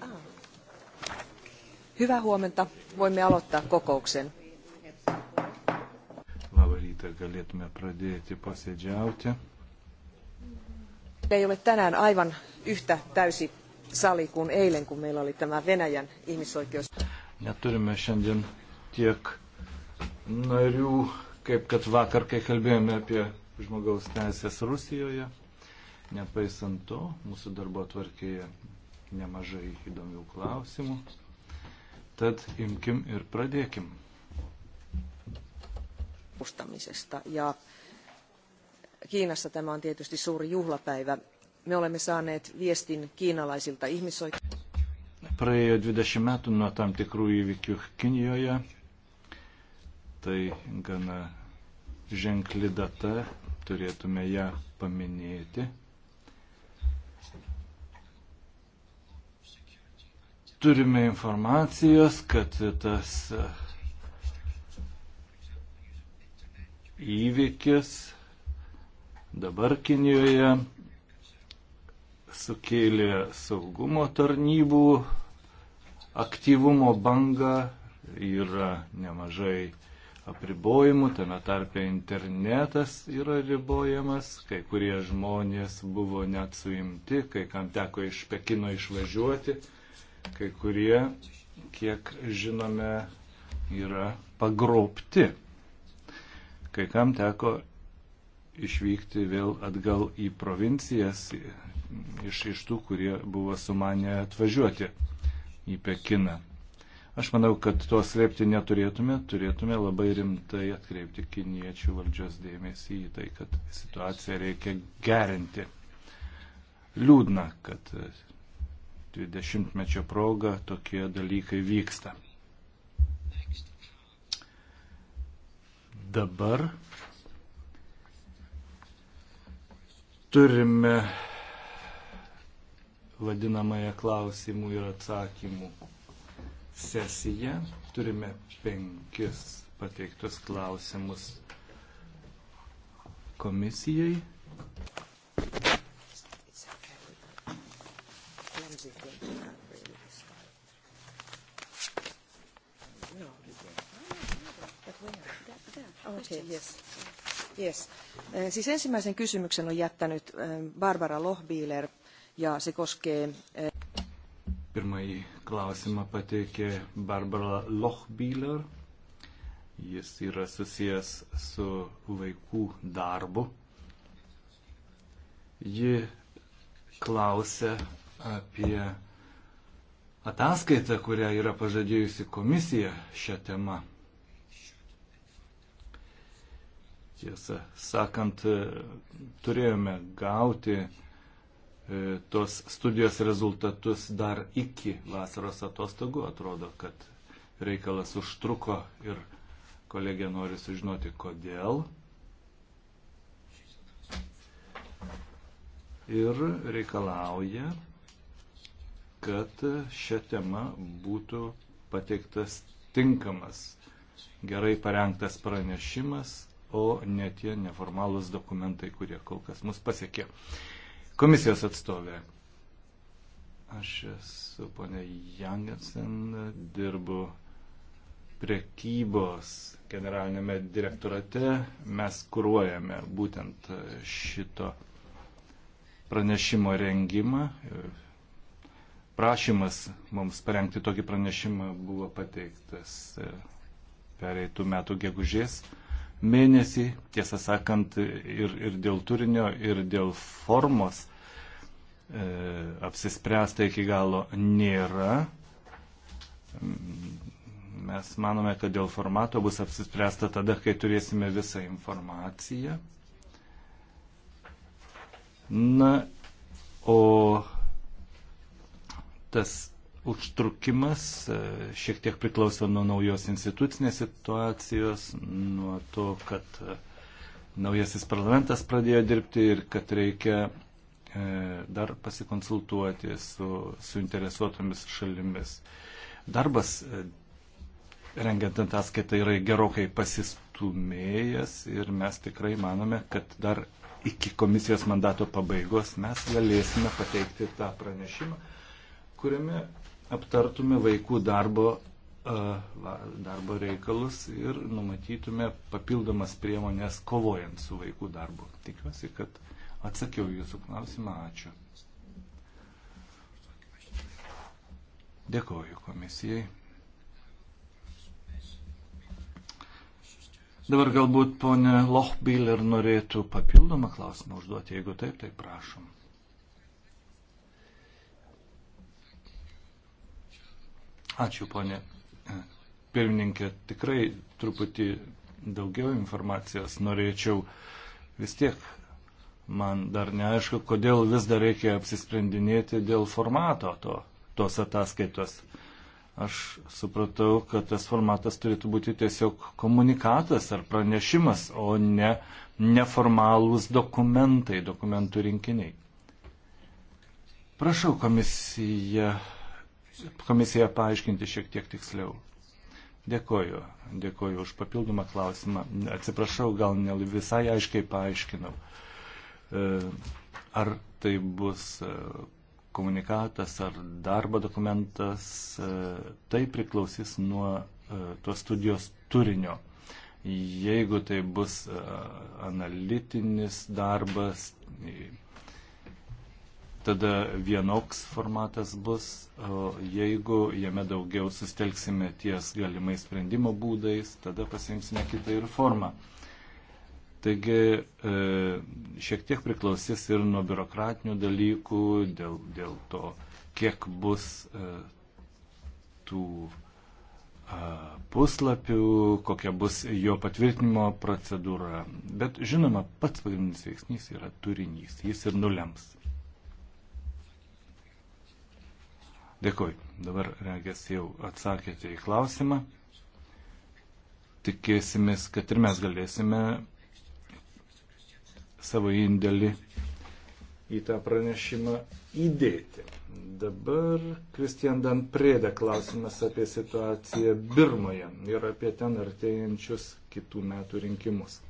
Ah. Hyvää huomenta. Voimme aloittaa kokouksen. Labą rytą galėtume pradėti posėdžiauti. Ei ole tänään aivan yhtä täysi sali kuin eilen, kun meillä oli tämä Venäjän ihmisoikeus. Neturime šiandien tiek narių, kaip kad vakar, kai kalbėjome apie žmogaus teisės Rusijoje. Nepaisant to, mūsų darbo tvarkėje nemažai įdomių klausimų. Tad imkim ir pradėkim. Kustamisesta. Ja Kiinassa tämä on tietysti suuri juhlapäivä. Me olemme saaneet viestin kiinalaisilta ihmisoikeuksilta. Praėjo 20 metų nuo tam tikrų įvykių Kinijoje. Tai gana ženkli data, turėtume ją paminėti. turime informacijos, kad tas e, įvykis dabar Kinijoje sukėlė saugumo tarnybų aktyvumo bangą, yra nemažai apribojimų, tame tarpe internetas yra ribojamas, kai kurie žmonės buvo net suimti, kai kam teko iš Pekino išvažiuoti. Kai kurie, kiek žinome, yra pagrobti. Kai kam teko išvykti vėl atgal į provincijas iš, iš tų, kurie buvo sumanę atvažiuoti į Pekiną. Aš manau, kad to slėpti neturėtume, turėtume labai rimtai atkreipti kiniečių valdžios dėmesį į tai, kad situaciją reikia gerinti. Liūdna, kad 20-mečio proga tokie dalykai vyksta. Dabar turime vadinamąją klausimų ir atsakymų sesiją. Turime penkis pateiktus klausimus komisijai. Oh, okay, yes. Yes. Äh, siis ensimmäisen kysymyksen on jättänyt ähm, Barbara Lohbiiler ja se koskee... Äh, Pirmąjį klausimą pateikė Barbara Lohbiiler. Jis yra susijęs su vaikų darbu. Ji klausė apie ataskaitą, kurią yra pažadėjusi komisija šią temą. Tiesą sakant, e, turėjome gauti e, tos studijos rezultatus dar iki vasaros atostogų. Atrodo, kad reikalas užtruko ir kolegė nori sužinoti, kodėl. Ir reikalauja, kad šią temą būtų pateiktas tinkamas, gerai parengtas pranešimas, o ne tie neformalūs dokumentai, kurie kol kas mus pasiekė. Komisijos atstovė. Aš esu ponė Jangensen, dirbu prekybos generalinėme direktorate. Mes kūruojame būtent šito pranešimo rengimą. Prašymas mums parengti tokį pranešimą buvo pateiktas pereitų metų gegužės mėnesį, tiesą sakant, ir, ir dėl turinio, ir dėl formos e, apsispręsta iki galo nėra. Mes manome, kad dėl formato bus apsispręsta tada, kai turėsime visą informaciją. Na, o tas užtrukimas e, šiek tiek priklauso nuo naujos institucinės situacijos, nuo to, kad e, naujasis parlamentas pradėjo dirbti ir kad reikia e, dar pasikonsultuoti su suinteresuotomis šalimis. Darbas rengiant ataskaitą yra gerokai pasistumėjęs ir mes tikrai manome, kad dar iki komisijos mandato pabaigos mes galėsime pateikti tą pranešimą, kuriame aptartume vaikų darbo, darbo reikalus ir numatytume papildomas priemonės kovojant su vaikų darbu. Tikiuosi, kad atsakiau jūsų klausimą. Ačiū. Dėkoju komisijai. Dabar galbūt ponė Lochbiller norėtų papildomą klausimą užduoti. Jeigu taip, tai prašom. Ačiū, ponė. Pirmininkė, tikrai truputį daugiau informacijos norėčiau. Vis tiek man dar neaišku, kodėl vis dar reikia apsisprendinėti dėl formato to, tos ataskaitos. Aš supratau, kad tas formatas turėtų būti tiesiog komunikatas ar pranešimas, o ne neformalūs dokumentai, dokumentų rinkiniai. Prašau komisiją komisiją paaiškinti šiek tiek tiksliau. Dėkoju, dėkoju už papildomą klausimą. Atsiprašau, gal ne visai aiškiai paaiškinau. E, ar tai bus e, komunikatas ar darbo dokumentas, e, tai priklausys nuo tos studijos turinio. Jeigu tai bus analitinis darbas, tada vienoks formatas bus, o jeigu jame daugiau sustelksime ties galimais sprendimo būdais, tada pasiimsime kitą ir formą. Taigi e, šiek tiek priklausys ir nuo biurokratinių dalykų, dėl, dėl to, kiek bus e, tų e, puslapių, kokia bus jo patvirtinimo procedūra. Bet žinoma, pats pagrindinis veiksnys yra turinys, jis ir nulems Dėkui. Dabar, regės, jau atsakėte į klausimą. Tikėsimės, kad ir mes galėsime savo indėlį į tą pranešimą įdėti. Dabar Kristian Dan Prėda klausimas apie situaciją Birmoje ir apie ten artėjančius kitų metų rinkimus.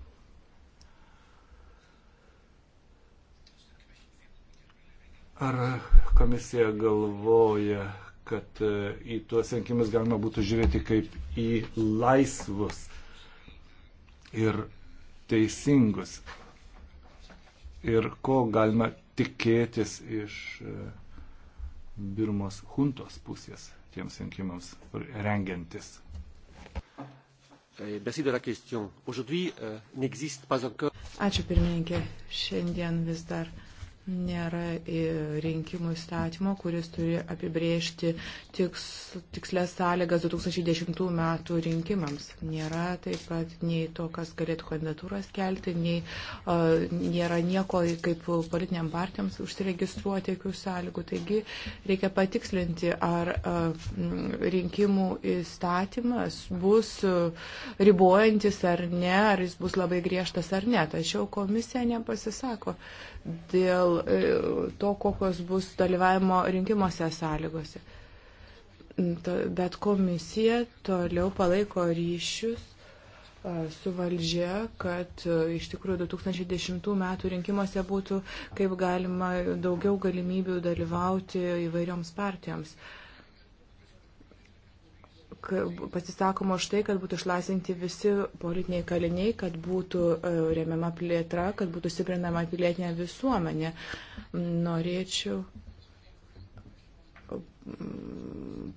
Ar komisija galvoja, kad e, į tuos rinkimus galima būtų žiūrėti kaip į laisvus ir teisingus? Ir ko galima tikėtis iš e, Birmos huntos pusės tiems rinkimams rengiantis? Euh, Ačiū pirmininkė, šiandien vis dar Nėra e, rinkimų įstatymo, kuris turi apibriežti tiks, tikslės sąlygas 2010 metų rinkimams. Nėra taip pat nei to, kas galėtų kandidatūras kelti, nei uh, nėra nieko kaip politiniam partijams užsiregistruoti jokių sąlygų. Taigi reikia patikslinti, ar uh, rinkimų įstatymas bus ribojantis ar ne, ar jis bus labai griežtas ar ne. Tačiau komisija nepasisako. Uh, dėl e, to, kokios bus dalyvavimo rinkimuose sąlygose. Bet komisija toliau palaiko ryšius e, su valdžia, kad e, iš tikrųjų 2010 metų rinkimuose būtų kaip galima daugiau galimybių dalyvauti įvairioms partijoms. Uh, pasisakoma už tai, kad būtų išlaisvinti visi politiniai kaliniai, kad būtų e, remiama plėtra, kad būtų stiprinama pilietinė visuomenė. Norėčiau mm,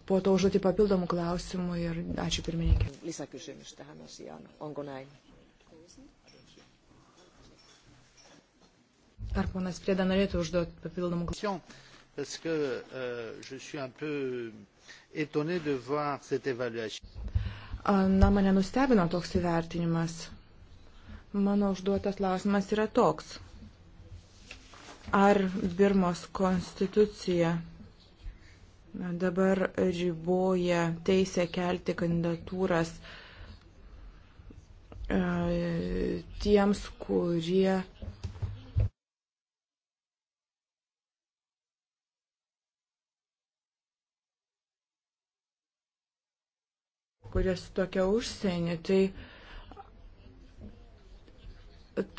po to užduoti papildomų klausimų ir ačiū pirmininkė. Lisäkysymys tähän asiaan. Onko näin? Ar ponas Prieda norėtų užduoti papildomų klausimų? étonné de voir cette évaluation. Na, mane nustebino toks įvertinimas. Mano užduotas klausimas yra toks. Ar Birmos konstitucija dabar riboja teisę kelti kandidatūras tiems, kurie kurias tokia užsienį, tai,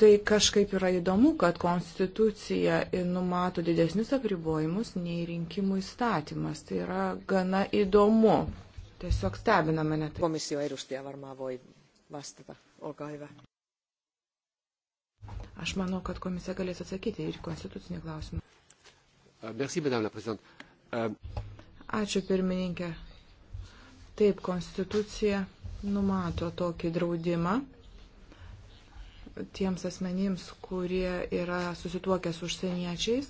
tai kažkaip yra įdomu, kad konstitucija numato didesnius apribojimus nei rinkimų įstatymas. Tai yra gana įdomu. Tiesiog stebina mane. Tai. Komisijos edustaja varmaan voi vastata. Olkaa hyvä. Aš manau, kad komisija galės atsakyti ir konstitucinį klausimą. Merci, madame la présidente. Euh, Ačiū pirmininkė. Taip, Konstitucija numato tokį draudimą tiems asmenims, kurie yra susituokę su užsieniečiais,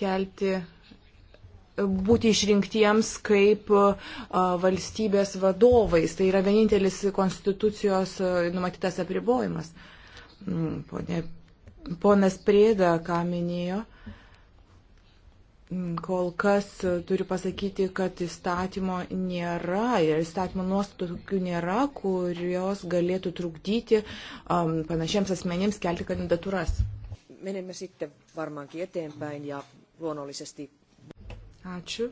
kelti, būti išrinktiems kaip valstybės vadovais. Tai yra vienintelis konstitucijos numatytas apribojimas. Mm, Pone, ponas Prėda, ką minėjo, kol kas e, turiu pasakyti, kad įstatymo nėra ir įstatymo nuostatų tokių nėra, kurios galėtų trukdyti um, panašiems asmenims kelti kandidatūras. Menemme sitten varmaankin eteenpäin ja luonnollisesti. Ačiū.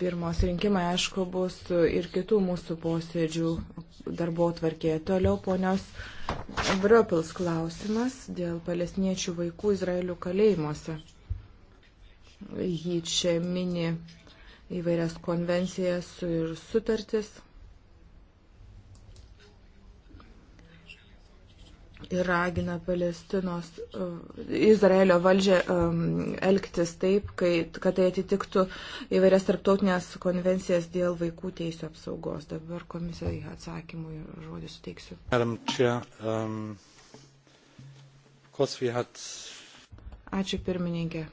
Birmos rinkimai, aišku, bus ir kitų mūsų posėdžių darbo tvarkėje. Toliau ponios Bropils klausimas dėl palestiniečių vaikų Izraelių kalėjimuose. Jį čia mini įvairias konvencijas ir sutartis. ir ragina Palestinos, e, Izraelio valdžią e, elgtis taip, kai, kad tai atitiktų įvairias tarptautinės konvencijas dėl vaikų teisų apsaugos. Dabar komisijai atsakymui žodį suteiksiu. Um, Ačiū pirmininkė.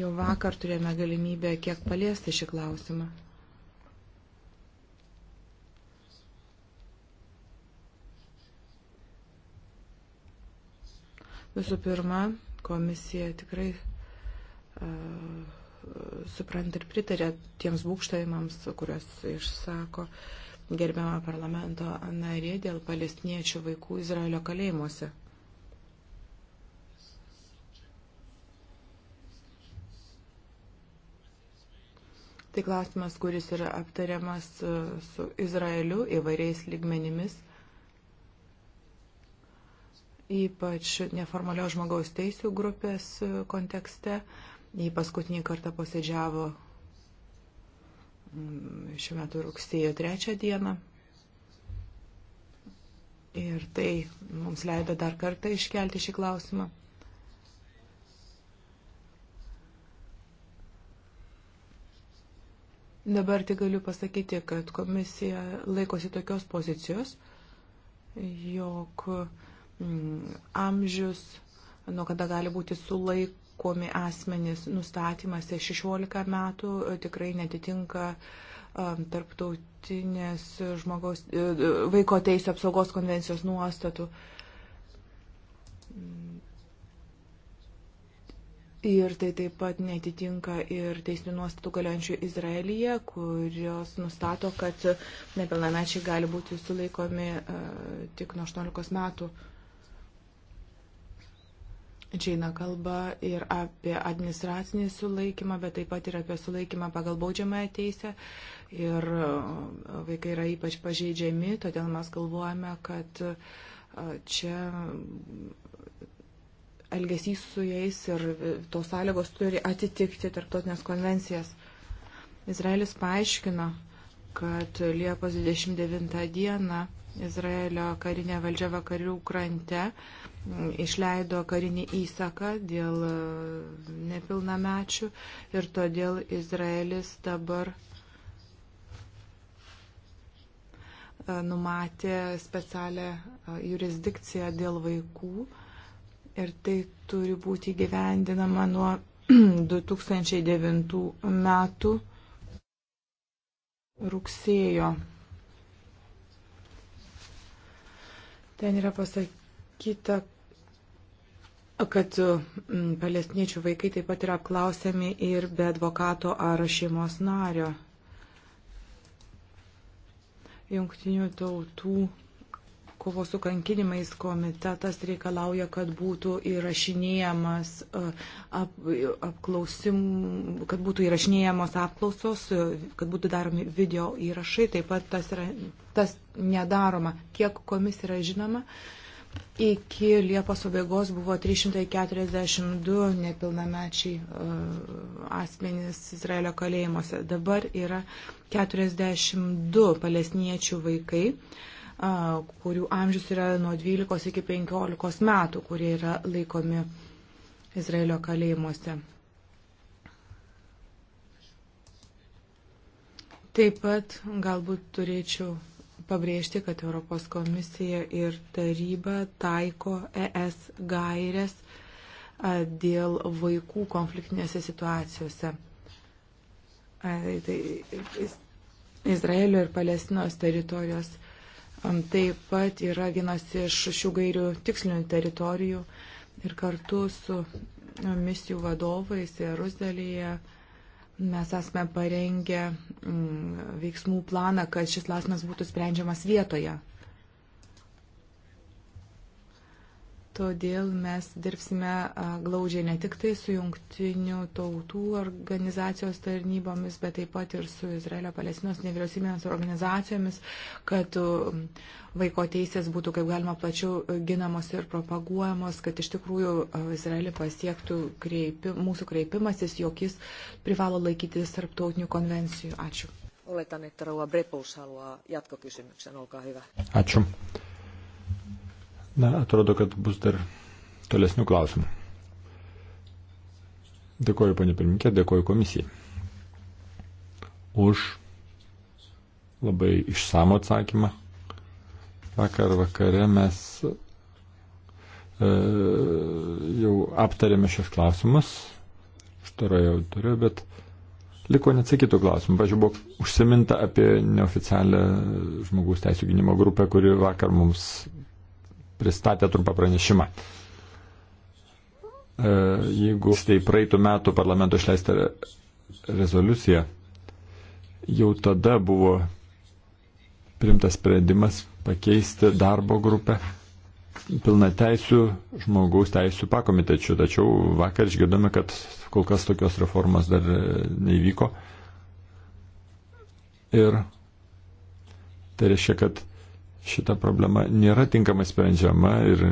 Jau vakar turėjome galimybę kiek paliesti šį klausimą. Visų pirma, komisija tikrai uh, supranta ir pritarė tiems būkštavimams, kuriuos išsako gerbiama parlamento narė dėl palestiniečių vaikų Izraelio kalėjimuose. Tai klausimas, kuris yra aptariamas su Izraeliu įvairiais lygmenimis – ypač neformalios žmogaus teisų grupės kontekste. Jį paskutinį kartą posėdžiavo mm, šiuo metu rugsėjo trečią dieną. Ir tai mums leido dar kartą iškelti šį klausimą. Dabar tik galiu pasakyti, kad komisija laikosi tokios pozicijos, jog uh, Mm, amžius, nuo kada gali būti sulaikomi asmenys nustatymas 16 tai metų e, tikrai netitinka e, tarptautinės žmogaus, e, vaiko teisų apsaugos konvencijos nuostatų. Mm. Ir tai taip pat netitinka ir teisinių nuostatų galiojančių Izraelyje, kurios nustato, kad nepilnamečiai gali būti sulaikomi uh, tik nuo 18 metų. Uh, Čia eina kalba ir apie administracinį sulaikymą, bet taip pat ir apie sulaikymą pagal baudžiamąją teisę. Ir e, vaikai yra ypač pažeidžiami, todėl mes galvojame, kad e, čia elgesys su jais ir tos sąlygos turi atitikti tarptautinės konvencijas. Izraelis paaiškino, kad Liepos 29 dieną Izraelio karinė valdžia vakarių krante mm, išleido karinį įsaką dėl e, nepilnamečių ir todėl Izraelis dabar e, numatė specialią e, jurisdikciją dėl vaikų ir tai turi būti gyvendinama nuo 2009 metų rugsėjo. Ten yra pasakyta, kad mm, palestiniečių vaikai taip pat yra apklausiami ir be advokato ar šeimos nario. Jungtinių tautų kovo su kankinimais komitetas reikalauja, kad būtų įrašinėjamas e, ap, apklausim, kad būtų įrašinėjamos apklausos, e, kad būtų daromi video įrašai, taip pat tas, yra, tas nedaroma. Kiek komis yra žinoma, iki Liepos pabaigos buvo 342 nepilnamečiai e, asmenys Izraelio kalėjimuose. Dabar yra 42 palestiniečių vaikai kurių amžius yra nuo 12 iki 15 metų, kurie yra laikomi Izraelio kalėjimuose. Taip pat galbūt turėčiau pabrėžti, kad Europos komisija ir taryba taiko ES gairias dėl vaikų konfliktinėse situacijose. Tai Izraelio ir Palestinos teritorijos Taip pat yra vienas iš šių gairių tikslinių teritorijų ir kartu su misijų vadovais Jeruzalėje mes esame parengę mm, veiksmų planą, kad šis klausimas būtų sprendžiamas vietoje. Todėl mes dirbsime glaudžiai ne tik tai su jungtinių tautų organizacijos tarnybomis, bet taip pat ir su Izraelio Palestinos nevyriausybinėmis organizacijomis, kad vaiko teisės būtų kaip galima plačiau e, ginamos ir propaguojamos, kad iš tikrųjų Izraelį pasiektų kreipi, mūsų kreipimasis, jog jis privalo laikytis tarptautinių konvencijų. Ačiū. Oletan, että rouva Brepuus haluaa jatkokysymyksen. Olkaa hyvä. Ačiū. Na, atrodo, kad bus dar tolesnių klausimų. Dėkoju, ponė pirminkė, dėkoju komisijai už labai išsamų atsakymą. Vakar vakare mes e, jau aptarėme šios klausimus, štarą jau turiu, bet liko neatsakytų klausimų. Pavyzdžiui, buvo užsiminta apie neoficialią žmogaus teisų gynimo grupę, kuri vakar mums pristatė trumpą pranešimą. E, jeigu tai praeitų metų parlamento išleista rezoliucija, jau tada buvo primtas sprendimas pakeisti darbo grupę pilna teisų žmogaus teisų pakomitečių. Tačiau vakar išgirdome, kad kol kas tokios reformos dar nevyko. Ir tai reiškia, kad šita problema nėra tinkamai sprendžiama ir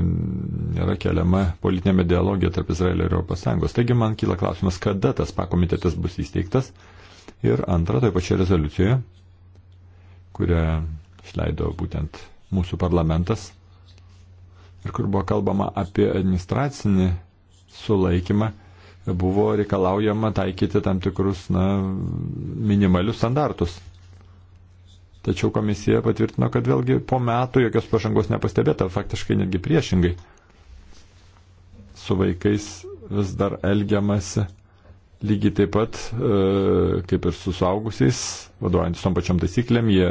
nėra keliama politinėme dialogė tarp Izraelio ir ES. Taigi man kyla klausimas, kada tas pakomitetas bus įsteigtas. Ir antra, toje tai pačioje rezoliucijoje, kurią išleido būtent mūsų parlamentas ir kur buvo kalbama apie administracinį sulaikymą, buvo reikalaujama taikyti tam tikrus na, minimalius standartus Tačiau komisija patvirtino, kad vėlgi po metų jokios pažangos nepastebėta, faktiškai netgi priešingai. Su vaikais vis dar elgiamasi lygiai taip pat, e, kaip ir su suaugusiais, vadovaujantis tom pačiom taisyklėm, jie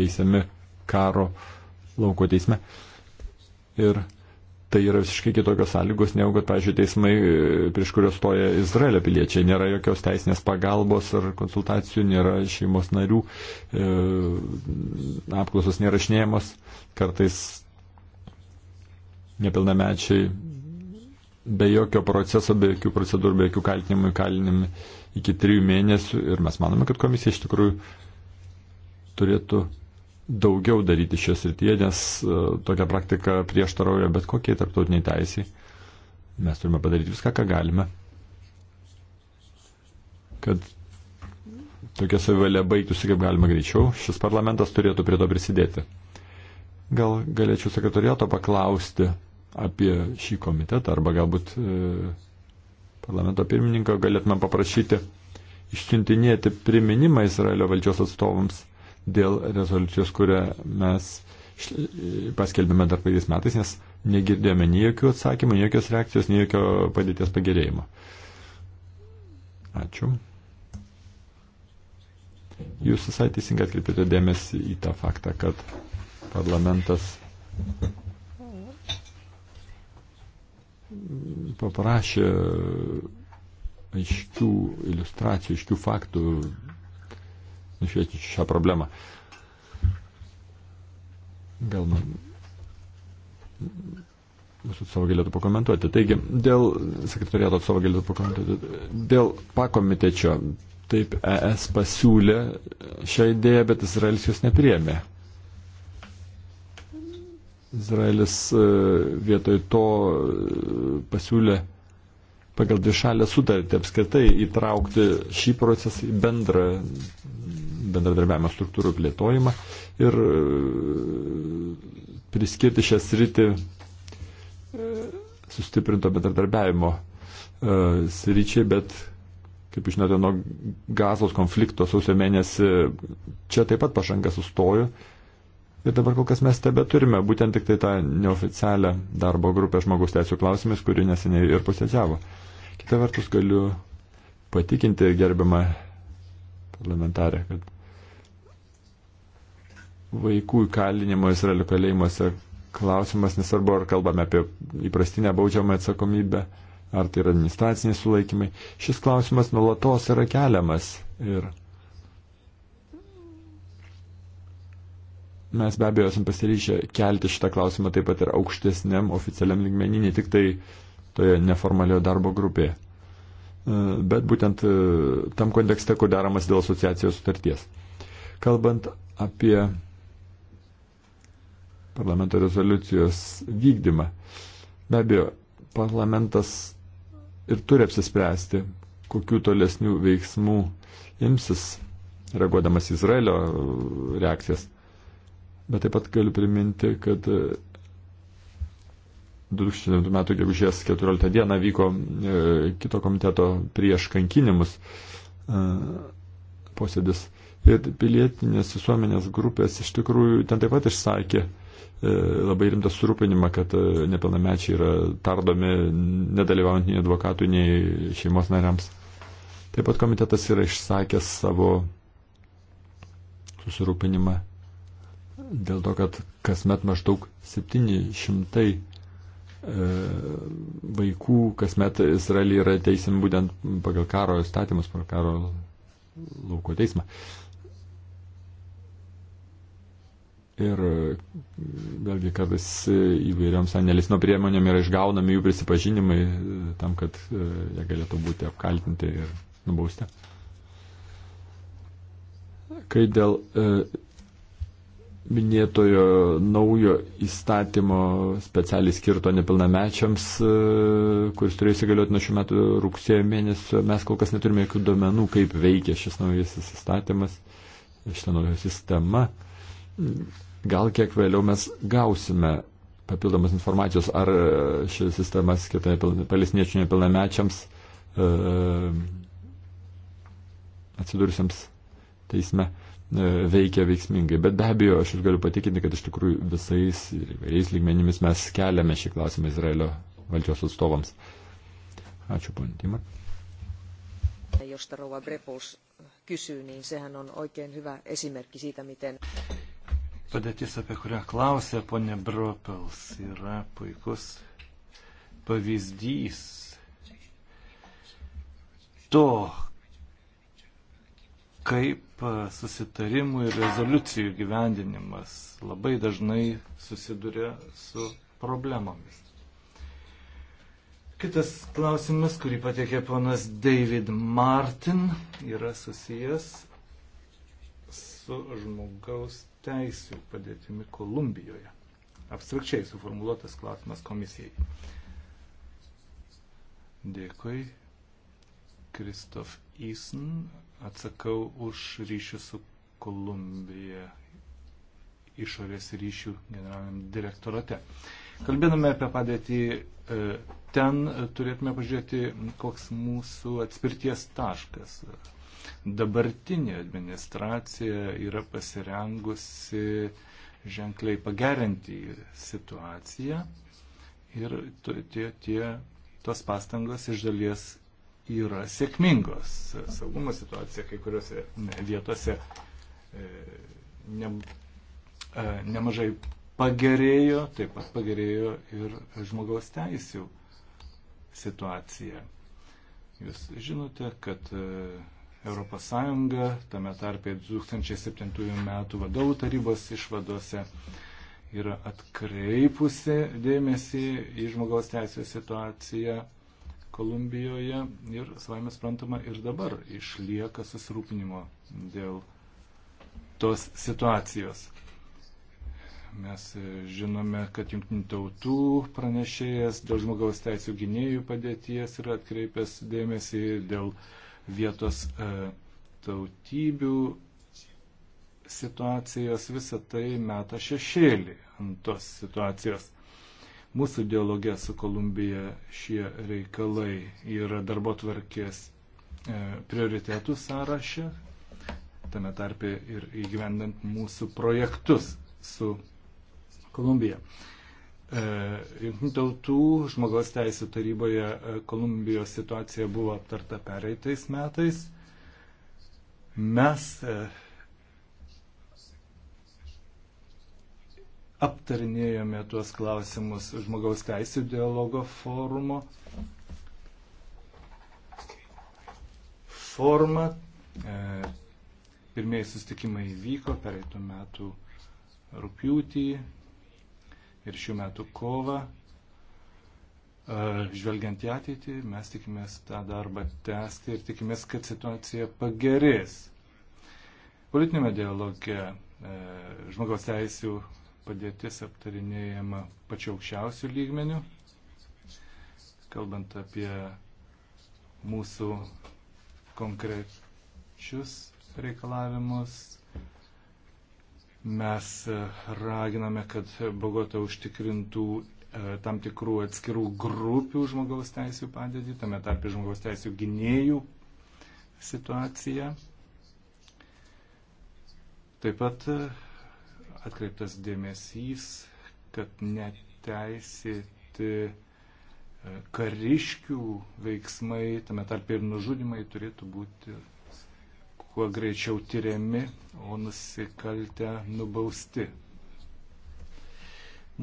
teisiami karo lauko teisme. Ir tai yra visiškai kitokios sąlygos, negu kad, pažiūrėjau, teismai, e, prieš kurios stoja Izraelio piliečiai. Nėra jokios teisinės pagalbos ar konsultacijų, nėra šeimos narių, e, apklausos nėra šnėjamos, kartais nepilnamečiai be jokio proceso, be jokių procedūrų, be jokių kaltinimų įkalinimi iki trijų mėnesių ir mes manome, kad komisija iš tikrųjų turėtų daugiau daryti šios rytyje, nes e, tokia praktika prieštarauja bet kokiai tarptautiniai teisiai. Mes turime padaryti viską, ką galime, kad tokia savivalė baigtųsi kaip galima greičiau. Šis parlamentas turėtų prie to prisidėti. Gal galėčiau sekretoriato paklausti apie šį komitetą arba galbūt e, parlamento pirmininko galėtume paprašyti išsiuntinėti priminimą Izraelio valdžios atstovams dėl rezoliucijos, kurią mes paskelbėme dar praeitais metais, nes negirdėjome nei jokių atsakymų, nei jokios reakcijos, nei jokio padėties pagerėjimo. Ačiū. Jūs visai teisingai atkreipėte dėmesį į tą faktą, kad parlamentas paprašė aiškių iliustracijų, aiškių faktų nušviesti šią problemą. Gal man nu- mūsų atstovai galėtų pakomentuoti. Taigi, dėl sekretoriato atstovai galėtų pakomentuoti. Dėl pakomitečio taip ES pasiūlė šią idėją, bet Izraelis jos nepriemė. Izraelis e, vietoj to e, pasiūlė pagal dvišalę sutartį apskritai įtraukti šį procesą į bendrą bendradarbiavimo struktūrų plėtojimą ir e, priskirti šią sritį e, sustiprinto bendradarbiavimo e, sričiai, bet, kaip žinote, nuo gazos konflikto sausio mėnesį čia taip pat pažanga sustojo. Ir dabar kol kas mes tebe turime būtent tik tai tą neoficialią darbo grupę žmogaus teisų klausimais, kuri neseniai ir posėdžiavo. Kita vertus galiu patikinti gerbiamą parlamentarę, kad vaikų įkalinimo Izraelio kalėjimuose klausimas, nesvarbu, ar kalbame apie įprastinę baudžiamą atsakomybę, ar tai yra administraciniai sulaikymai. Šis klausimas nuolatos yra keliamas ir mes be abejo esame pasiryžę kelti šitą klausimą taip pat ir aukštesniam oficialiam lygmenį, ne tik tai toje neformalioje darbo grupėje, bet būtent e, tam kontekste, kur daromas dėl asociacijos sutarties. Kalbant apie parlamento rezoliucijos vykdymą. Be abejo, parlamentas ir turi apsispręsti, kokiu tolesnių veiksmų imsis, reaguodamas Izraelio reakcijas. Bet taip pat galiu priminti, kad 2009 m. gegužės 14 d. vyko e, kito komiteto prieš kankinimus e, posėdis. Ir pilietinės visuomenės grupės iš tikrųjų ten taip pat išsakė e, E, labai rimtą surūpinimą, kad e, nepilnamečiai yra tardomi nedalyvaujant nei advokatui, nei šeimos nariams. Taip pat komitetas yra išsakęs savo susirūpinimą dėl to, kad kasmet maždaug 700 e, vaikų kasmet Izraelį yra teisimi būtent pagal karo įstatymus, pagal karo lauko teismą. E, Ir e, vėlgi kartais įvairioms anelėsno priemonėm yra išgaunami jų prisipažinimai e, tam, kad e, jie galėtų būti apkaltinti ir nubausti. Kai dėl e, minėtojo naujo įstatymo specialiai skirto nepilnamečiams, e, kuris turėjo įsigalioti nuo šių metų rugsėjo mėnesio, mes kol kas neturime jokių duomenų, kaip veikia šis naujasis įstatymas, šitą naują sistemą Gal kiek vėliau mes gausime papildomas informacijos, ar e, ši sistema skirta palestiniečių nepilnamečiams e, e atsidursiams teisme e, veikia veiksmingai. Bet be abejo, aš jūs galiu patikinti, kad iš tikrųjų visais ir įvairiais lygmenimis mes keliame šį klausimą Izraelio valdžios atstovams. Ačiū, ponė Tima. Jos Rova Brepols kysyy, niin sehän on oikein hyvä esimerkki siitä, miten padėtis, apie kurią klausė ponė Bropels, yra puikus pavyzdys to, kaip susitarimų ir rezoliucijų gyvendinimas labai dažnai susiduria su problemomis. Kitas klausimas, kurį patiekė ponas David Martin, yra susijęs su žmogaus teisų padėtimi Kolumbijoje. Abstrakčiai suformuoluotas klausimas komisijai. Dėkui. Kristof Isen, atsakau už ryšių su Kolumbija išorės ryšių generaliniam direktorate. Kalbėdami apie padėtį e, ten, turėtume pažiūrėti, koks mūsų atspirties taškas. Dabartinė administracija yra pasirengusi ženkliai pagerinti situaciją ir tie, tie, tos pastangos iš dalies yra sėkmingos. Saugumo situacija kai kuriuose vietose e, ne, e, nemažai pagerėjo, taip pat pagerėjo ir žmogaus teisų situacija. Jūs žinote, kad e, ES, tame tarpe 2007 m. vadovų tarybos išvadose yra atkreipusi dėmesį į žmogaus teisės situaciją Kolumbijoje ir, savaime suprantama, ir dabar išlieka susirūpinimo dėl tos situacijos. Mes e, žinome, kad jungtinių tautų pranešėjas dėl žmogaus teisų gynėjų padėties yra atkreipęs dėmesį dėl uh, vietos e, tautybių situacijos, visą tai meta šešėlį ant tos situacijos. Mūsų dialogė su Kolumbija šie reikalai yra darbo tvarkės e, prioritetų sąraše, tame tarpe ir įgyvendant mūsų projektus su Kolumbija. E, E, Junktinių tautų žmogaus teisų taryboje e, Kolumbijos situacija buvo aptarta pereitais metais. Mes e, aptarinėjome tuos klausimus žmogaus teisų dialogo forumo. Forma. Pirmieji sustikimai vyko pereitų metų rūpjūtį, ir šių metų kovą. Žvelgiant į ateitį, mes tikimės tą darbą tęsti ir tikimės, kad situacija pagerės. Politinėme dialoge e, žmogaus teisų padėtis aptarinėjama pačiu aukščiausiu lygmeniu, kalbant apie mūsų konkrečius reikalavimus Mes e, raginame, kad Bogota užtikrintų e, tam tikrų atskirų grupių žmogaus teisų padėtį, tame tarp žmogaus teisų gynėjų situaciją. Taip pat e, atkreiptas dėmesys, kad neteisėti kariškių veiksmai, tame tarp ir nužudimai turėtų būti kuo greičiau tyriami, o nusikaltę nubausti.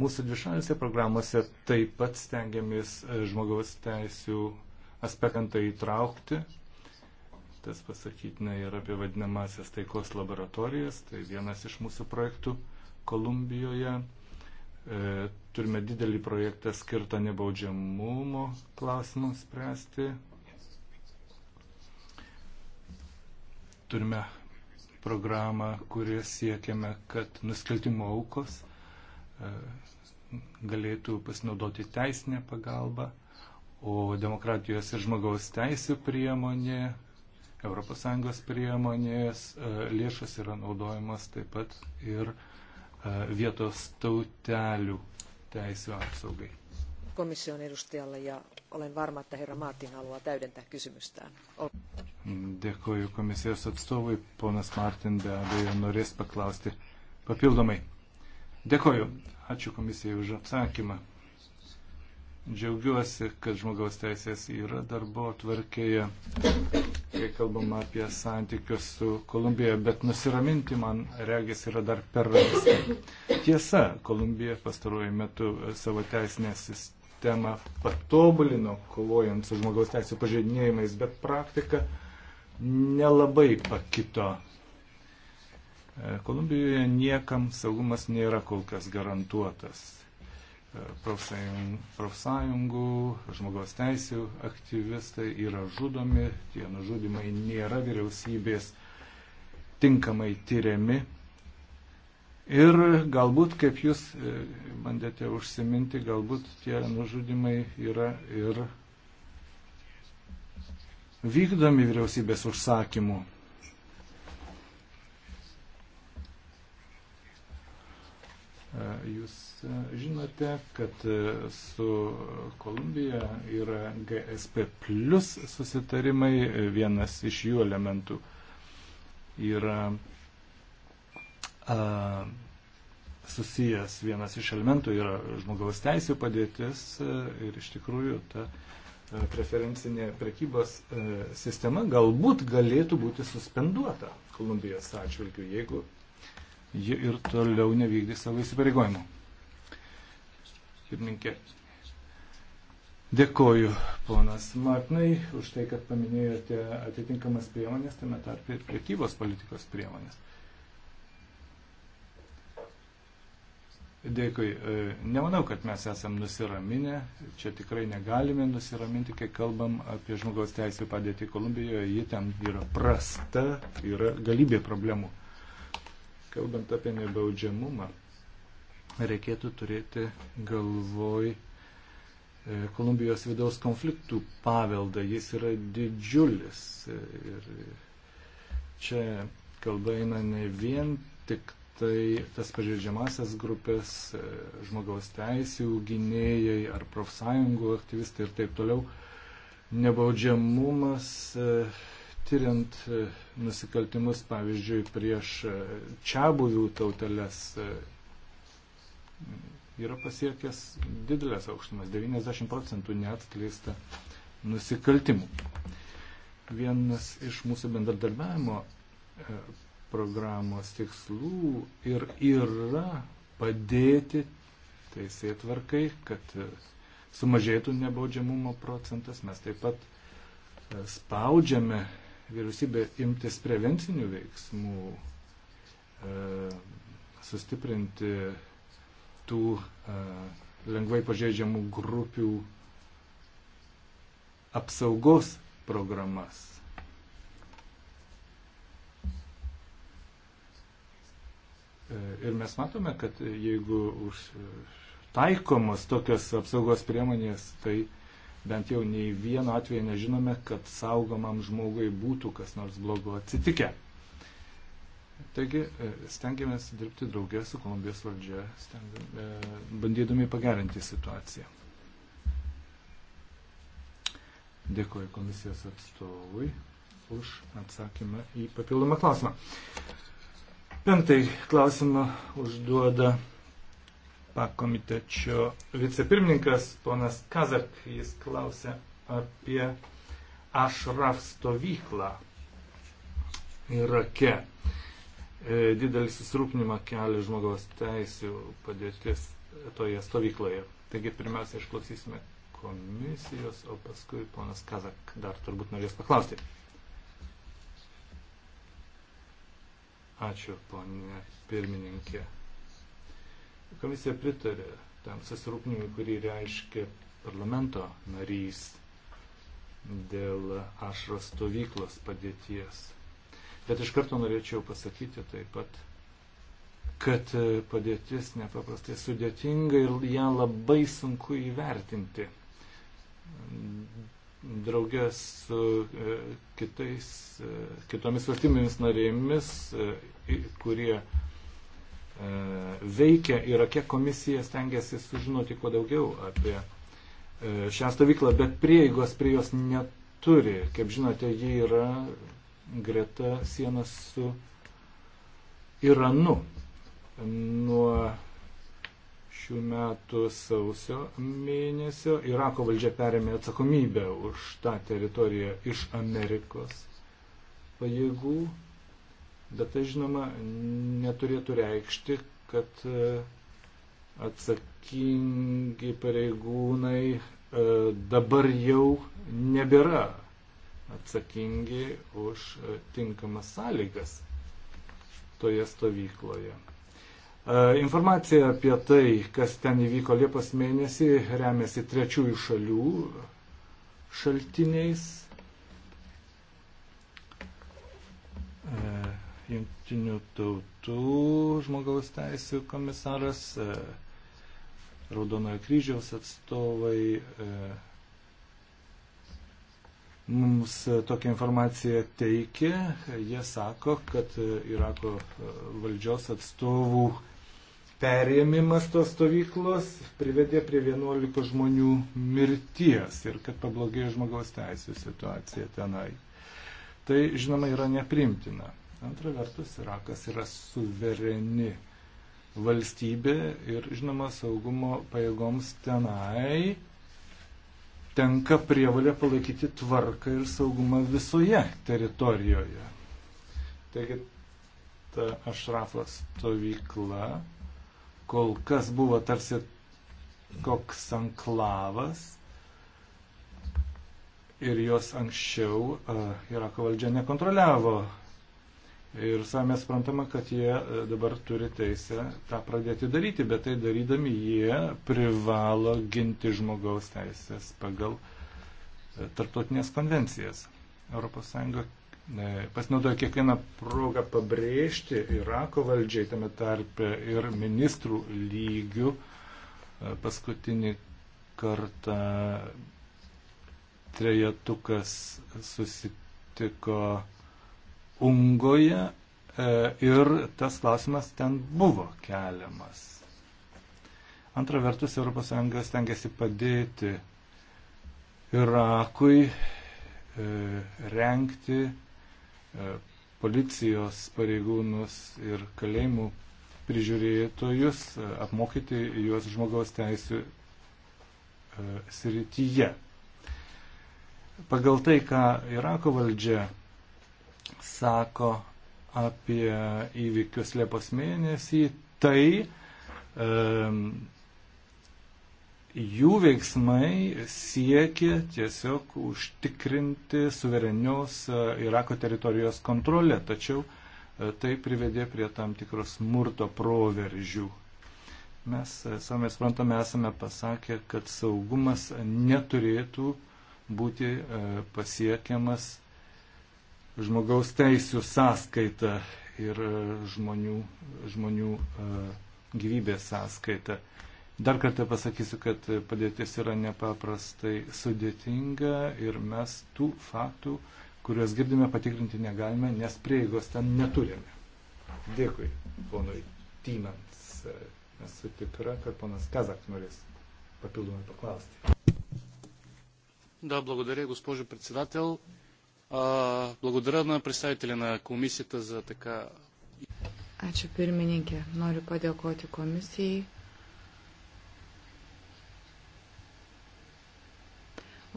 Mūsų dvišalėse programuose taip pat stengiamės e, žmogaus teisų aspektą įtraukti. Tas pasakytina ir apie vadinamasias taikos laboratorijas, tai vienas iš mūsų projektų Kolumbijoje. E, turime didelį projektą skirtą nebaudžiamumo klausimams spręsti, Turime programą, kurie siekiame, kad nusikaltimo aukos e, galėtų pasinaudoti teisinę pagalbą, o demokratijos ir žmogaus teisų priemonė, ES priemonės e, lėšas yra naudojamas taip pat ir e, vietos tautelių teisų apsaugai komission edustajalle ja olen varma, että herra Martin haluaa täydentää kysymystään. Ol Dėkoju komisijos atstovui. Ponas Martin be abejo norės paklausti papildomai. Dėkoju. Ačiū komisijai už atsakymą. Džiaugiuosi, kad žmogaus teisės yra darbo tvarkėje, kai kalbama apie santykius su Kolumbija, bet nusiraminti man regis yra dar per anksti. Tiesa, Kolumbija pastaruoju metu savo teisinę sistemą sistemą patobulino, kovojant su žmogaus teisų pažeidinėjimais, bet praktika nelabai pakito. E, Kolumbijoje niekam saugumas nėra kol kas garantuotas. E, profsąjungų, žmogaus teisų aktyvistai yra žudomi, tie nužudimai nėra vyriausybės tinkamai tyriami Ir galbūt, kaip jūs e, bandėte užsiminti, galbūt tie nužudimai yra ir vykdomi vyriausybės užsakymu. E, jūs e, žinote, kad su Kolumbija yra GSP plus susitarimai, vienas iš jų elementų yra susijęs vienas iš elementų yra žmogaus teisų padėtis ir iš tikrųjų ta preferencinė prekybos sistema galbūt galėtų būti suspenduota Kolumbijos atžvilgiu, jeigu ji ir toliau nevykdys savo įsipareigojimų. Pirminkė. Dėkoju, ponas Martinai, už tai, kad paminėjote atitinkamas priemonės, tame tarp ir prekybos politikos priemonės. Dėkui. E, nemanau, kad mes esam nusiraminę. Čia tikrai negalime nusiraminti, kai kalbam apie žmogaus teisų padėtį Kolumbijoje. Ji ten yra prasta, yra galybė problemų. Kalbant apie nebaudžiamumą, reikėtų turėti galvoj e, Kolumbijos vidaus konfliktų paveldą. Jis yra didžiulis. E, ir čia kalba eina ne vien tik tai tas pažeidžiamasias grupės, e, žmogaus teisų gynėjai ar profsąjungų aktyvistai ir taip toliau, nebaudžiamumas e, tyriant e, nusikaltimus, pavyzdžiui, prieš čia buvių tauteles yra pasiekęs didelės aukštumas, 90 procentų neatskleista nusikaltimų. Vienas iš mūsų bendradarbiavimo programos tikslų ir yra padėti teisėtvarkai, kad e, sumažėtų nebaudžiamumo procentas. Mes taip pat e, spaudžiame vyriausybę imtis prevencinių veiksmų, e, sustiprinti tų lengvai pažeidžiamų grupių apsaugos programas. E, ir mes matome, kad jeigu už taikomos tokios apsaugos priemonės, tai bent jau nei vieno atveju nežinome, kad saugomam žmogui būtų kas nors blogo atsitikę. Taigi e, stengiamės dirbti draugė su Kolumbijos valdžia, e, bandydami pagerinti situaciją. Dėkuoju komisijos atstovui už atsakymą į papildomą klausimą. Penktai klausimą užduoda pakomitečio vicepirmininkas ponas Kazak. Jis klausė apie Ašraf stovyklą Irake. E, didelį susirūpinimą kelia žmogaus teisų padėtis toje stovykloje. Taigi pirmiausia išklausysime komisijos, o paskui ponas Kazak dar turbūt norės paklausti. Ačiū, ponė pirmininkė. Komisija pritarė tam susirūpinimui, kurį reiškia parlamento narys dėl ašros stovyklos padėties. Bet iš karto norėčiau pasakyti taip pat, kad padėtis nepaprastai sudėtinga ir ją labai sunku įvertinti draugės su e, kitais, e, kitomis valstybėmis narėmis, e, kurie veikia Irake komisija stengiasi sužinoti kuo daugiau apie šią stovyklą, bet prieigos prie jos neturi. Kaip žinote, ji yra greta sienas su Iranu. Nuo šių metų sausio mėnesio Irako valdžia perėmė atsakomybę už tą teritoriją iš Amerikos pajėgų, bet tai žinoma neturėtų reikšti, kad e, atsakingi pareigūnai e, dabar jau nebėra atsakingi už e, tinkamas sąlygas toje stovykloje. E, informacija apie tai, kas ten įvyko Liepos mėnesį, remiasi trečiųjų šalių šaltiniais. E, Jungtinių tautų žmogaus teisų komisaras, e, Raudonojo kryžiaus atstovai. Mums tokią informaciją teikia. Jie sako, kad Irako valdžios atstovų perėmimas tos stovyklos privedė prie 11 žmonių mirties ir kad pablogėjo žmogaus teisų situacija tenai. Tai, žinoma, yra neprimtina. Antra vertus, Irakas yra suvereni valstybė ir, žinoma, saugumo pajėgoms tenai tenka prievalė palaikyti tvarką ir saugumą visoje teritorijoje. Taigi, ta Ašrafo stovykla kol kas buvo tarsi koks anklavas ir jos anksčiau Irako valdžia nekontroliavo. Ir savame suprantama, kad jie dabar turi teisę tą pradėti daryti, bet tai darydami jie privalo ginti žmogaus teisės pagal tarptautinės konvencijas. ES E, pasinaudoju kiekvieną progą pabrėžti Irako valdžiai tame tarpe ir ministrų lygių e, paskutinį kartą trejatukas susitiko Ungoje e, ir tas klausimas ten buvo keliamas. Antra vertus, ES tengiasi padėti Irakui renkti E, policijos pareigūnus ir kalėjimų prižiūrėtojus, e, apmokyti juos žmogaus teisų e, srityje. Pagal tai, ką Irako valdžia sako apie įvykius Liepos mėnesį, tai um, e, jų veiksmai siekia tiesiog užtikrinti suverenios e, Irako teritorijos kontrolę, tačiau e, tai privedė prie tam tikros smurto proveržių. Mes, e, savame suprantame, esame pasakę, kad saugumas neturėtų būti pasiekiamas žmogaus teisų sąskaita ir žmonių, žmonių gyvybės sąskaita. Dar kartą pasakysiu, kad padėtis yra nepaprastai sudėtinga ir mes tų faktų, kuriuos girdime, patikrinti negalime, nes prieigos ten neturime. Dėkui, ponui Tymans. Esu tikra, kad ponas Kazak norės papildomai paklausti. Да, благодаря, госпожо председател. А, благодаря на представителя на комисията за така. Ačiū pirmininkė. Noriu padėkoti komisijai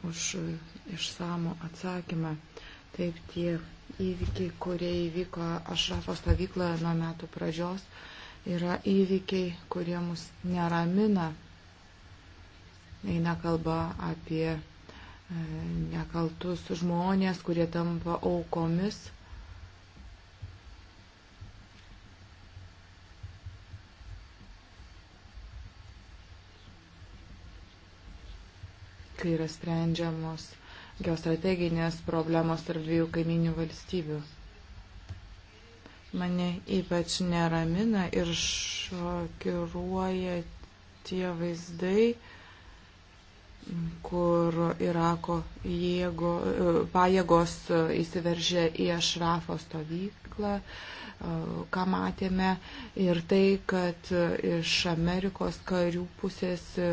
už išsamų atsakymą. Taip tie įvykiai, kurie įvyko Ašrafo stovykloje nuo metų pradžios, yra įvykiai, kurie mus neramina. Eina kalba apie e, nekaltus žmonės, kurie tampa aukomis kai yra sprendžiamos geostrateginės problemos tarp dviejų kaiminių valstybių. Mane ypač neramina ir šokiruoja tie vaizdai, kur Irako jėgo, e, pajėgos įsiveržė į Ašrafo stovyklą, ką matėme ir tai, kad iš Amerikos karių pusės e,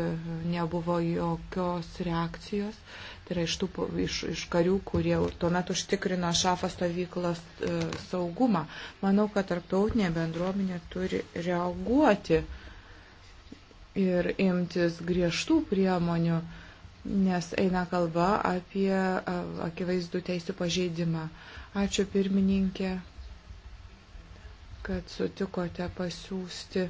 nebuvo jokios reakcijos. Tai yra iš, tų, iš, iš karių, kurie tuomet užtikrino šafą stovyklos e, saugumą. Manau, kad tarptautinė bendruomenė turi reaguoti ir imtis griežtų priemonių, nes eina kalba apie akivaizdų teisų pažeidimą. Ačiū pirmininkė kad sutikote pasiūsti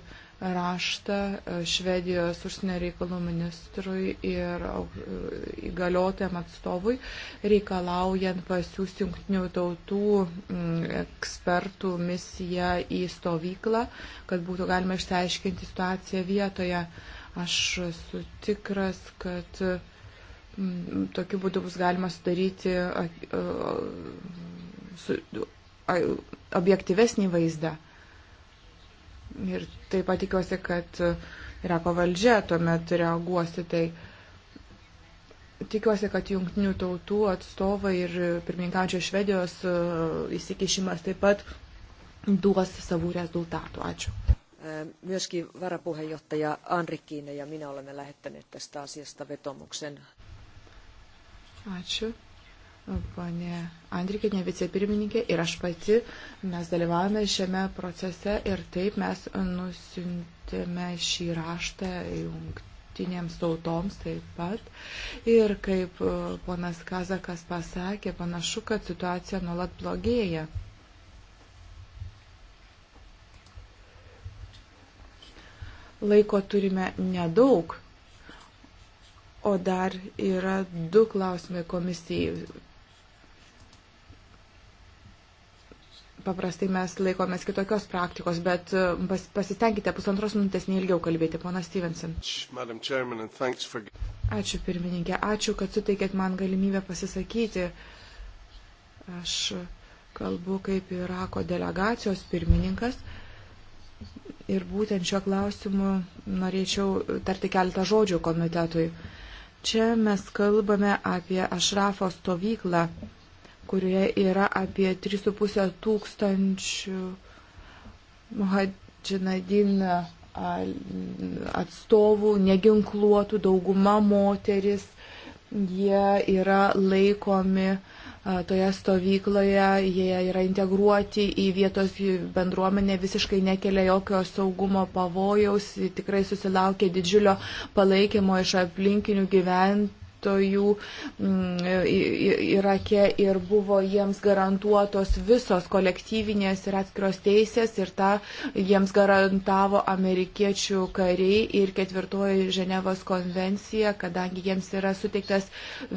raštą e, Švedijos užsienio reikalų ministrui ir e, įgaliotam atstovui, reikalaujant pasiūsti jungtinių tautų ekspertų misiją į stovyklą, kad būtų galima išsiaiškinti situaciją vietoje. Aš esu tikras, kad tokiu būdu bus galima sudaryti su, objektyvesnį vaizdą. Ir taip pat tikiuosi, kad Irako valdžia tuomet reaguosi tai. Tikiuosi, kad jungtinių tautų atstovai ir pirmininkančio Švedijos įsikišimas taip pat duos savų rezultatų. Ačiū. Myöskin varapuheenjohtaja Anrikkiinen ja minä olemme lähettäneet tästä asiasta vetomuksen. Ačiū. Pane Andrikinė vicepirmininkė ir aš pati, mes dalyvavome šiame procese ir taip mes nusintėme šį raštą jungtinėms tautoms taip pat. Ir kaip e, ponas Kazakas pasakė, panašu, kad situacija nuolat blogėja. Laiko turime nedaug, O dar yra du klausimai komisijai. Paprastai mes laikomės kitokios praktikos, bet e, pas, pasistengkite pusantros minutės neilgiau kalbėti, ponas Stevenson. Ačiū pirmininkė, ačiū, kad suteikėt man galimybę pasisakyti. Aš kalbu kaip Irako delegacijos pirmininkas ir būtent šiuo klausimu norėčiau tarti keletą žodžių komitetui. Čia mes kalbame apie Ašrafo stovyklą kurioje yra apie 3,5 tūkstančių Muhadžinadina atstovų, neginkluotų, dauguma moteris, jie yra laikomi toje stovykloje, jie yra integruoti į vietos bendruomenę, visiškai nekelia jokio saugumo pavojaus, tikrai susilaukia didžiulio palaikymo iš aplinkinių gyventojų gydytojų mm, Irake ir buvo jiems garantuotos visos kolektyvinės ir atskiros teisės ir tą jiems garantavo amerikiečių kariai ir ketvirtoji Ženevos konvencija, kadangi jiems yra suteiktas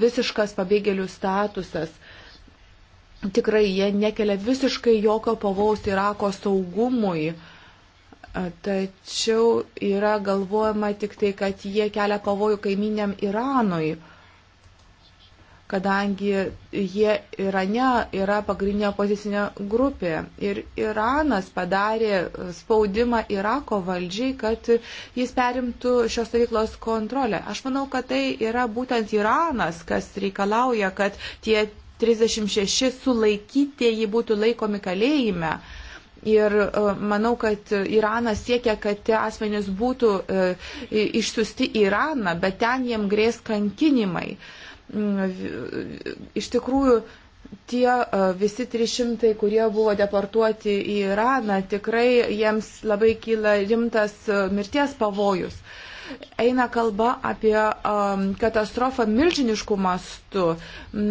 visiškas pabėgėlių statusas tikrai jie nekelia visiškai jokio pavojaus Irako saugumui. Tačiau yra galvojama tik tai, kad jie kelia pavojų kaiminiam Iranui kadangi jie Irane yra pagrindinė opozicinė grupė. Ir Iranas padarė spaudimą Irako valdžiai, kad jis perimtų šios stovyklos kontrolę. Aš manau, kad tai yra būtent Iranas, kas reikalauja, kad tie 36 sulaikytieji būtų laikomi kalėjime. Ir e, manau, kad Iranas siekia, kad tie asmenys būtų e, išsiusti į Iraną, bet ten jiem grės kankinimai. Uh, Mm, iš tikrųjų, tie visi 300, kurie buvo deportuoti į Iraną, tikrai jiems labai kyla rimtas mirties pavojus. Uh, eina kalba apie um, katastrofą milžiniškų mastų.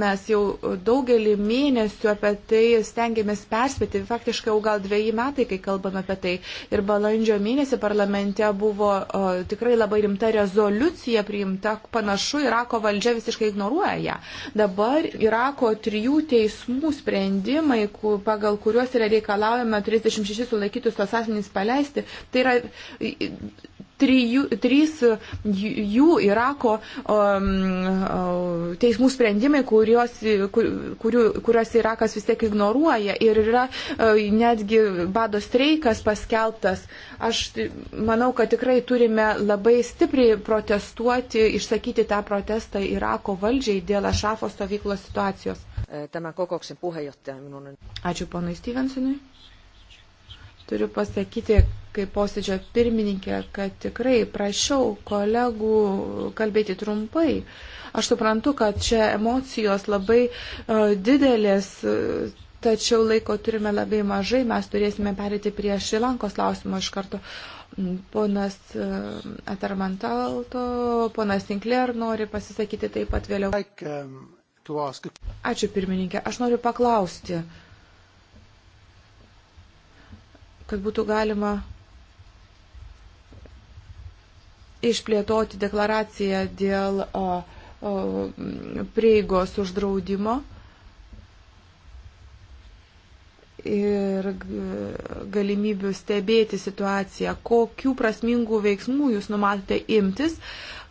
Mes jau daugelį mėnesių apie tai stengiamės perspėti, faktiškai jau gal dviejį metai, kai kalbame apie tai. Ir balandžio mėnesį parlamente buvo uh, tikrai labai rimta rezoliucija priimta, panašu, Irako valdžia visiškai ignoruoja ją. Dabar Irako trijų teismų sprendimai, pagal kuriuos yra reikalaujama 36 sulaikytus tos asmenys paleisti, tai yra trijų, trys jų Irako um, uh, teismų sprendimai, kuriuos, kur, kuriuos Irakas vis tiek ignoruoja ir yra uh, netgi bado streikas paskelbtas. Aš manau, kad tikrai turime labai stipriai protestuoti, išsakyti tą protestą Irako valdžiai dėl Ašafo stovyklos situacijos. Ačiū ponui Stevensonui. Turiu pasakyti, kaip posėdžio pirmininkė, kad tikrai prašiau kolegų kalbėti trumpai. Aš suprantu, kad čia emocijos labai uh, didelės. Uh, tačiau laiko turime labai mažai, mes turėsime perėti prie Šilankos klausimo iš karto. Mm, ponas e, Atarmantalto, ponas Sinclair nori pasisakyti taip pat vėliau. Um, Ačiū pirmininkė, aš noriu paklausti. Uh, kad būtų galima išplėtoti deklaraciją dėl o, o, prieigos uždraudimo ir galimybių stebėti situaciją. Kokių prasmingų veiksmų jūs numatote imtis,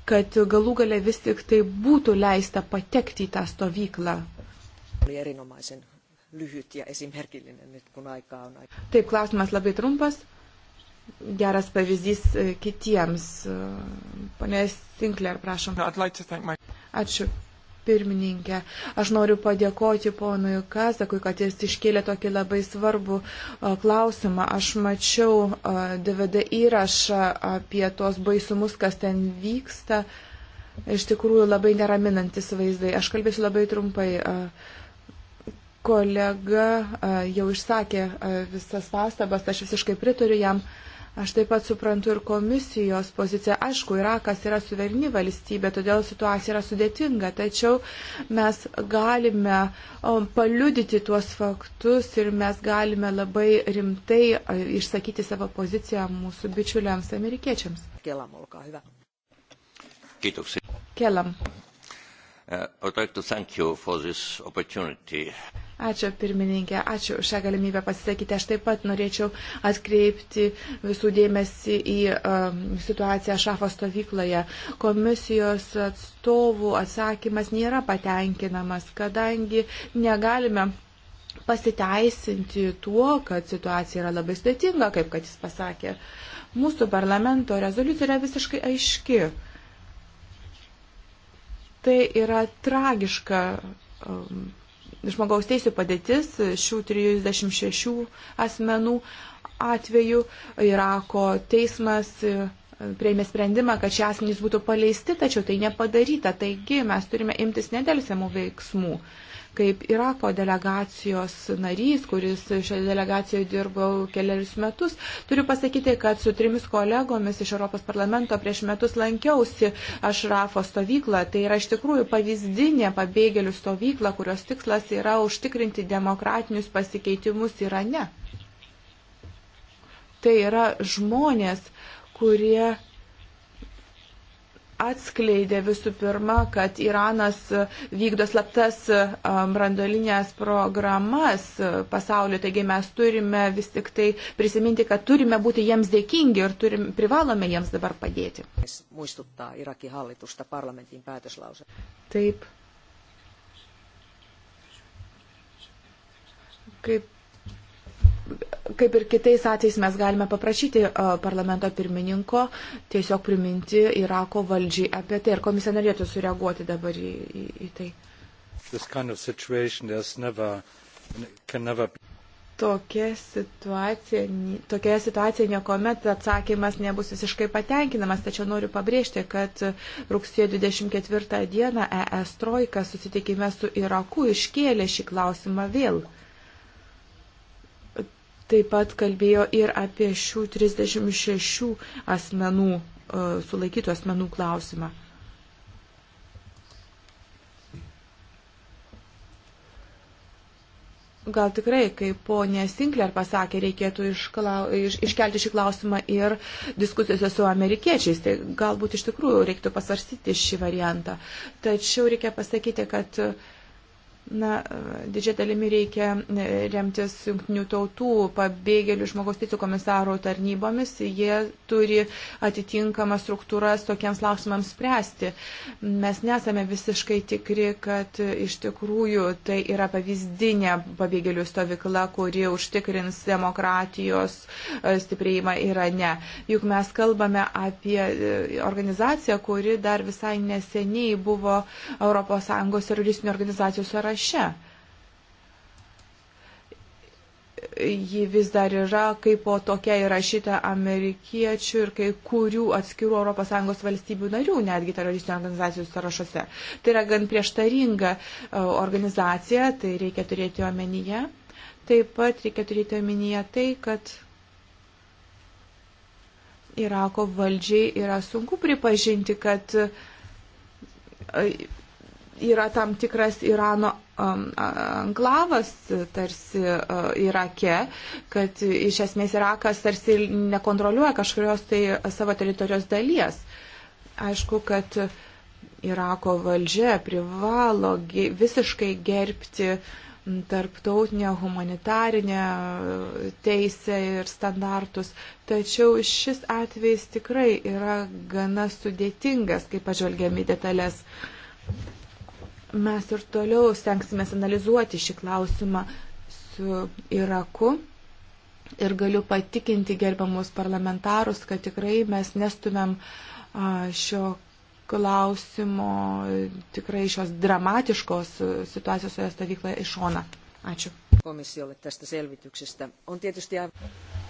kad galų gale vis tik tai būtų leista patekti į tą stovyklą? erinomaisen lyhyt ja esimerkillinen nyt, kun aikaa on. Taip, klausimas labai trumpas. Geras pavyzdys e, kitiems. E, Pane Sinclair, prašom. No, like my... Ačiū. Pirmininkė, aš noriu padėkoti ponui Kazakui, kad jis iškėlė tokį labai svarbų e, klausimą. Aš mačiau DVD įrašą apie tos baisumus, kas ten vyksta. Iš tikrųjų labai neraminantis vaizdai. Aš kalbėsiu labai trumpai. Uh, kolega jau išsakė visas pastabas, aš visiškai pritariu jam. Aš taip pat suprantu ir komisijos poziciją. Aišku, Irakas yra suvereni valstybė, todėl situacija yra sudėtinga, tačiau mes galime paliudyti tuos faktus ir mes galime labai rimtai išsakyti savo poziciją mūsų bičiuliams amerikiečiams. Kelam, olkaa hyvä. Kiitoksia. Kelam. Uh, ačiū pirmininkė, ačiū už šią galimybę pasisakyti. Aš taip pat norėčiau atkreipti visų dėmesį į um, situaciją Šafo stovykloje. Komisijos atstovų atsakymas nėra patenkinamas, kadangi negalime pasiteisinti tuo, kad situacija yra labai sudėtinga, kaip kad jis pasakė. Mūsų parlamento rezoliucija yra visiškai aiški. Uh, Tai yra tragiška um, žmogaus teisų padėtis šių 36 asmenų atveju. Irako teismas uh, prieimė sprendimą, kad šie asmenys būtų paleisti, tačiau tai nepadaryta. Taigi mes turime imtis nedelsiamų veiksmų. Uh, kaip Irako delegacijos narys, kuris šioje delegacijoje dirbo keliarius metus. Turiu pasakyti, kad su trimis kolegomis iš Europos parlamento prieš metus lankiausi Ašrafo stovyklą. Tai yra iš tikrųjų pavyzdinė pabėgėlių stovykla, kurios tikslas yra užtikrinti demokratinius pasikeitimus Irane. Tai yra žmonės, kurie atskleidė visų pirma, kad Iranas vykdo slaptas um, brandolinės programas pasauliu. Taigi mes turime vis tik tai prisiminti, kad turime būti jiems dėkingi ir turim, privalome jiems dabar padėti. Taip. Kaip kaip ir kitais atvejais mes galime paprašyti e, parlamento pirmininko tiesiog priminti Irako valdžiai apie tai. Ir komisija norėtų sureaguoti dabar į, į, į tai. Kind of never, never... Tokia situacija, tokioje situacijoje niekuomet atsakymas nebus visiškai patenkinamas, tačiau noriu pabrėžti, kad rugsėjo 24 dieną ES Trojka susitikime su Iraku iškėlė šį klausimą vėl taip pat kalbėjo ir apie šių 36 asmenų, e, sulaikytų asmenų klausimą. Gal tikrai, kaip ponė Sinkler pasakė, reikėtų išklau, iš, iškelti šį klausimą ir diskusijose su amerikiečiais. Tai galbūt iš tikrųjų reiktų pasvarstyti šį variantą. Tačiau reikia pasakyti, kad uh, Na, didžia dalimi reikia e, remtis jungtinių tautų pabėgėlių žmogaus teisų komisarų tarnybomis. Jie turi atitinkamą struktūrą tokiems klausimams spręsti. Mes nesame visiškai tikri, kad iš tikrųjų tai yra pavyzdinė pabėgėlių stovykla, kuri užtikrins demokratijos e, stiprėjimą Irane. Juk mes kalbame apie e, organizaciją, kuri dar visai neseniai buvo ES teroristinių organizacijų sąraše sąraše. Ji vis dar yra kaip po tokia įrašyta amerikiečių ir kai kurių atskirų ES valstybių narių netgi teroristinių organizacijų sąrašuose. Tai yra gan prieštaringa e, organizacija, tai reikia turėti omenyje. Taip pat reikia turėti omenyje tai, kad Irako valdžiai yra sunku pripažinti, kad e, yra tam tikras Irano um, anklavas tarsi uh, Irake, kad iš esmės Irakas tarsi nekontroliuoja kažkurios tai savo teritorijos dalies. Aišku, kad Irako valdžia privalo visiškai gerbti tarptautinę humanitarinę teisę ir standartus. Tačiau šis atvejs tikrai yra gana sudėtingas, kaip pažvelgiami detalės. Mes ir toliau stengsime analizuoti šį klausimą su Iraku. Ir galiu patikinti gerbiamus parlamentarus, kad tikrai mes nestumėm šio klausimo, tikrai šios dramatiškos situacijos toje stovykloje iš šona. Ačiū. Komisijolė tästä selvityksestä. On tietysti...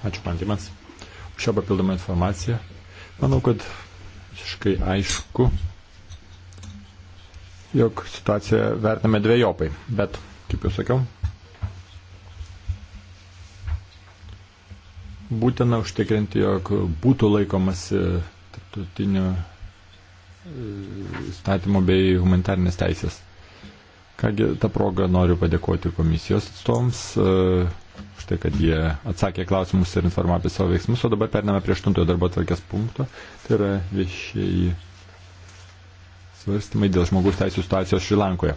Ačiū, Pantimas. Už šią papildomą informaciją. Manau, kad visiškai aišku, jog situaciją vertiname dviejopai, bet, kaip jau sakiau, būtina užtikrinti, jog būtų laikomasi tarptautinio e, statymo bei humanitarnės teisės. Kągi, tą progą noriu padėkoti komisijos atstovams e, už tai, kad jie atsakė klausimus ir informavo apie savo veiksmus, o dabar pername prie aštuntojo darbo atvarkės punkto, tai yra viešieji svarstymai dėl žmogaus teisų situacijos Šrilankoje.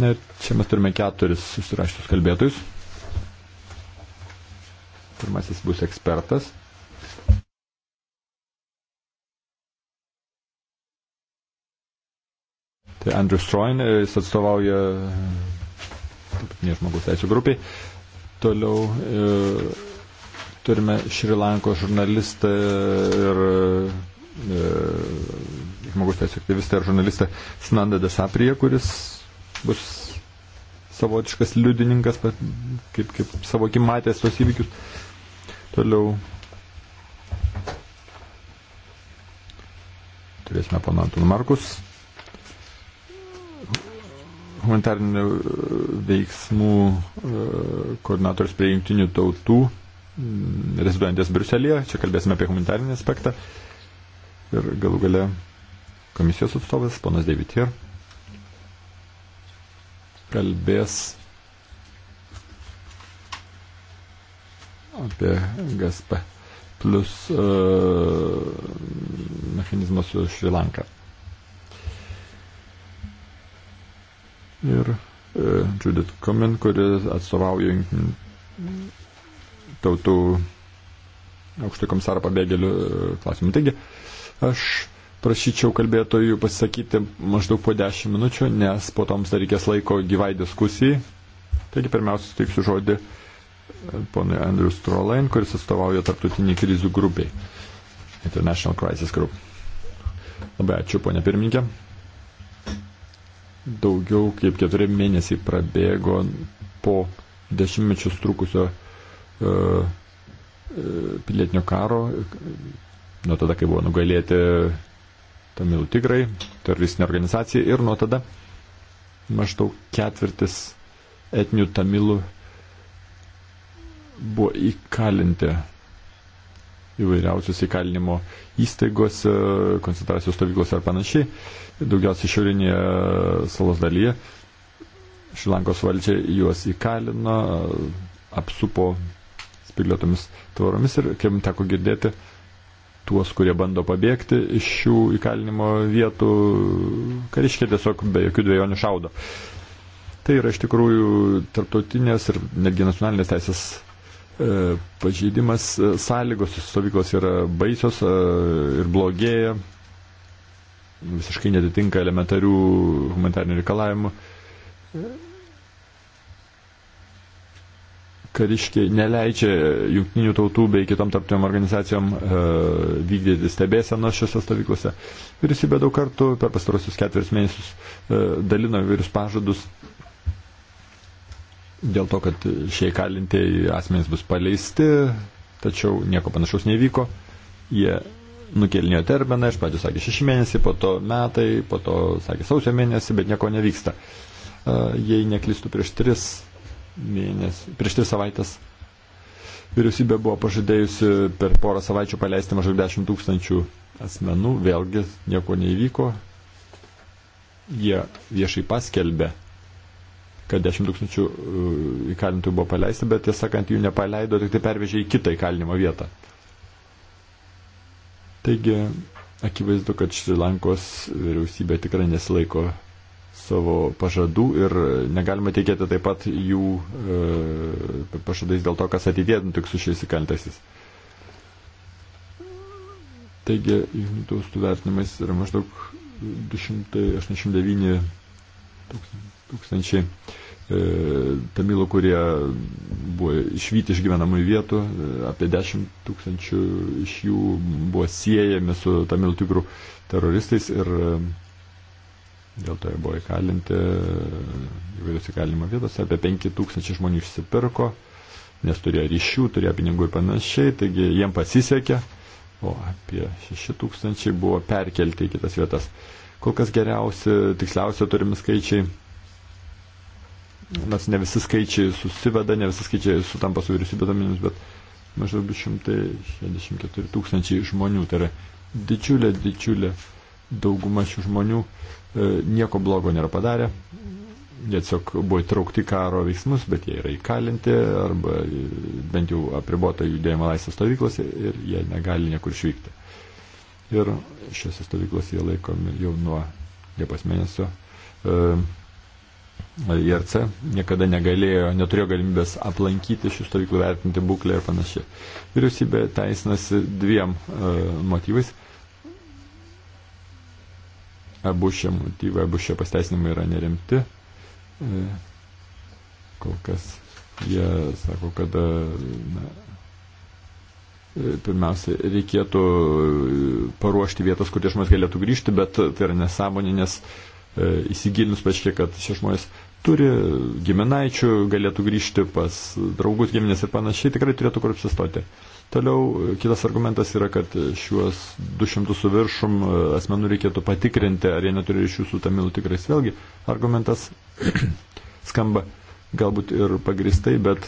Na ir čia mes turime keturis susirašytus kalbėtojus. Pirmasis bus ekspertas. Tai Andrew Stroin, jis atstovauja žmogaus teisų grupiai. Toliau e, turime Šrilanko žurnalistą ir e, žmogus teisų aktyvistą ir žurnalistą Snanda Desaprija, kuris bus savotiškas liudininkas, kaip, kaip savo akim matęs tos įvykius. Toliau turėsime pana Anton Markus humanitarinių e, veiksmų e, koordinatorius prie jungtinių tautų, reziduojantis Bruselėje, čia kalbėsime apie humanitarinį aspektą ir galų gale komisijos atstovas, ponas David Hir, kalbės apie GSP plus uh, mechanizmą su Šrilanka. Ir uh, Judith Komen, kuris atstovauja tautų aukšto komisaro pabėgėlių e, klausimų. Taigi, aš prašyčiau kalbėtojų pasisakyti maždaug po 10 minučių, nes po toms dar reikės laiko gyvai diskusijai. Taigi pirmiausia, suteiksiu žodį e, ponui Andrew Strolain, kuris atstovauja tarptautinį krizių grupiai. International Crisis Group. Labai ačiū, ponė pirmininkė. Daugiau kaip keturi mėnesiai prabėgo po dešimtmečius trukusio uh, pilietinio karo, nuo tada, kai buvo nugalėti Tamilų tigrai, teroristinė organizacija ir nuo tada maždaug ketvirtis etnių tamilų buvo įkalinti įvairiausios įkalinimo įstaigos, e, koncentracijos stovyklos ar panašiai, daugiausiai šiaurinėje salos dalyje. Šilankos valdžia juos įkalino, apsupo spigliuotomis tvoromis ir, kaip teko girdėti, tuos, kurie bando pabėgti iš šių įkalinimo vietų, kariškiai tiesiog be jokių dviejonių šaudo. Tai yra iš tikrųjų tarptautinės ir netgi nacionalinės teisės e, pažeidimas, e, sąlygos stovyklos yra baisios e, ir blogėja, visiškai netitinka elementarių humanitarinių reikalavimų. E, kariškiai neleidžia jungtinių tautų bei kitom tarptiniam organizacijom e, vykdyti stebėseną šiuose stovyklose. Vyriausybė daug kartų per pastarosius ketverius mėnesius e, dalino įvairius pažadus dėl to, kad šie kalintieji asmenys bus paleisti, tačiau nieko panašaus nevyko. Jie nukelinėjo terminą, iš pradžių sakė šeši mėnesiai, po to metai, po to sakė sausio mėnesį, bet nieko nevyksta. E, jei neklistų prieš tris mėnesį, prieš tris savaitės vyriausybė buvo pažadėjusi per porą savaičių paleisti maždaug 10 tūkstančių asmenų, vėlgi nieko neįvyko. Jie viešai paskelbė, kad 10 tūkstančių uh, įkalintų buvo paleisti, bet tiesą sakant, jų nepaleido, tik tai pervežė į kitą įkalinimo vietą. Taigi, akivaizdu, kad Šrilankos vyriausybė tikrai nesilaiko savo pažadų ir negalima tikėti taip pat jų e, pažadais dėl to, kas ateitie nutiks su šiais įkaltasis. Taigi, jungtinių tautų vertinimais yra maždaug 289 tūkstančiai e, tamilų, kurie buvo išvyti iš gyvenamųjų vietų, e, apie 10 tūkstančių iš jų buvo siejami su tamilų tigrų teroristais ir e, Dėl to jie buvo įkalinti įvairiose įkalinimo vietose. Apie 5000 žmonių išsipirko, nes turėjo ryšių, turėjo pinigų ir panašiai, taigi jiem pasisekė, o apie 6000 buvo perkelti į kitas vietas. Kol kas geriausi, tiksliausia turimi skaičiai, nors ne visi skaičiai susiveda, ne visi skaičiai sutampa su vyriausybė domenimis, bet maždaug 264 tūkstančiai žmonių. Tai yra didžiulė, didžiulė dauguma šių žmonių E, nieko blogo nėra padarę. Jie tiesiog buvo įtraukti karo veiksmus, bet jie yra įkalinti arba bent jau apribota judėjimo laisvė stovyklose ir jie negali niekur išvykti. Ir šiose stovyklose jie laikomi jau nuo Liepos mėnesio. E, IRC niekada negalėjo, neturėjo galimybės aplankyti šių stovyklų, vertinti būklę ir panašiai. Vyriausybė teisinasi dviem e, motyvais abu šie motyvai, abu šie pasteisinimai yra nerimti. E, kol kas jie sako, kad e, na, e, pirmiausia reikėtų paruošti vietas, kur tie žmonės galėtų grįžti, bet tai yra nesąmonė, nes įsigilinus paaiškė, kad šie žmonės turi giminaičių, galėtų grįžti pas draugus, giminės ir panašiai, tikrai turėtų kur apsistoti. Uh, Toliau e, kitas argumentas yra, kad e, šiuos 200 su viršum e, asmenų reikėtų patikrinti, ar jie neturi ryšių su tamilų tikrais. Vėlgi, argumentas skamba galbūt ir pagristai, bet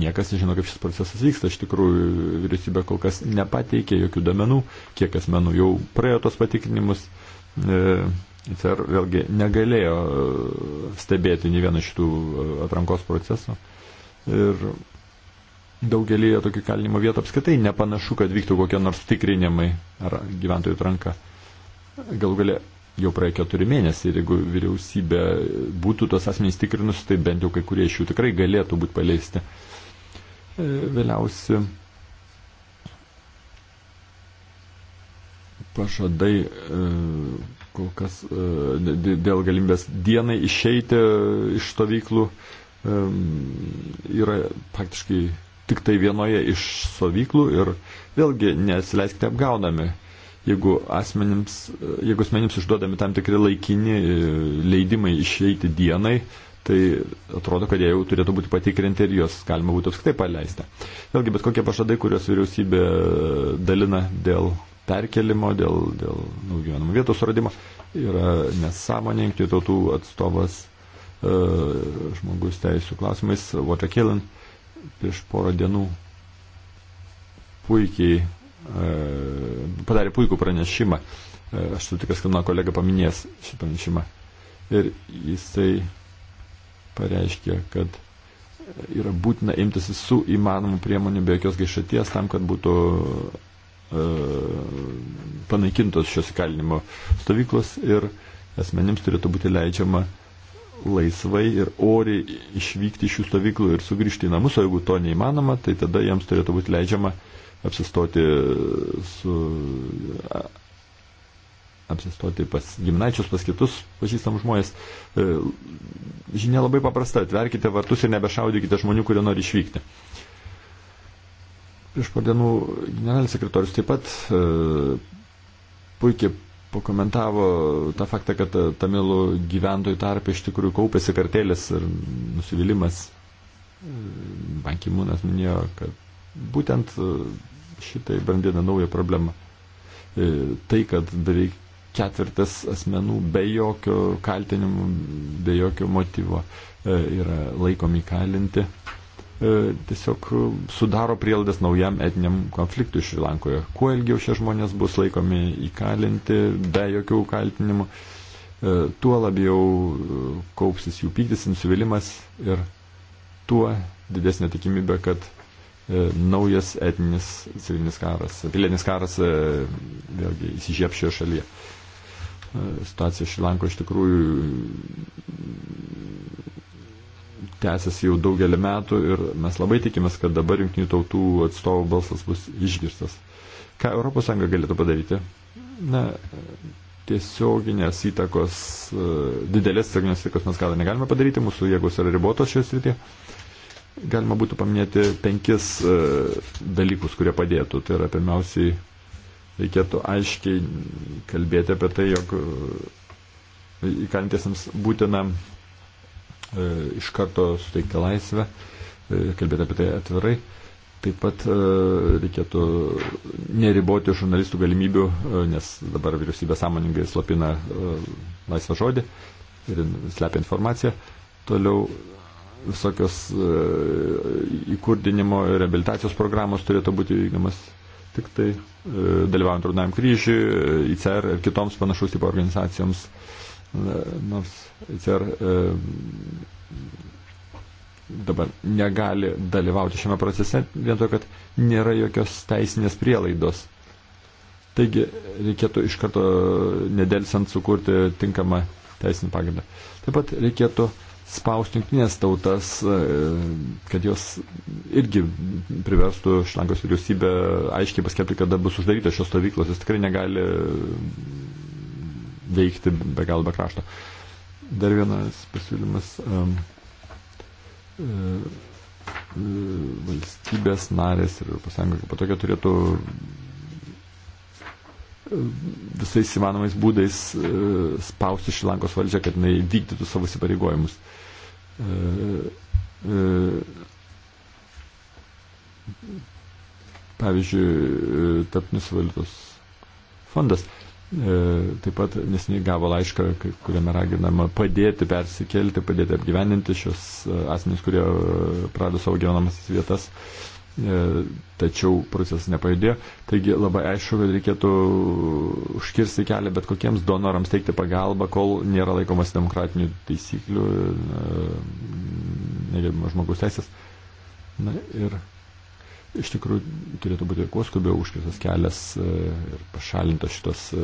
niekas nežino, kaip šis procesas vyksta. Iš tikrųjų, vyriausybė kol kas nepateikė jokių domenų, kiek asmenų jau praėjo tos patikrinimus. Ir vėlgi negalėjo stebėti nei vieno šitų atrankos procesų. Ir daugelį tokių kalinimo vietų apskaitai nepanašu, kad vyktų kokie nors tikrinimai ar gyventojų tranka. Gal galia jau praėjo keturi mėnesiai ir jeigu vyriausybė būtų tos asmenys tikrinus, tai bent jau kai kurie iš jų tikrai galėtų būti paleisti. E, Vėliausiai pažadai e, kol kas e, dėl galimybės dienai išeiti iš stovyklų yra praktiškai tik tai vienoje iš stovyklų ir vėlgi nesileiskite apgaunami. Jeigu asmenims, jeigu asmenims išduodami tam tikri laikini e, leidimai išeiti dienai, tai atrodo, kad jie jau turėtų būti patikrinti ir juos galima būtų apskritai paleisti. Vėlgi, bet kokie pažadai, kuriuos vyriausybė dalina dėl perkelimo, dėl, dėl gyvenamų vietų suradimo, yra nesąmonė, jungtinių tautų atstovas, e, žmogus teisų klausimais, Waterkillen, prieš porą dienų puikiai e, padarė puikų pranešimą. E, aš sutikęs, kad mano kolega paminės šį pranešimą. Ir jisai pareiškė, kad yra būtina imtis visų įmanomų priemonių be jokios gaišaties tam, kad būtų e, panaikintos šios įkalinimo stovyklos ir asmenims turėtų būti leidžiama e, laisvai ir oriai išvykti iš šių stovyklų ir sugrįžti į namus, o jeigu to neįmanoma, tai tada jiems turėtų būti leidžiama apsistoti, su, apsistoti pas gimnaičius, pas kitus pažįstamus žmonės. E, žinia labai paprasta, atverkite vartus ir nebešaudykite žmonių, kurie nori išvykti. Prieš porą dienų generalinis sekretorius taip pat e, puikiai pakomentavo tą faktą, kad tamilų gyventojų tarp iš tikrųjų kaupėsi kartėlis ir nusivylimas. Bankimūnas minėjo, kad būtent e, šitai brandina naują problemą. E, tai, kad beveik ketvirtas asmenų be jokio kaltinimų, be jokio motyvo e, yra laikomi kalinti E, tiesiog sudaro prielaidas naujam etiniam konfliktui Šrilankoje. Kuo ilgiau šie žmonės bus laikomi įkalinti be jokių kaltinimų, e, tuo labiau e, kaupsis jų pyktis, nusivylimas ir tuo didesnė tikimybė, kad naujas etinis civilinis karas, pilietinis karas vėlgi įsižieb šioje šalyje. Situacija Šrilanko iš tikrųjų tęsiasi jau daugelį metų ir mes labai tikimės, kad dabar jungtinių tautų atstovų balsas bus išgirstas. Ką ES galėtų padaryti? Na, tiesioginės įtakos, e, didelės tiesioginės įtakos mes gal negalime padaryti, mūsų jėgos yra ribotos šioje srityje. Galima būtų paminėti penkis e, dalykus, kurie padėtų. Tai yra pirmiausiai reikėtų aiškiai kalbėti apie tai, jog e, įkalintiesiams būtina E, iš karto suteikti laisvę, e, kalbėti apie tai atvirai. Taip pat e, reikėtų neriboti žurnalistų galimybių, nes dabar vyriausybė sąmoningai slapina laisvą žodį ir slepia informaciją. Toliau visokios įkurdinimo ir rehabilitacijos programos turėtų būti vykdomas tik tai dalyvaujant Raudonajam kryžiui, ICR ir kitoms panašaus tipo organizacijoms nors ICR e, dabar negali dalyvauti šiame procese, vien to, kad nėra jokios teisinės prielaidos. Taigi reikėtų iš karto nedelsiant sukurti tinkamą teisinį pagrindą. Taip pat reikėtų spausti jungtinės tautas, e, kad jos irgi priverstų Šlankos vyriausybę aiškiai paskelbti, kada bus uždarytos šios stovyklos. Jis tikrai negali veikti be galo be krašto. Dar vienas pasiūlymas. Um, valstybės narės ir Europos Sąjunga kaip tokia turėtų e, visais įmanomais būdais e, spausti Šilankos valdžią, kad jinai vykdytų savo įsipareigojimus. Pavyzdžiui, Tapnis valiutos fondas E, taip pat nesiniai gavo laišką, kuriame raginama padėti persikelti, padėti apgyveninti šios e, asmenys, kurie e, prado savo gyvenamasis vietas, tačiau procesas nepajudėjo. Taigi labai aišku, kad reikėtų užkirsti kelią bet kokiems donorams teikti pagalbą, kol nėra laikomas demokratinių taisyklių, negerbimo žmogus teisės. Na ir iš tikrųjų turėtų būti kuo skubiau užkirstas kelias e, ir pašalintas šitos e,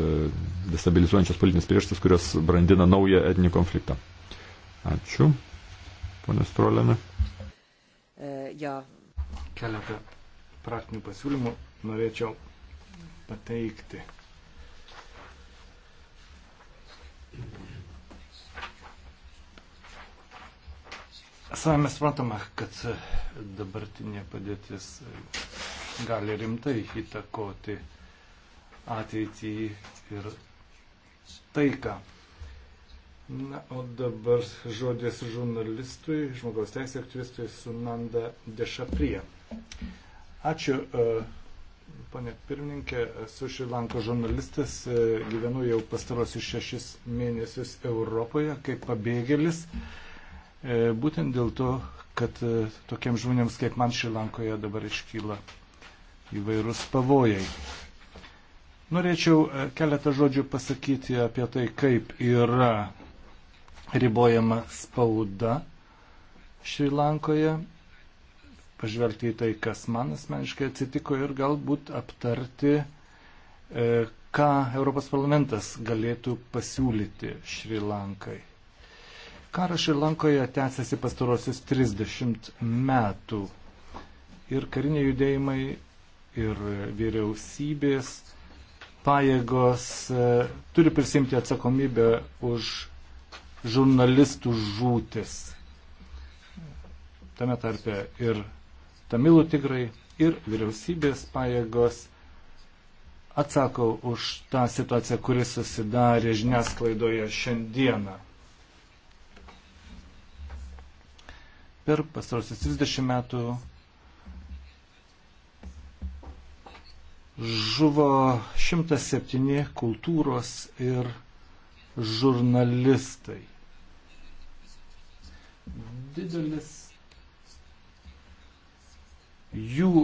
destabilizuojančios politinės priežastis, kurios brandina naują etninį konfliktą. Ačiū, ponė Strolėme. Ja. Keletą praktinių pasiūlymų norėčiau pateikti. Thank you. Savame suprantama, kad dabartinė padėtis gali rimtai įtakoti ateitį ir taiką. Na, o dabar žodis žurnalistui, žmogaus teisė aktyvistui Sunanda Dešaprie. Ačiū, e, ponė pirmininkė, esu Šilanko žurnalistas, e, gyvenu jau pastarosius šešis mėnesius Europoje kaip pabėgėlis. Mm E, būtent dėl to, kad e, tokiems žmonėms kaip man Šilankoje dabar iškyla įvairūs pavojai. Norėčiau e, keletą žodžių pasakyti apie tai, kaip yra ribojama spauda Šilankoje, pažvelgti į tai, kas man asmeniškai atsitiko ir galbūt aptarti, ką Europos parlamentas galėtų pasiūlyti Šrilankai. Karas Šrilankoje tęsiasi pastarosius 30 metų ir kariniai judėjimai ir vyriausybės pajėgos e, turi prisimti atsakomybę už žurnalistų žūtis. Tame tarpe ir tamilų tigrai, ir vyriausybės pajėgos atsako už tą situaciją, kuris susidarė žiniasklaidoje šiandieną. per pastarosius 30 metų žuvo 107 kultūros ir žurnalistai. Didelis jų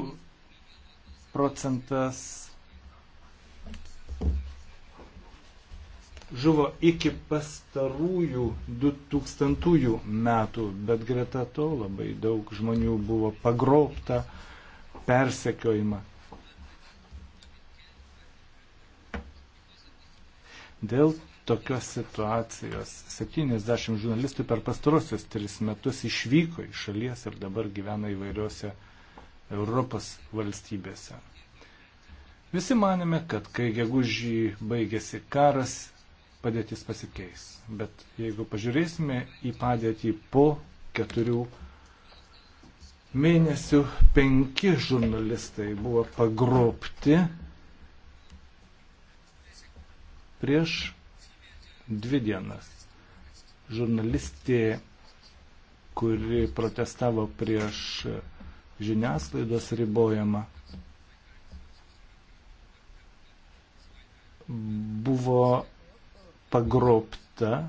procentas žuvo iki pastarųjų 2000 metų, bet greta to labai daug žmonių buvo pagrobta, persekiojama. Dėl tokios situacijos 70 žurnalistų per pastarosius tris metus išvyko iš šalies ir dabar gyvena įvairiose Europos valstybėse. Visi manėme, kad kai gegužį baigėsi karas, padėtis pasikeis. Bet jeigu pažiūrėsime į padėtį po keturių mėnesių, penki žurnalistai buvo pagrobti prieš dvi dienas. Žurnalistė, kuri protestavo prieš žiniasklaidos ribojama, buvo pagrobta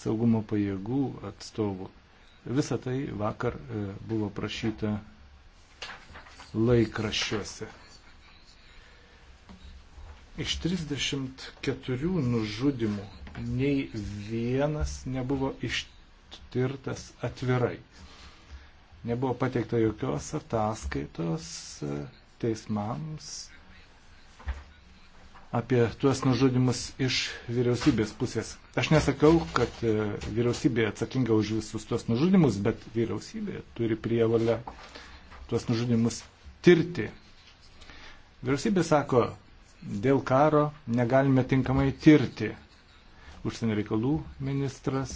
saugumo pajėgų atstovų. Visą tai vakar e, buvo prašyta laikraščiuose. Iš 34 nužudimų nei vienas nebuvo ištirtas atvirai. Nebuvo pateikta jokios ataskaitos e, teismams apie tuos nužudimus iš vyriausybės pusės. Aš nesakau, kad e, vyriausybė atsakinga už visus tuos nužudimus, bet vyriausybė turi prievalę tuos nužudimus tirti. Vyriausybė sako, dėl karo negalime tinkamai tirti. Užsienio reikalų ministras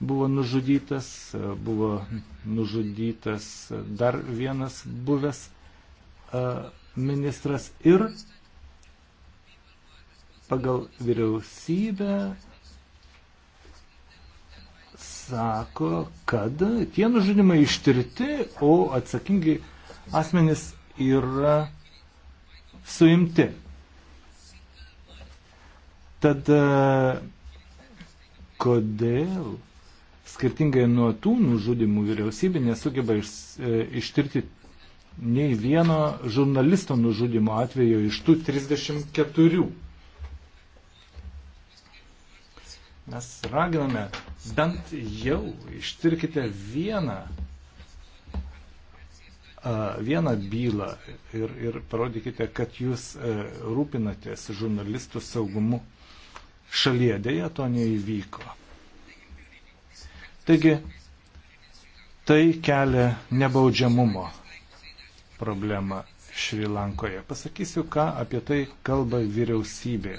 buvo nužudytas, e, buvo nužudytas dar vienas buvęs e, ministras ir pagal vyriausybę sako, kad tie nužudimai ištirti, o atsakingi asmenys yra suimti. Tad kodėl skirtingai nuo tų nužudimų vyriausybė nesugeba iš, e, ištirti nei vieno žurnalisto nužudimo atveju iš tų 34. Mes raginame, bent jau ištirkite vieną, vieną bylą ir, ir parodykite, kad jūs e, rūpinatės žurnalistų saugumu šalyje. Deja, to neįvyko. Taigi, tai kelia nebaudžiamumo problemą Šri Lankoje. Pasakysiu, ką apie tai kalba vyriausybė.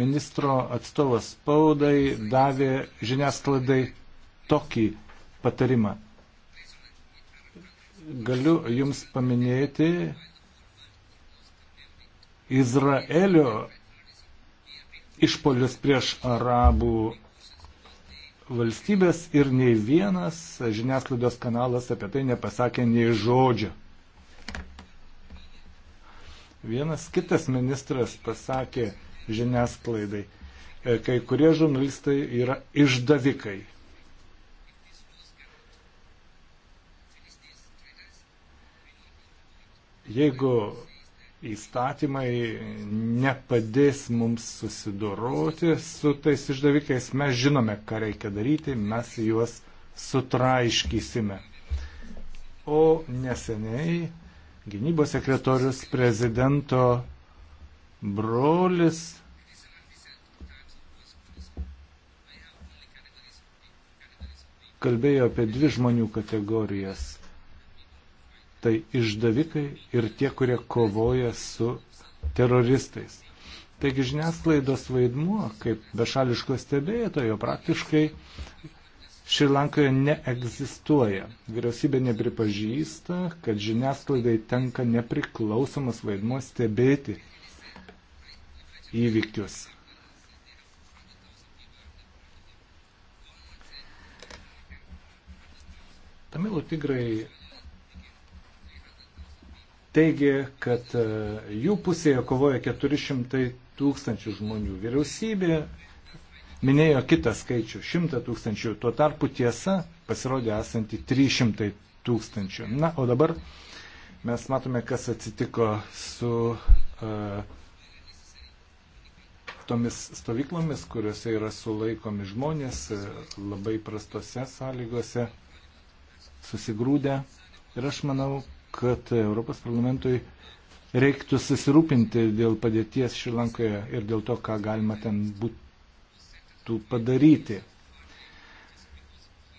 Ministro atstovas spaudai davė žiniasklaidai tokį patarimą. Galiu Jums paminėti Izraelio išpolius prieš arabų valstybės ir nei vienas žiniasklaidos kanalas apie tai nepasakė nei žodžio. Vienas kitas ministras pasakė žiniasklaidai, e, kai kurie žurnalistai yra išdavikai. Jeigu įstatymai nepadės mums susidoroti su tais išdavikais. Mes žinome, ką reikia daryti, mes juos sutraiškysime. O neseniai gynybos sekretorius prezidento brolis kalbėjo apie dvi žmonių kategorijas tai išdavikai ir tie, kurie kovoja su teroristais. Taigi žiniasklaidos vaidmuo kaip bešališko stebėtojo praktiškai Šrilankoje neegzistuoja. Vyriausybė nepripažįsta, kad žiniasklaidai tenka nepriklausomas vaidmuo stebėti įvykius. Tamilų tigrai teigė, kad e, jų pusėje kovoja 400 tūkstančių žmonių. Vyriausybė minėjo kitą skaičių - 100 tūkstančių. Tuo tarpu tiesa pasirodė esanti 300 tūkstančių. Na, o dabar mes matome, kas atsitiko su uh, tomis stovyklomis, kuriuose yra sulaikomi žmonės e, labai prastose sąlygose, susigrūdę. Ir aš manau, kad Europos parlamentui reiktų susirūpinti dėl padėties Šrilankoje ir dėl to, ką galima ten būtų padaryti.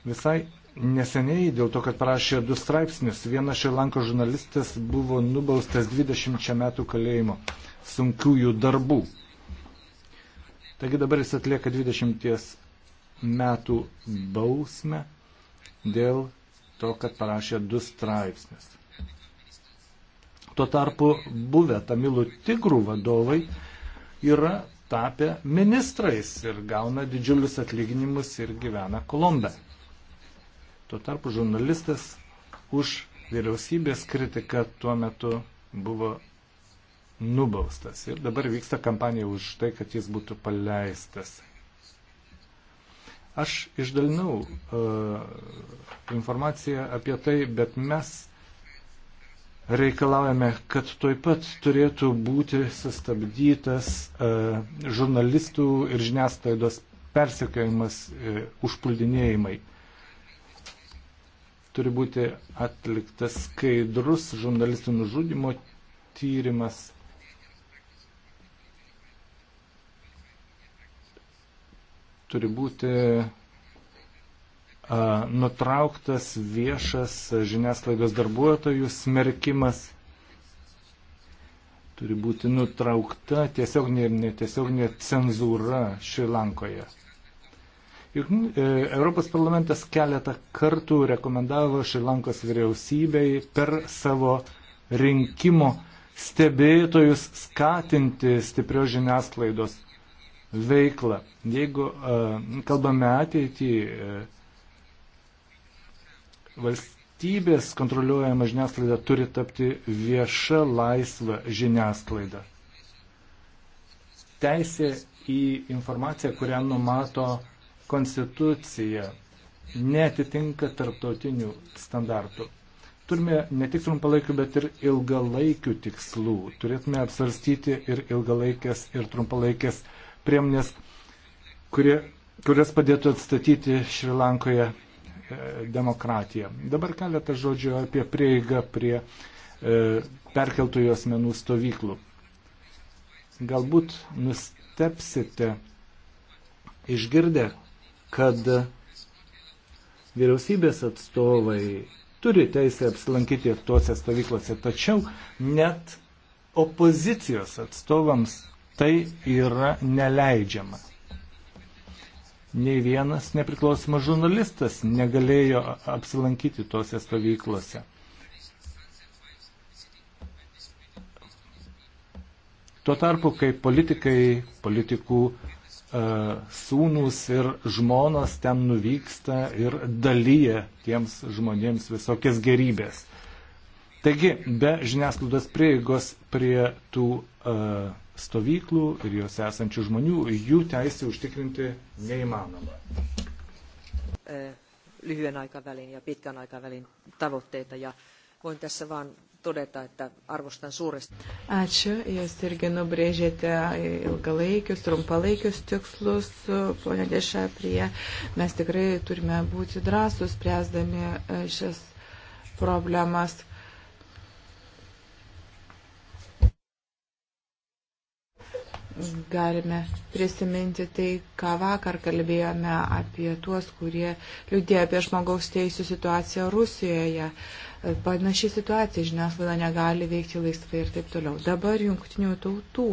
Visai neseniai dėl to, kad parašė du straipsnius, vienas Šrilanko žurnalistas buvo nubaustas 20 metų kalėjimo sunkiųjų darbų. Taigi dabar jis atlieka 20 metų bausmę dėl to, kad parašė du straipsnius. Tuo tarpu buvę tamilų tigrų vadovai yra tapę ministrais ir gauna didžiulius atlyginimus ir gyvena Kolombe. Tuo tarpu žurnalistas už vyriausybės kritiką tuo metu buvo nubaustas. Ir dabar vyksta kampanija už tai, kad jis būtų paleistas. Aš išdalinau uh, informaciją apie tai, bet mes reikalaujame, kad toj pat turėtų būti sustabdytas e, žurnalistų ir žiniasklaidos persikėjimas, e, užpuldinėjimai. Turi būti atliktas skaidrus žurnalistų nužudimo tyrimas. Turi būti nutrauktas viešas žiniasklaidos darbuotojų smerkimas. Turi būti nutraukta tiesioginė ir netiesioginė cenzūra Šrilankoje. Juk e, Europos parlamentas keletą kartų rekomendavo Šrilankos vyriausybei per savo rinkimo stebėtojus skatinti stiprios žiniasklaidos veiklą. Jeigu e, kalbame ateitį, e, Valstybės kontroliuojama žiniasklaida turi tapti vieša laisva žiniasklaida. Teisė į informaciją, kurią numato Konstitucija, netitinka tarptautinių standartų. Turime ne tik trumpalaikių, bet ir ilgalaikių tikslų. Turėtume apsvarstyti ir ilgalaikės, ir trumpalaikės priemonės, kurie, kurias padėtų atstatyti Šrilankoje E, demokratiją. Dabar keletą žodžių apie prieigą prie e, perkeltųjų asmenų stovyklų. Galbūt nustepsite išgirdę, kad vyriausybės atstovai turi teisę apsilankyti tuose stovyklose, tačiau net opozicijos atstovams tai yra neleidžiama nei vienas nepriklausomas žurnalistas negalėjo apsilankyti tose stovyklose. Tuo tarpu, kai politikai, politikų e, sūnus ir žmonos ten nuvyksta ir dalyja tiems žmonėms visokias gerybės. Taigi, be žiniasklaidos prieigos prie tų uh, stovyklų ir juose esančių žmonių, jų teisė užtikrinti neįmanoma. lyhyen aikavälin ja pitkän aikavälin tavoitteita ja voin tässä vaan todeta, että arvostan suuresti. Ačiū, jūs irgi nubrėžėte ilgalaikius, trumpalaikius tikslus, ponia Deša, prie. Mes tikrai turime būti drąsus, spręsdami e, šias problemas. galime prisiminti tai, ką vakar kalbėjome apie tuos, kurie liūdėjo apie žmogaus teisų situaciją Rusijoje. Panaši situacija, žiniasklaida negali veikti laisvai ir taip toliau. Dabar jungtinių tautų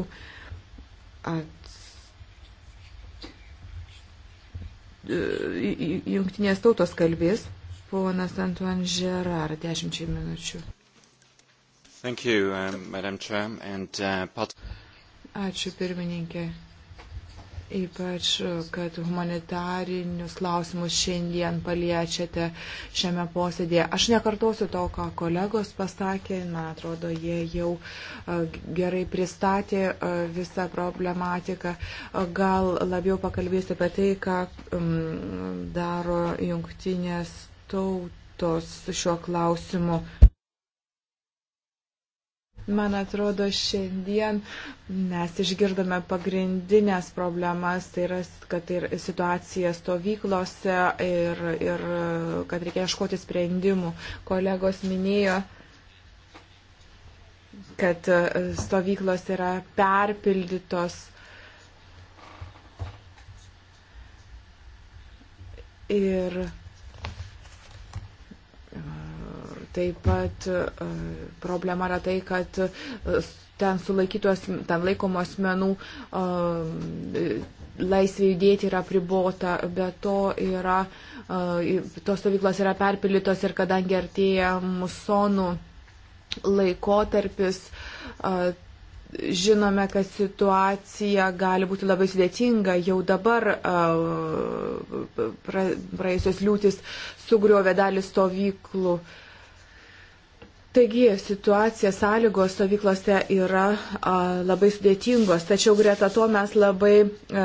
jungtinės tautos kalbės ponas Antuan Žerar, dešimčiai minučių. Thank you, um, Madam Chair, and uh, part... Ačiū pirmininkė. Ypač, kad humanitarinius klausimus šiandien paliečiate šiame posėdėje. Aš nekartosiu to, ką kolegos pasakė, man atrodo, jie jau gerai pristatė visą problematiką. Gal labiau pakalbėsiu apie tai, ką daro jungtinės tautos šiuo klausimu. Man atrodo, šiandien mes išgirdome pagrindinės problemas, tai yra, kad ir tai situacija stovyklose ir, ir kad reikia ieškoti sprendimų. Kolegos minėjo, kad stovyklos yra perpildytos. Ir Taip pat e, problema yra tai, kad e, ten sulaikytos, ten laikomos menų e, laisvė judėti yra pribota, bet to yra, tos stovyklos yra perpilytos ir kadangi artėja musonų laikotarpis, žinome, kad situacija gali būti labai sudėtinga. Jau dabar praėjusios liūtis sugriovė dalį stovyklų. Uh, Taigi situacija sąlygos stovyklose yra a, labai sudėtingos, tačiau greta to mes labai a,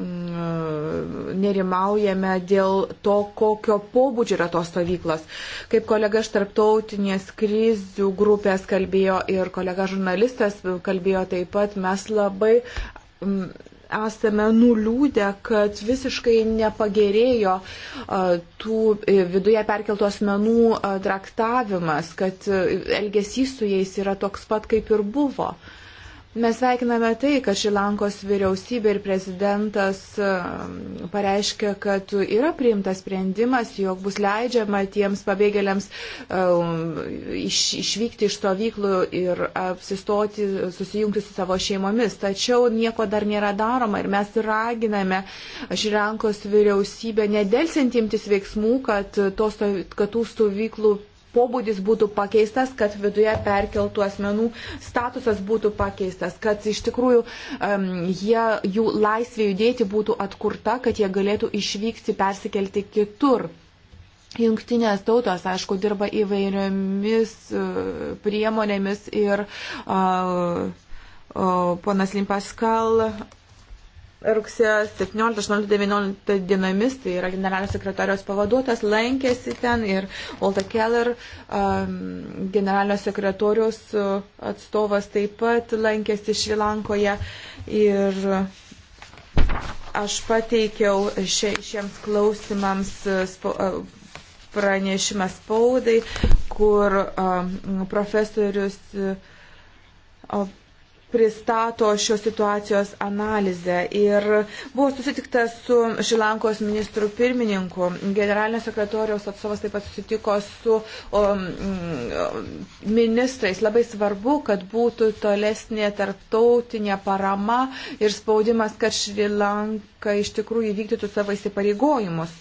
mm, nerimaujame dėl to, kokio pobūdžio yra tos stovyklos. Kaip kolega iš tarptautinės krizių grupės kalbėjo ir kolega žurnalistas kalbėjo taip pat, mes labai mm, esame nuliūdę, kad visiškai nepagerėjo tų e, viduje perkeltų asmenų traktavimas, kad e, elgesys su jais yra toks pat, kaip ir buvo. Uh, Mes sveikiname tai, kad Šilankos vyriausybė ir prezidentas um, pareiškia, kad yra priimtas sprendimas, jog bus leidžiama tiems pabėgėliams um, iš, išvykti iš stovyklų ir apsistoti, susijungti su savo šeimomis. Tačiau nieko dar nėra daroma ir mes raginame Šilankos vyriausybę nedelsinti imtis veiksmų, kad, to, kad tų stovyklų pobūdis būtų pakeistas, kad viduje perkeltų asmenų statusas būtų pakeistas, kad iš tikrųjų um, jie, jų laisvė judėti būtų atkurta, kad jie galėtų išvykti, persikelti kitur. Jungtinės tautos, aišku, dirba įvairiomis e, priemonėmis ir uh, uh, ponas Limpaskal rugsėjo 17-18-19 dienomis, tai yra generalinio sekretorijos pavaduotas, lankėsi ten ir Olta Keller, um, generalinio sekretorijos uh, atstovas taip pat lankėsi Šrilankoje ir aš pateikiau šie, šiems klausimams uh, spo, uh, pranešimą spaudai, kur um, profesorius um, pristato šios situacijos analizę ir buvo susitiktas su Šilankos ministru pirmininku. Generalinio sekretoriaus atstovas taip pat susitiko su o, um, ministrais. Labai svarbu, kad būtų tolesnė tarptautinė parama ir spaudimas, kad Šrilanka iš tikrųjų vykdytų savo įsipareigojimus.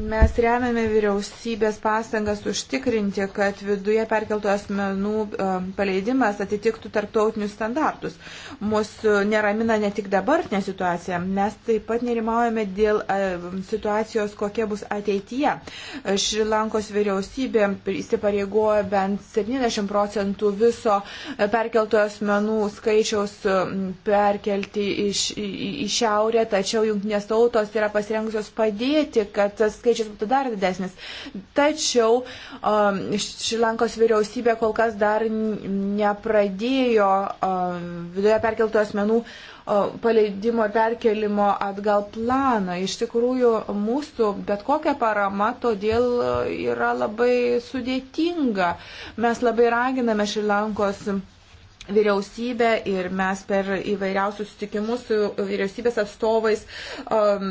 Mes remiame vyriausybės pastangas užtikrinti, kad viduje perkeltų asmenų e, paleidimas atitiktų tarptautinius standartus. Mūsų e, neramina ne tik dabartinė situacija, mes taip pat nerimaujame dėl e, situacijos, kokia bus ateityje. Šrilankos vyriausybė įsipareigojo bent 70 procentų viso perkeltų asmenų skaičiaus perkelti iš, į, į šiaurę, tačiau jungtinės tautos yra pasirengusios padėti, kad tas skaičius būtų dar didesnis. Tačiau um, Šilankos vyriausybė kol kas dar nepradėjo um, viduje perkeltų asmenų paleidimo ir perkelimo atgal planą. Iš tikrųjų, mūsų bet kokia parama todėl uh, yra labai sudėtinga. Mes labai raginame Šilankos vyriausybę vyriausybę ir mes per įvairiausius sutikimus su vyriausybės atstovais um,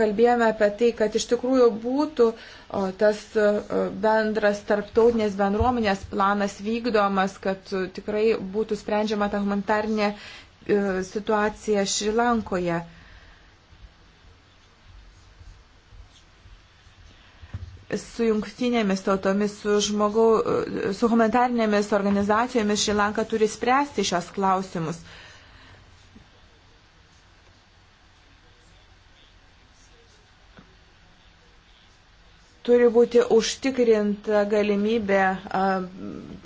kalbėjome apie tai, kad iš tikrųjų būtų o, tas bendras tarptautinės bendruomenės planas vykdomas, kad tikrai būtų sprendžiama ta humanitarnė e, situacija Šrilankoje. Uh, su jungtinėmis tautomis, su, žmogau, su humanitarinėmis organizacijomis Šilanka turi spręsti šios klausimus. Turi būti užtikrinta galimybė a,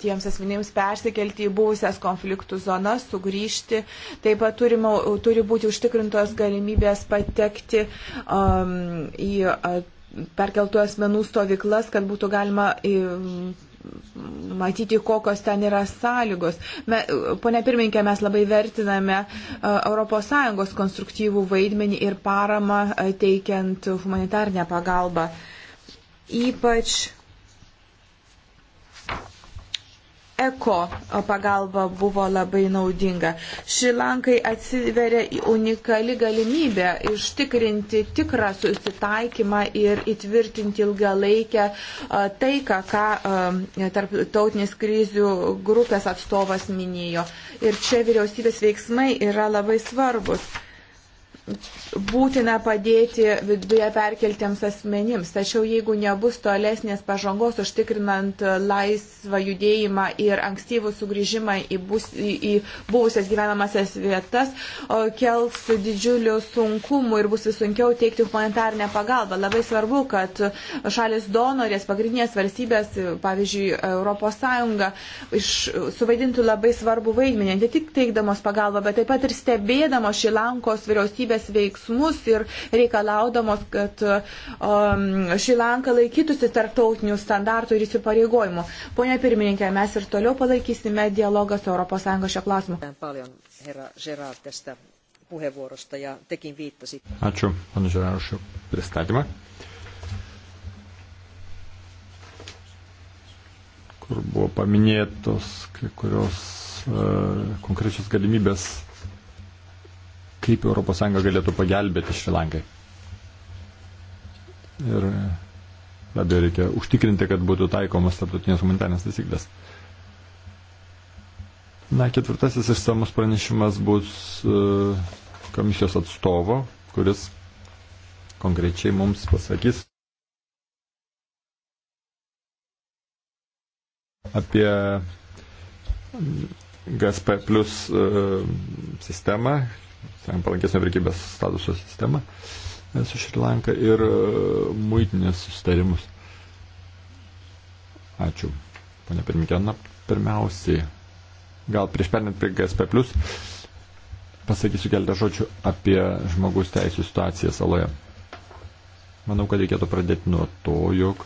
tiems asmenims persikelti į buvusias konfliktų zonas, sugrįžti. Taip pat turima, turi būti užtikrintos galimybės patekti a, į. A, perkeltų asmenų stovyklas, kad būtų galima matyti, kokios ten yra sąlygos. Me, pone pirmininkė, mes labai vertiname ES konstruktyvų vaidmenį ir paramą e, teikiant humanitarnę pagalbą. Ypač eko pagalba buvo labai naudinga. Šilankai atsiveria unikali galimybė ištikrinti tikrą susitaikymą ir įtvirtinti ilgalaikę taiką, ką tarptautinis krizių grupės atstovas minėjo. Ir čia vyriausybės veiksmai yra labai svarbus būtina padėti viduje perkeltiems asmenims. Tačiau jeigu nebus tolesnės pažangos užtikrinant laisvą judėjimą ir ankstyvų sugrįžimą į, bus, į, į buvusias gyvenamasias vietas, kels didžiulių sunkumų ir bus vis sunkiau teikti humanitarnę pagalbą. Labai svarbu, kad šalis donorės, pagrindinės valstybės, pavyzdžiui, ES, suvaidintų labai svarbu vaidmenį, ne tik teikdamos pagalbą, bet taip pat ir stebėdamos Šilankos vyriausybės bendrystės veiksmus ir reikalaudamos, kad um, Šilanka laikytųsi tarptautinių standartų ir įsipareigojimų. Pone pirmininkė, mes ir toliau palaikysime dialogą su ES šio klausimu. Ačiū, pana Žerar, už pristatymą. kur buvo paminėtos kai kurios e, konkrečios galimybės kaip ES galėtų pagelbėti Šrilankai. Ir e, be abejo reikia užtikrinti, kad būtų taikomas tarptautinės humanitarnės taisyklės. Na, ketvirtasis išsamus pranešimas bus e, komisijos atstovo, kuris konkrečiai mums pasakys apie GSP plus e, sistemą, sakant, palankesnė prekybės statuso sistema e, su Šrilanka ir e, muitinės sustarimus. Ačiū. Pane pirmininkė, na, pirmiausiai, gal prieš perinant prie GSP, pasakysiu keletą žodžių apie žmogus teisų situaciją saloje. Manau, kad reikėtų pradėti nuo to, jog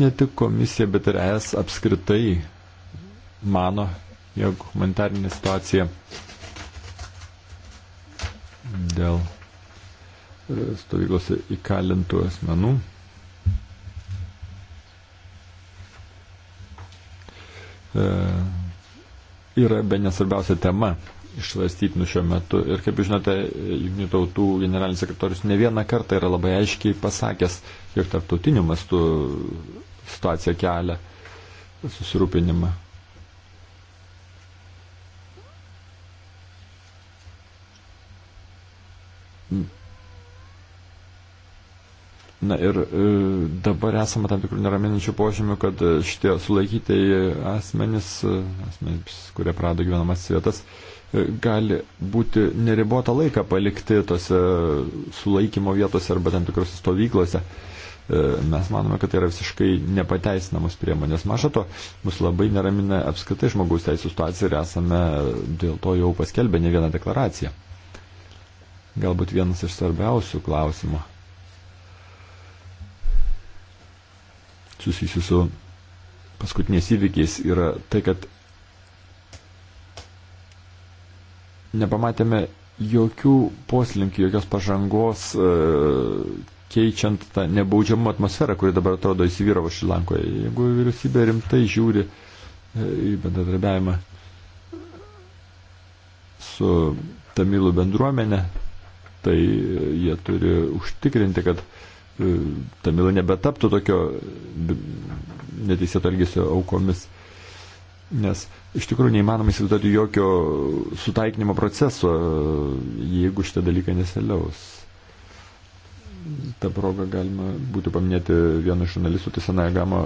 ne tik komisija, bet ir ES apskritai mano, jog humanitarinė situacija dėl e, stovyklose įkalintų asmenų. E, yra be nesvarbiausia tema išsvarstytinų šiuo metu. Ir kaip žinote, Junktinių tautų generalinis sekretorius ne vieną kartą yra labai aiškiai pasakęs, jog tarptautiniu mastu situacija kelia susirūpinimą. Mm. Na ir e, dabar esame tam tikrų neraminančių požymių, kad šitie sulaikyti asmenys, e, asmenys, kurie prado gyvenamas vietas, e, gali būti neribotą laiką palikti tose sulaikymo vietose arba tam tikrose stovyklose. Mes manome, kad tai yra visiškai nepateisinamos priemonės. Maža to, mus labai neramina apskritai žmogaus teisų situacija ir esame dėl to jau paskelbę ne vieną deklaraciją galbūt vienas iš svarbiausių klausimų susijusių su paskutiniais įvykiais yra tai, kad nepamatėme jokių poslinkių, jokios pažangos e, keičiant tą nebaudžiamą atmosferą, kuri dabar atrodo įsivyravo Šilankoje. Jeigu vyriausybė rimtai žiūri e, į bendradarbiavimą su Tamilų bendruomenė, tai e, jie turi užtikrinti, kad e, tamilai nebetaptų tokio e, neteisėto elgesio aukomis. Nes iš tikrųjų neįmanoma įsivaizduoti jokio sutaikinimo proceso, jeigu šitie dalykai neseliaus. Ta proga galima būtų paminėti vieną iš žurnalistų, tai senąją gamą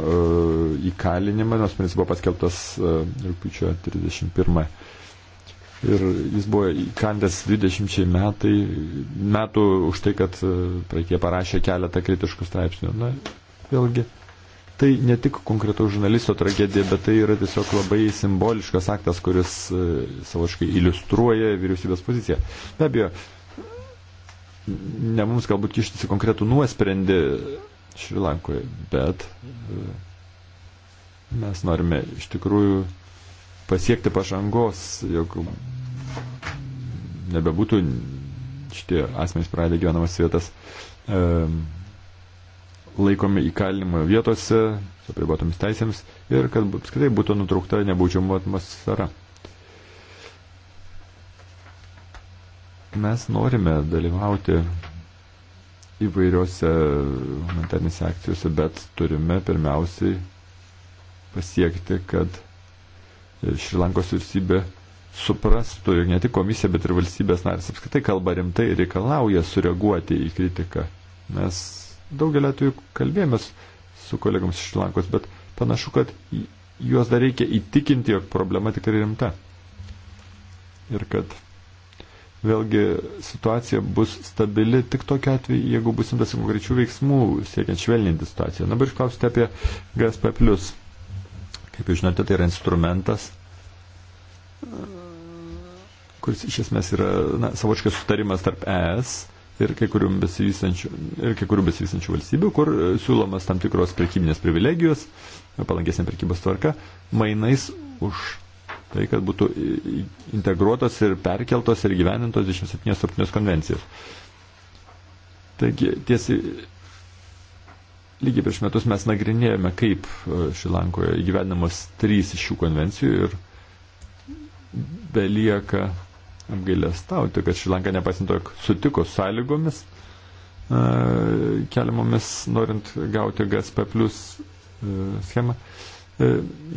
įkalinimą, nors principas buvo paskelbtas rūpiučio 31 Ir jis buvo įkandęs 20 metai, metų už tai, kad e, praeitie parašė keletą kritiškų straipsnių. Na, vėlgi, tai ne tik konkretaus žurnalisto tragedija, bet tai yra tiesiog labai simboliškas aktas, kuris e, savoškai iliustruoja vyriausybės poziciją. Be abejo, ne mums galbūt kištis į konkretų nuosprendį Šrilankoje, bet e, mes norime iš tikrųjų pasiekti pažangos, jog nebebūtų šitie asmenys praradę gyvenamas vietas e, laikomi įkalinimo vietose su privaitomis teisėmis ir kad apskritai būtų nutraukta nebaudžiamo atmosfera. Mes norime dalyvauti įvairiose humanitarnėse akcijose, bet turime pirmiausiai pasiekti, kad Šrilankos vyriausybė suprastų, jog ne tik komisija, bet ir valstybės narės apskritai kalba rimtai ir reikalauja sureaguoti į kritiką. Mes daugelį atvejų kalbėjomės su kolegams iš Šrilankos, bet panašu, kad juos dar reikia įtikinti, jog problema tikrai rimta. Ir kad vėlgi situacija bus stabili tik tokiu atveju, jeigu bus imtas konkrečių veiksmų siekiant švelninti situaciją. Dabar išklausite apie GSP. Kaip jūs žinote, tai yra instrumentas, kuris iš esmės yra na, savočkas sutarimas tarp ES ir kai kurių besivystančių, besivystančių valstybių, kur e, siūlomas tam tikros prekybinės privilegijos, palankesnė prekybos tvarka, mainais už tai, kad būtų integruotos ir perkeltos ir gyvenintos 27 konvencijos. Taigi tiesiai Lygiai prieš metus mes nagrinėjome, kaip e, Šilankoje įgyvenamos trys iš šių konvencijų ir belieka apgailę stauti, kad Šilanka nepasinto, jog sutiko sąlygomis e, keliamomis, norint gauti GSP plus e, schemą,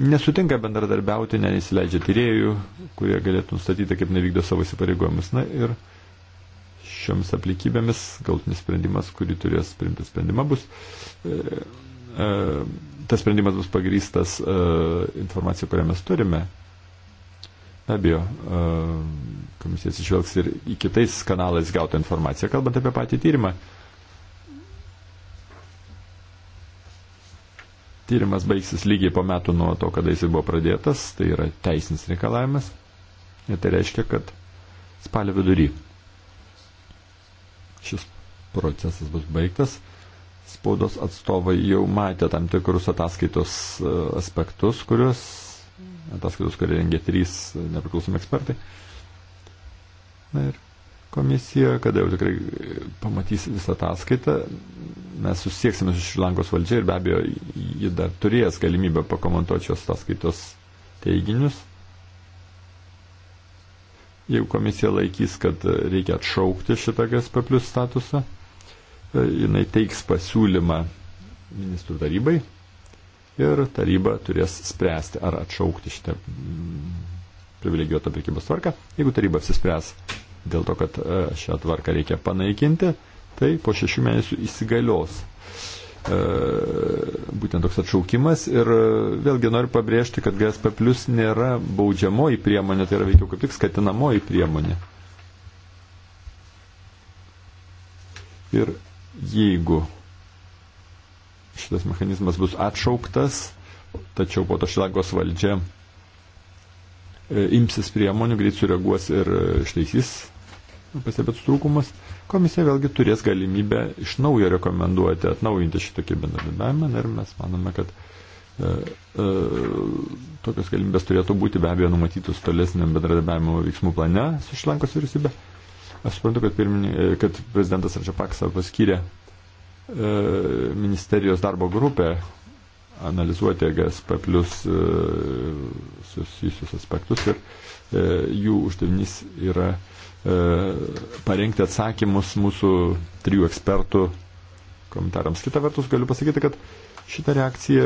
nesutinka bendradarbiauti, neįsileidžia tyriejų, kurie galėtų nustatyti, kaip nevykdo savo įsipareigojimus. Na ir uh, šiomis aplinkybėmis, galtinis sprendimas, kurį turės priimti sprendimą, bus. E, e, tas sprendimas bus pagrystas e, informacija, kurią mes turime. Be abejo, e, komisija atsižvelgs ir į kitais kanalais gautą informaciją, kalbant apie patį tyrimą. Tyrimas baigsis lygiai po metų nuo to, kada jis buvo pradėtas, tai yra teisinis reikalavimas. Ir tai reiškia, kad spalio vidury šis procesas bus baigtas. Spaudos atstovai jau matė tam tikrus ataskaitos e, aspektus, kuriuos, ataskaitos, kurie rengė trys nepriklausomi ekspertai. Na ir komisija, kada jau tikrai pamatys visą ataskaitą, mes susieksime su Šrilankos valdžia ir be abejo ji dar turės galimybę pakomentuoti šios ataskaitos teiginius. Jeigu komisija laikys, kad e, reikia atšaukti šitą GSP plus statusą, e, jinai teiks pasiūlymą ministrų tarybai ir taryba turės spręsti, ar atšaukti šitą mm, privilegijuotą prekybos tvarką. Jeigu taryba apsispręs dėl to, kad e, šią tvarką reikia panaikinti, tai po šešių mėnesių įsigalios E, būtent toks atšaukimas ir e, vėlgi noriu pabrėžti, kad GSP plus nėra baudžiamoji priemonė, tai yra veikiau kaip tik skatinamoji priemonė. Ir jeigu šitas mechanizmas bus atšauktas, tačiau po to Šilagos valdžia e, imsis priemonių, greit sureaguos ir ištaisys pastebėtus trūkumus komisija vėlgi turės galimybę iš naujo rekomenduoti, atnaujinti šitokį bendradarbiavimą ir mes manome, kad e, e, tokios galimybės turėtų būti be abejo numatytos tolesniam bendradarbiavimo veiksmų plane su Šlankos vyriausybė. Aš suprantu, kad, pirminį, e, kad prezidentas Račiapaksa paskyrė e, ministerijos darbo grupę analizuoti GSP plus e, susijusius aspektus ir e, jų uždavinys yra e, E, parengti atsakymus mūsų trijų ekspertų komentarams. Kita vertus, galiu pasakyti, kad šita reakcija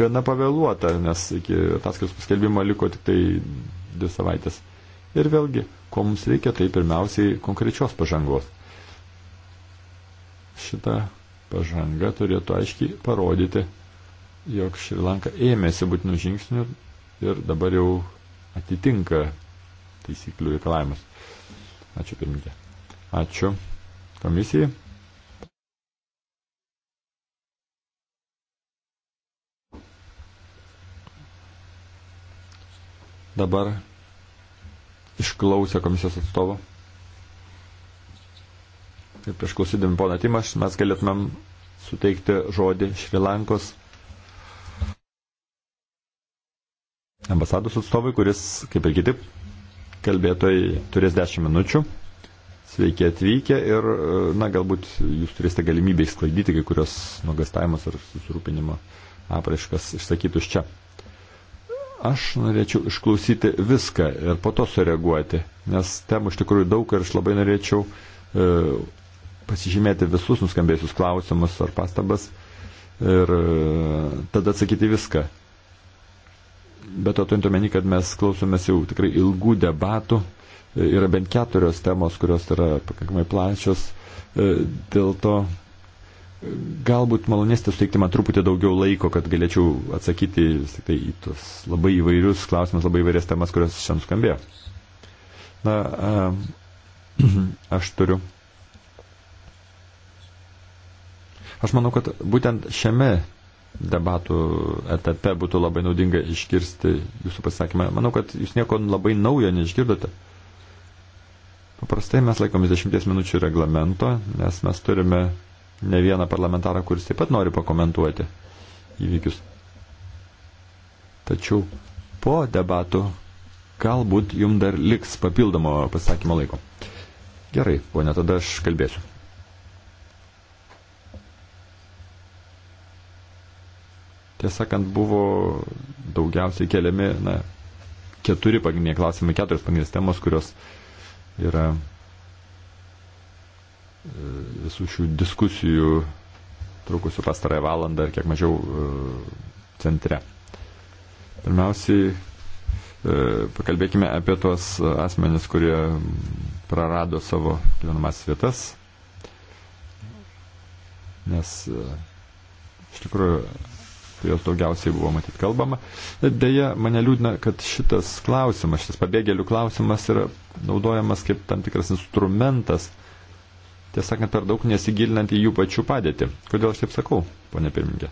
gana pavėluota, nes iki ataskaitos paskelbimo liko tik tai dvi savaitės. Ir vėlgi, ko mums reikia, tai pirmiausiai konkrečios pažangos. Šita pažanga turėtų aiškiai parodyti, jog Šrilanka ėmėsi būtinų žingsnių ir dabar jau atitinka taisyklių reikalavimus. Ačiū pirmininkė. Ačiū komisijai. Dabar išklausę komisijos atstovų. Ir prieš klausydami poną Timaš mes galėtumėm suteikti žodį Šrilankos ambasados atstovui, kuris, kaip ir kiti kalbėtojai turės 10 minučių. Sveiki atvykę ir, e, na, galbūt jūs turėsite galimybę išsklaidyti kai kurios nuogastavimus ar susirūpinimo apraiškas išsakytus čia. Aš norėčiau išklausyti viską ir po to sureaguoti, nes temų iš tikrųjų daug ir aš labai norėčiau e, pasižymėti visus nuskambėjusius klausimus ar pastabas ir e, tada atsakyti viską bet to turint omeny, kad mes klausomės jau tikrai ilgų debatų, e, yra bent keturios temos, kurios yra pakankamai plačios, e, dėl to e, galbūt malonėsite suteikti man truputį daugiau laiko, kad galėčiau atsakyti tai, į tos labai įvairius klausimus, labai įvairias temas, kurios šiandien skambėjo. Na, aš turiu. Aš manau, kad būtent šiame debatų etape būtų labai naudinga iškirsti jūsų pasakymą. Manau, kad jūs nieko labai naujo neišgirdote. Paprastai mes laikomės 10 minučių reglamento, nes mes turime ne vieną parlamentarą, kuris taip pat nori pakomentuoti įvykius. Tačiau po debatų galbūt jums dar liks papildomo pasakymo laiko. Gerai, o ne tada aš kalbėsiu. tiesąkant, buvo daugiausiai keliami na, keturi pagrindiniai klausimai, keturios pagrindinės temos, kurios yra e, visų šių diskusijų trukusių pastarąją valandą ir kiek mažiau e, centre. Pirmiausiai, e, pakalbėkime apie tuos asmenis, kurie prarado savo gyvenamas vietas, nes iš tikrųjų apie juos daugiausiai buvo matyti kalbama. Deja, mane liūdna, kad šitas klausimas, šitas pabėgėlių klausimas yra naudojamas kaip tam tikras instrumentas, tiesąkant, per daug nesigilinant į jų pačių padėtį. Kodėl aš taip sakau, ponė pirmininkė?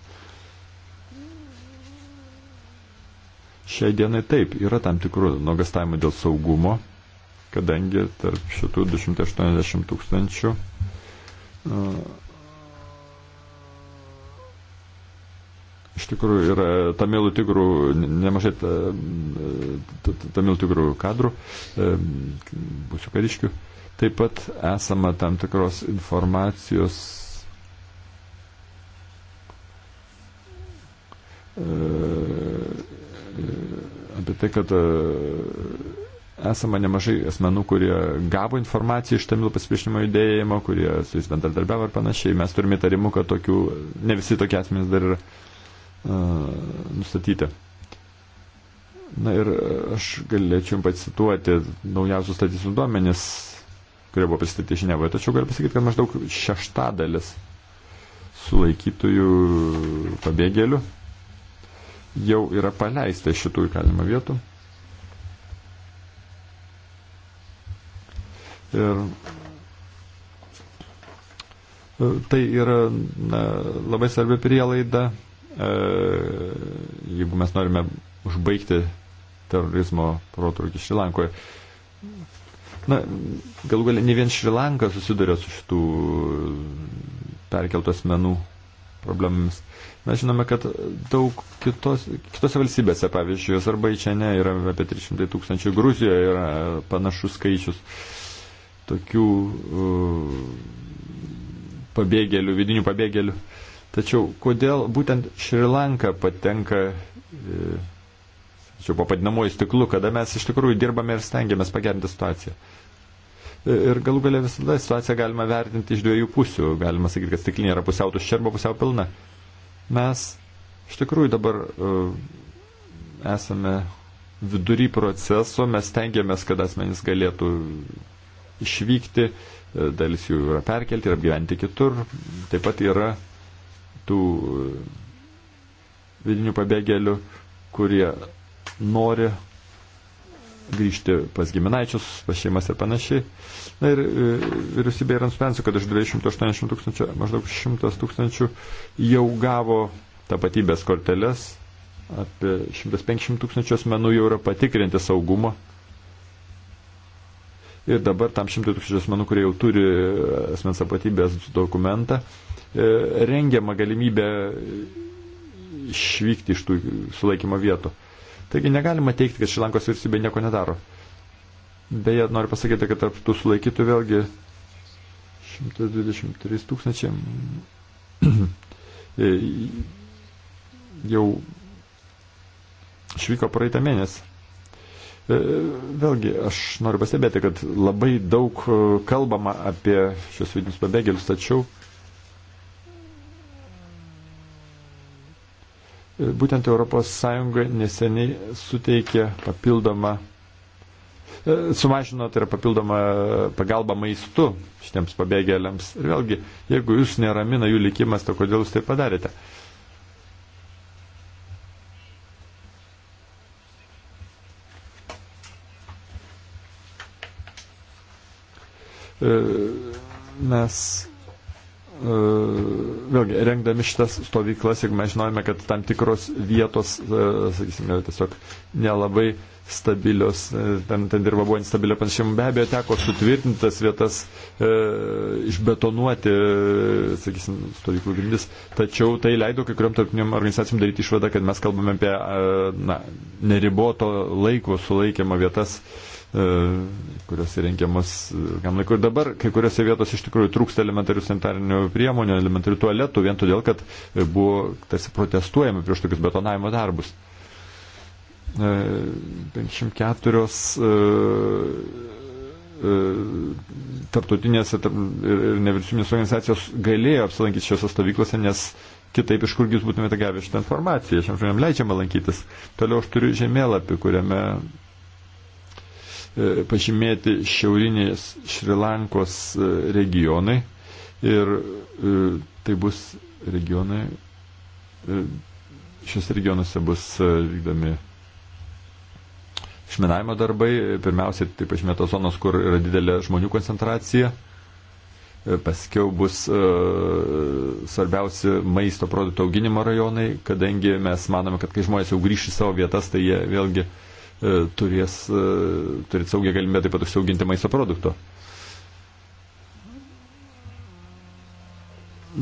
Šiai dienai taip, yra tam tikrų nuogastavimų dėl saugumo, kadangi tarp šitų 280 tūkstančių uh, Iš tikrųjų yra tamilų tigrų, nemažai tamilų tigrų kadrų, e, būsiu kariškių. Taip pat esama tam tikros informacijos e, apie tai, kad e, esama nemažai asmenų, kurie gavo informaciją iš Tamilų pasipriešinimo judėjimo, kurie su jais bendradarbiavo ir panašiai. Mes turime įtarimų, kad tokių, ne visi tokie asmenys dar yra. Uh, nustatyti. Na ir aš galėčiau jums pacituoti naujausius statistinius duomenis, kurie buvo pristatyti Ženevoje, tačiau galiu pasakyti, kad maždaug šeštadalis sulaikytųjų pabėgėlių jau yra paleista iš šitų įkalinimo vietų. Ir e, tai yra na, labai svarbi prielaida E, jeigu mes norime užbaigti terorizmo protrukį Šrilankoje. Na, galų galia, ne vien Šrilanka susiduria su šitų perkeltos menų problemomis. Mes žinome, kad daug kitos, kitose valstybėse, pavyzdžiui, Azerbaidžiane yra apie 300 tūkstančių, Gruzijoje yra panašus skaičius tokių uh, pabėgėlių, vidinių pabėgėlių. Uh, Tačiau kodėl būtent Šri Lanka patenka, e, tačiau po padinamoju stiklu, kada mes iš tikrųjų dirbame ir stengiamės pagerinti situaciją. E, ir galų galia visada situaciją galima vertinti iš dviejų pusių. Galima sakyti, kad stiklinė yra pusiau tuščia arba pusiau pilna. Mes iš tikrųjų dabar uh, esame vidury proceso, mes tengiamės, kad asmenys galėtų išvykti, dalis jų yra perkelti ir apgyventi kitur. Taip pat yra tų e, vidinių pabėgėlių, kurie nori grįžti pas giminaičius, pas šeimas ir panašiai. Na ir e, vyriausybė yra nusprendusi, kad iš 280 tūkstančių maždaug 100 tūkstančių jau gavo tapatybės korteles, apie 150 tūkstančių asmenų jau yra patikrinti saugumą. Ir dabar tam 100 tūkstančių asmenų, kurie jau turi e, asmens tapatybės dokumentą, E, rengiama galimybė išvykti iš tų sulaikymo vietų. Taigi negalima teikti, kad Šilankos vyriausybė nieko nedaro. Beje, noriu pasakyti, kad tarp tų sulaikytų vėlgi 123 tūkstančiai e, jau išvyko praeitą mėnesį. E, vėlgi, aš noriu pastebėti, kad labai daug kalbama apie šios vidinius pabėgėlius, tačiau Būtent ES neseniai suteikė papildomą, e, sumažino, tai yra papildomą pagalbą maistu šitiems pabėgėliams. Ir vėlgi, jeigu jūs neramina jų likimas, tai kodėl jūs tai padarėte? E, mes vėlgi, rengdami šitas stovyklas, jeigu mes žinojame, kad tam tikros vietos, e, sakysime, tiesiog nelabai stabilios, e, ten, ten dirba buvo instabilio panašiai, be abejo teko sutvirtintas vietas, e, išbetonuoti, e, sakysim, stovyklų grindis, tačiau tai leido kai kuriam tarpiniam organizacijom daryti išvadą, kad mes kalbame apie e, na, neriboto laiko sulaikymą vietas, e, E, kurios įrengiamas e, ilgam laikui. Ir dabar kai kuriuose vietose iš tikrųjų trūksta elementarių sanitarinių priemonių, elementarių tualetų, vien todėl, kad e, buvo tarsi protestuojama prieš tokius betonavimo darbus. 54 tarptautinės ir nevyriausybinės organizacijos galėjo apsilankyti šiose stovyklose, nes kitaip iš kurgi jūs būtumėte gavę šitą informaciją, šiam žmonėm leidžiama lankytis. Toliau aš turiu žemėlapį, kuriame E, pažymėti šiaurinės Šrilankos e, regionai ir e, tai bus regionai, šiuose regionuose bus vykdomi išminavimo darbai, pirmiausia, tai pažymėtos zonos, kur yra didelė žmonių koncentracija, paskiau bus e, svarbiausi maisto produktų auginimo rajonai, kadangi mes manome, kad kai žmonės jau grįš į savo vietas, tai jie vėlgi e, E, turės e, turėti saugią galimybę taip pat užsiauginti maisto produkto.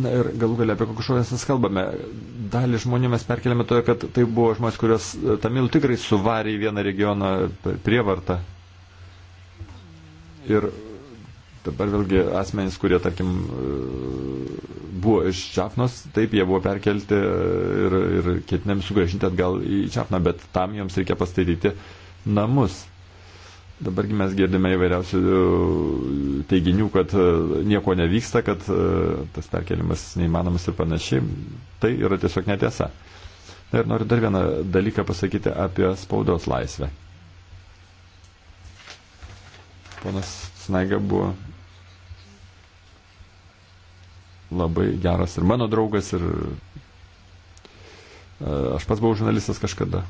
Na ir galų galia apie kokius žmonės mes kalbame. Dalį žmonių mes perkeliame toje, kad tai buvo žmonės, kurios e, tamilų tikrai suvarė į vieną regioną prievartą. Ir Dabar vėlgi asmenys, kurie, tarkim, e, buvo iš Čafnos, taip, jie buvo perkelti e, ir, ir ketinami sugražinti atgal į Čafną, bet tam joms reikia pastatyti namus. Dabargi mes girdime įvairiausių e, teiginių, kad nieko nevyksta, kad tas perkelimas neįmanomas ir panašiai. Tai yra tiesiog netiesa. Na ir noriu dar vieną dalyką pasakyti apie spaudos laisvę. Ponas Snaiga buvo labai geras ir mano draugas, ir e, aš pats buvau žurnalistas kažkada.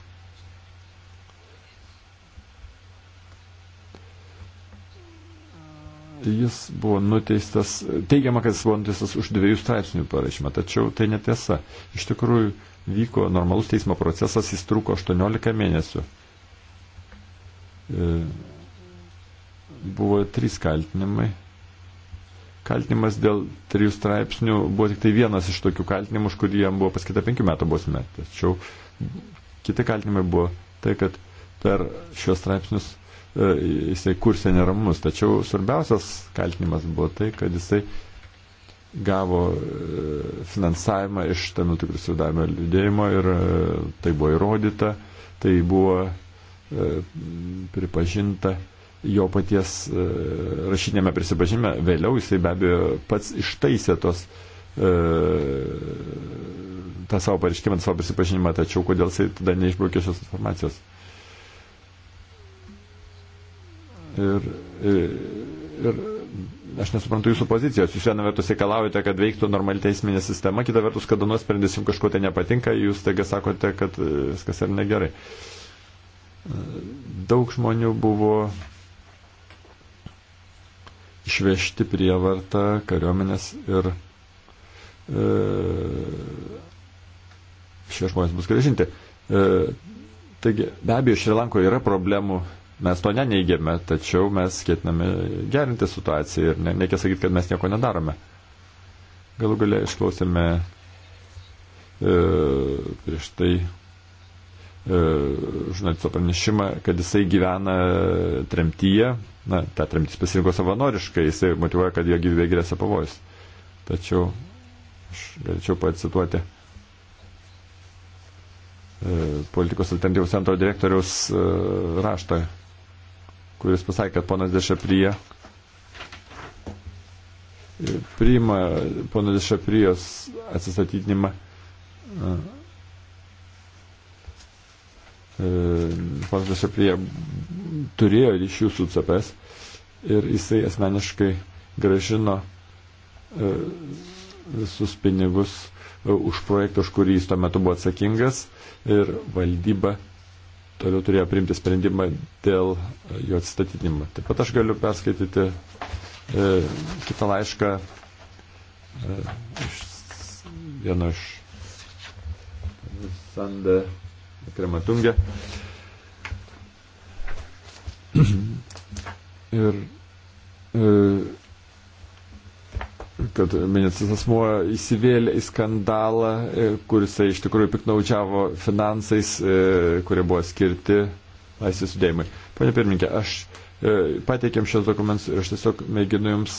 Tai jis buvo nuteistas, teigiama, kad jis buvo nuteistas už dviejų straipsnių parašymą, tačiau tai netiesa. Iš tikrųjų vyko normalus teismo procesas, jis truko 18 mėnesių. E buvo trys kaltinimai. Kaltinimas dėl trijų straipsnių buvo tik tai vienas iš tokių kaltinimų, už kurį jam buvo paskita penkių metų bausmė. Tačiau kiti kaltinimai buvo tai, kad per šios straipsnius e, jisai kursė neramus. Tačiau svarbiausias kaltinimas buvo tai, kad jisai gavo e, finansavimą iš tam tikrų sudavimo judėjimo ir e, tai buvo įrodyta, tai buvo e, pripažinta jo paties e, rašinėme prisipažinime, vėliau jisai be abejo pats ištaisė tos e, tą savo pareiškimą, tą savo prisipažinimą, tačiau kodėl jisai tada neišbraukė šios informacijos. Ir, ir, e, ir aš nesuprantu jūsų pozicijos. Jūs viena vertus reikalaujate, kad veiktų normali teisminė sistema, kita vertus, kada nuosprendis jums kažko tai nepatinka, jūs taigi sakote, kad viskas yra negerai. Daug žmonių buvo išvežti prievartą kariuomenės ir e, šie žmonės bus grąžinti. E, taigi, be abejo, Šrilankoje yra problemų, mes to neneigiame, tačiau mes ketiname gerinti situaciją ir ne, nekia sakyti, kad mes nieko nedarome. Galų galę išklausėme e, prieš tai E, žurnalisto pranešimą, kad jisai gyvena tremtyje, na, tą tremtį pasirinko savanoriškai, jisai motivuoja, kad jo gyvybė grėsia pavojus. Tačiau aš galėčiau pacituoti e, politikos alternatyvų centro direktoriaus e, raštą, kuris pasakė, kad ponas Dešaprija priima ponas Dešaprijos atsistatydinimą Panas Dešaprie turėjo ryšių su CPS ir jisai asmeniškai gražino e, visus pinigus e, už projektą, už kurį jis tuo metu buvo atsakingas ir valdyba toliau turėjo priimti sprendimą dėl e, jo atstatydinimo. Taip pat aš galiu perskaityti e, kitą laišką e, iš vieno iš Sande Krematungė. Ir e, kad ministras asmuo įsivėlė į skandalą, e, kuris iš tikrųjų piknaudžiavo finansais, e, kurie buvo skirti laisvės judėjimai. Pane pirminkė, aš pateikėm šios dokumentus ir aš tiesiog mėginu jums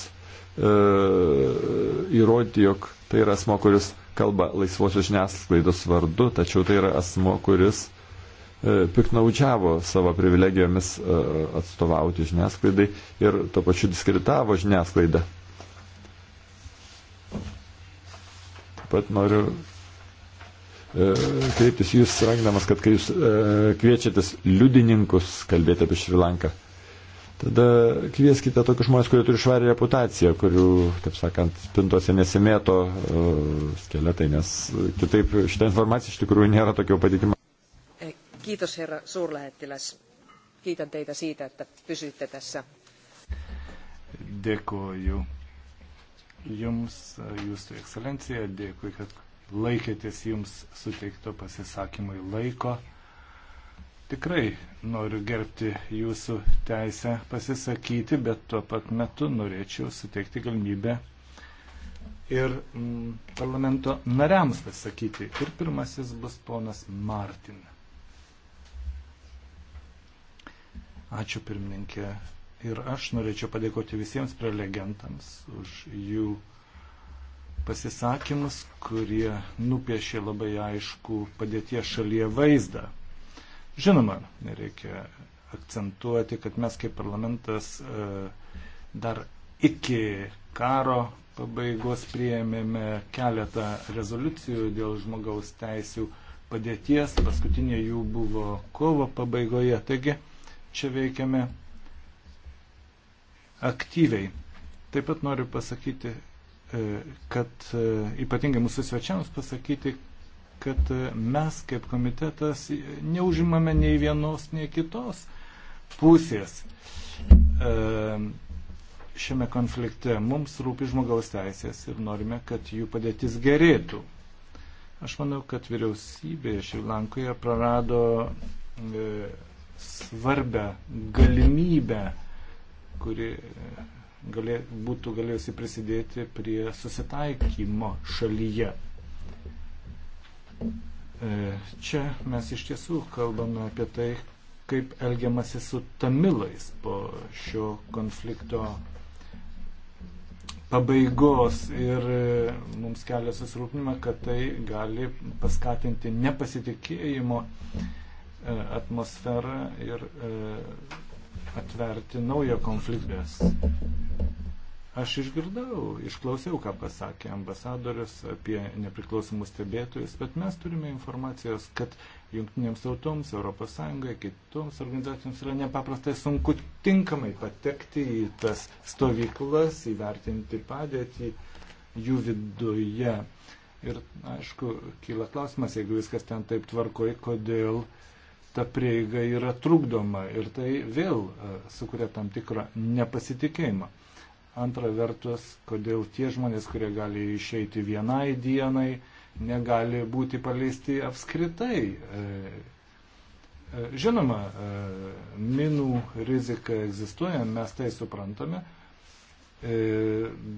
įrodyti, jog tai yra asmo, kuris kalba laisvosios žiniasklaidos vardu, tačiau tai yra asmo, kuris e, piknaudžiavo savo privilegijomis e, atstovauti žiniasklaidai ir to pačiu diskreditavo žiniasklaidą. Taip pat noriu e, kreiptis jūs, raginamas, kad kai jūs kviečiatės liudininkus kalbėti apie Šrilanką, Tada kvieskite tokius žmonės, kurie turi švarį reputaciją, kurių, taip sakant, spintose nesimėto skeletai, nes kitaip šitą informaciją iš tikrųjų nėra tokio patikimo. E, kiitos herra suurlähettiläs. Kiitän teitä siitä, että pysyitte tässä. Dėkoju Jums, Jūsų ekscelencija, dėkui, kad laikėtės Jums suteikto pasisakymui laiko. Tikrai noriu gerbti jūsų teisę pasisakyti, bet tuo pat metu norėčiau suteikti galimybę ir mm, parlamento nariams pasisakyti. Ir pirmasis bus ponas Martin. Ačiū pirmininkė. Ir aš norėčiau padėkoti visiems prelegentams už jų pasisakymus, kurie nupiešė labai aišku padėties šalyje vaizdą. Žinoma, reikia akcentuoti, kad mes kaip parlamentas e, dar iki karo pabaigos prieėmėme keletą rezoliucijų dėl žmogaus teisių padėties, paskutinė jų buvo kovo pabaigoje, taigi čia veikiame aktyviai. Taip pat noriu pasakyti, e, kad e, ypatingai mūsų svečiams pasakyti, kad mes kaip komitetas neužimame nei vienos, nei kitos pusės e, šiame konflikte. Mums rūpi žmogaus teisės ir norime, kad jų padėtis gerėtų. Aš manau, kad vyriausybė Šrilankoje prarado e, svarbę galimybę, kuri e, galė, būtų galėjusi prisidėti prie susitaikymo šalyje. E, čia mes iš tiesų kalbame apie tai, kaip elgiamasi su tamilais po šio konflikto pabaigos ir e, mums kelia susirūpinimą, kad tai gali paskatinti nepasitikėjimo e, atmosferą ir atverti naują konfliktą. Aš išgirdau, išklausiau, ką pasakė ambasadorius apie nepriklausomus stebėtojus, bet mes turime informacijos, kad jungtinėms tautoms, ES, kitoms organizacijoms yra nepaprastai sunku tinkamai patekti į tas stovyklas, įvertinti padėtį jų viduje. Ir aišku, kyla klausimas, jeigu viskas ten taip tvarkoj, kodėl ta prieiga yra trukdoma ir tai vėl e, sukuria tam tikrą nepasitikėjimą. Antra vertus, kodėl tie žmonės, kurie gali išeiti vienai dienai, negali būti paleisti apskritai. E, e, žinoma, e, minų rizika egzistuoja, mes tai suprantame,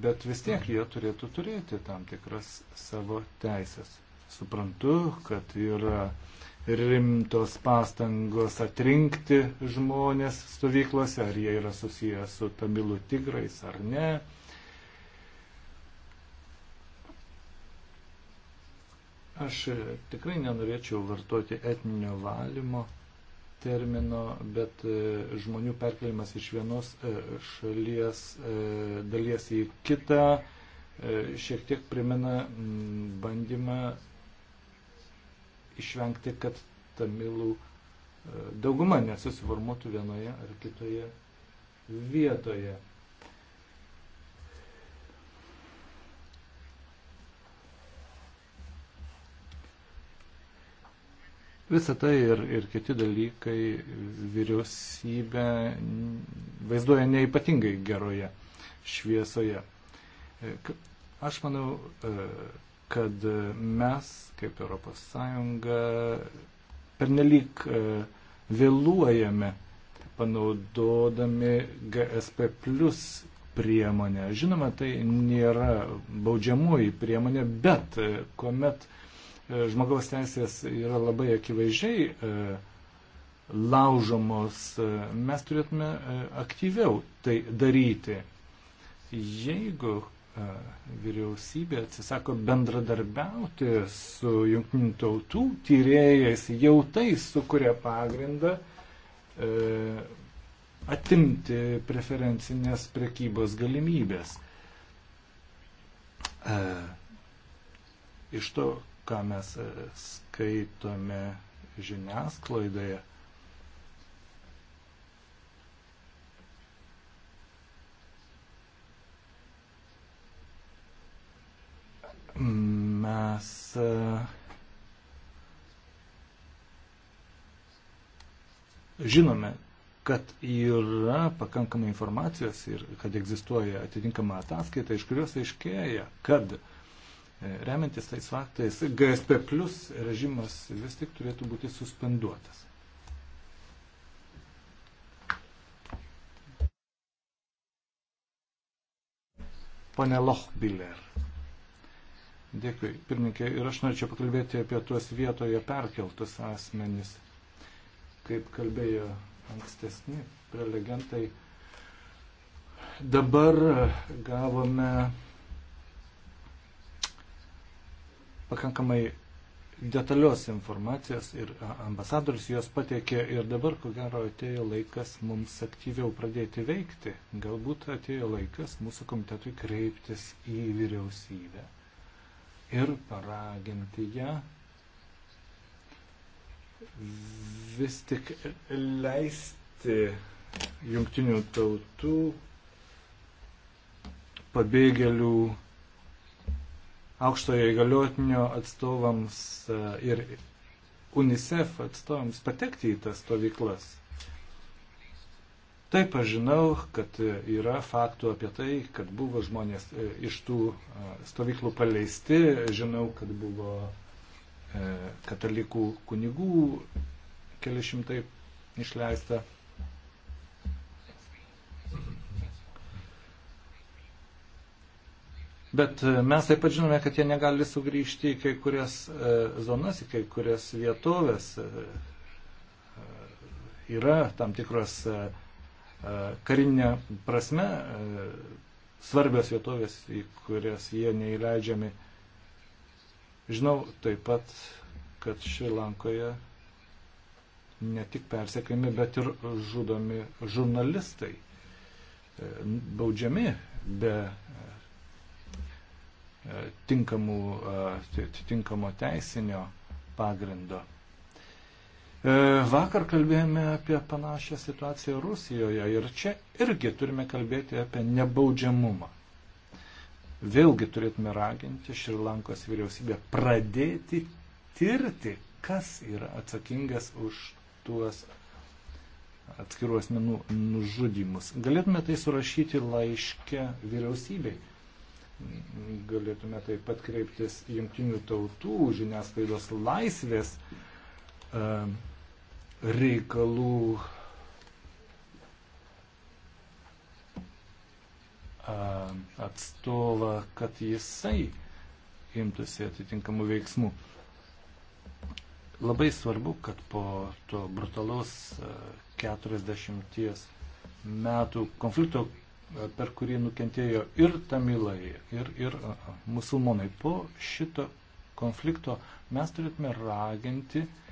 bet vis tiek jie turėtų turėti tam tikras savo teisės. Suprantu, kad yra rimtos pastangos atrinkti žmonės stovyklose, ar jie yra susiję su tamilų tigrais ar ne. Aš tikrai nenorėčiau vartoti etninio valymo termino, bet e, žmonių perkelimas iš vienos e, šalies e, dalies į kitą šiek tiek primena bandymą išvengti, kad tamilų e, dauguma nesusiformuotų vienoje ar kitoje vietoje. Visą tai ir, ir kiti dalykai vyriausybė vaizduoja neipatingai geroje šviesoje. E, aš manau, e, kad mes, kaip ES, pernelyg e, vėluojame panaudodami GSP plus priemonę. Žinoma, tai nėra baudžiamoji priemonė, bet e, kuomet e, žmogaus teisės yra labai akivaizdžiai laužomos, mes turėtume aktyviau tai daryti. Jeigu vyriausybė atsisako bendradarbiauti su jungtinių tautų tyrėjais, jau tai sukuria pagrindą e, atimti preferencinės prekybos galimybės. E, iš to, ką mes skaitome žiniasklaidoje, mes e, žinome, kad yra pakankamai informacijos ir kad egzistuoja atitinkama ataskaita, iš kurios aiškėja, kad e, remiantis tais faktais GSP plus režimas vis tik turėtų būti suspenduotas. Pane Lochbiller. Dėkui, pirmininkė. Ir aš norėčiau pakalbėti apie tuos vietoje perkeltus asmenys. Kaip kalbėjo ankstesni prelegentai, dabar gavome pakankamai detalios informacijos ir ambasadoris jos patiekė ir dabar, ko gero, atėjo laikas mums aktyviau pradėti veikti. Galbūt atėjo laikas mūsų komitetui kreiptis į vyriausybę ir paraginti ją vis tik leisti jungtinių tautų pabėgėlių aukštojo įgaliotinio atstovams e, ir UNICEF atstovams patekti į tas stovyklas. Taip, aš žinau, kad yra faktų apie tai, kad buvo žmonės e, iš tų e, stovyklų paleisti, žinau, kad buvo e, katalikų kunigų keli šimtai išleista. Bet mes taip pat žinome, kad jie negali sugrįžti į kai kurias zonas, į kai kurias vietovės. Yra tam tikros uh, E, karinė prasme e, svarbios vietovės, į kurias jie neįleidžiami. Žinau taip pat, kad Šrilankoje ne tik persekiami, bet ir žudomi žurnalistai, e, baudžiami be tinkamų, tinkamo teisinio pagrindo. E, vakar kalbėjome apie panašią situaciją Rusijoje ir čia irgi turime kalbėti apie nebaudžiamumą. Vėlgi turėtume raginti Šrilankos vyriausybę pradėti tirti, kas yra atsakingas už tuos atskirų asmenų nužudimus. Galėtume tai surašyti laiške vyriausybei. Galėtume taip pat kreiptis jungtinių tautų žiniasklaidos laisvės uh, reikalų atstovą, kad jisai imtųsi atitinkamų veiksmų. Labai svarbu, kad po to brutalaus 40 metų konflikto, per kurį nukentėjo ir tamilai, ir, ir musulmonai, po šito konflikto mes turėtume raginti uh,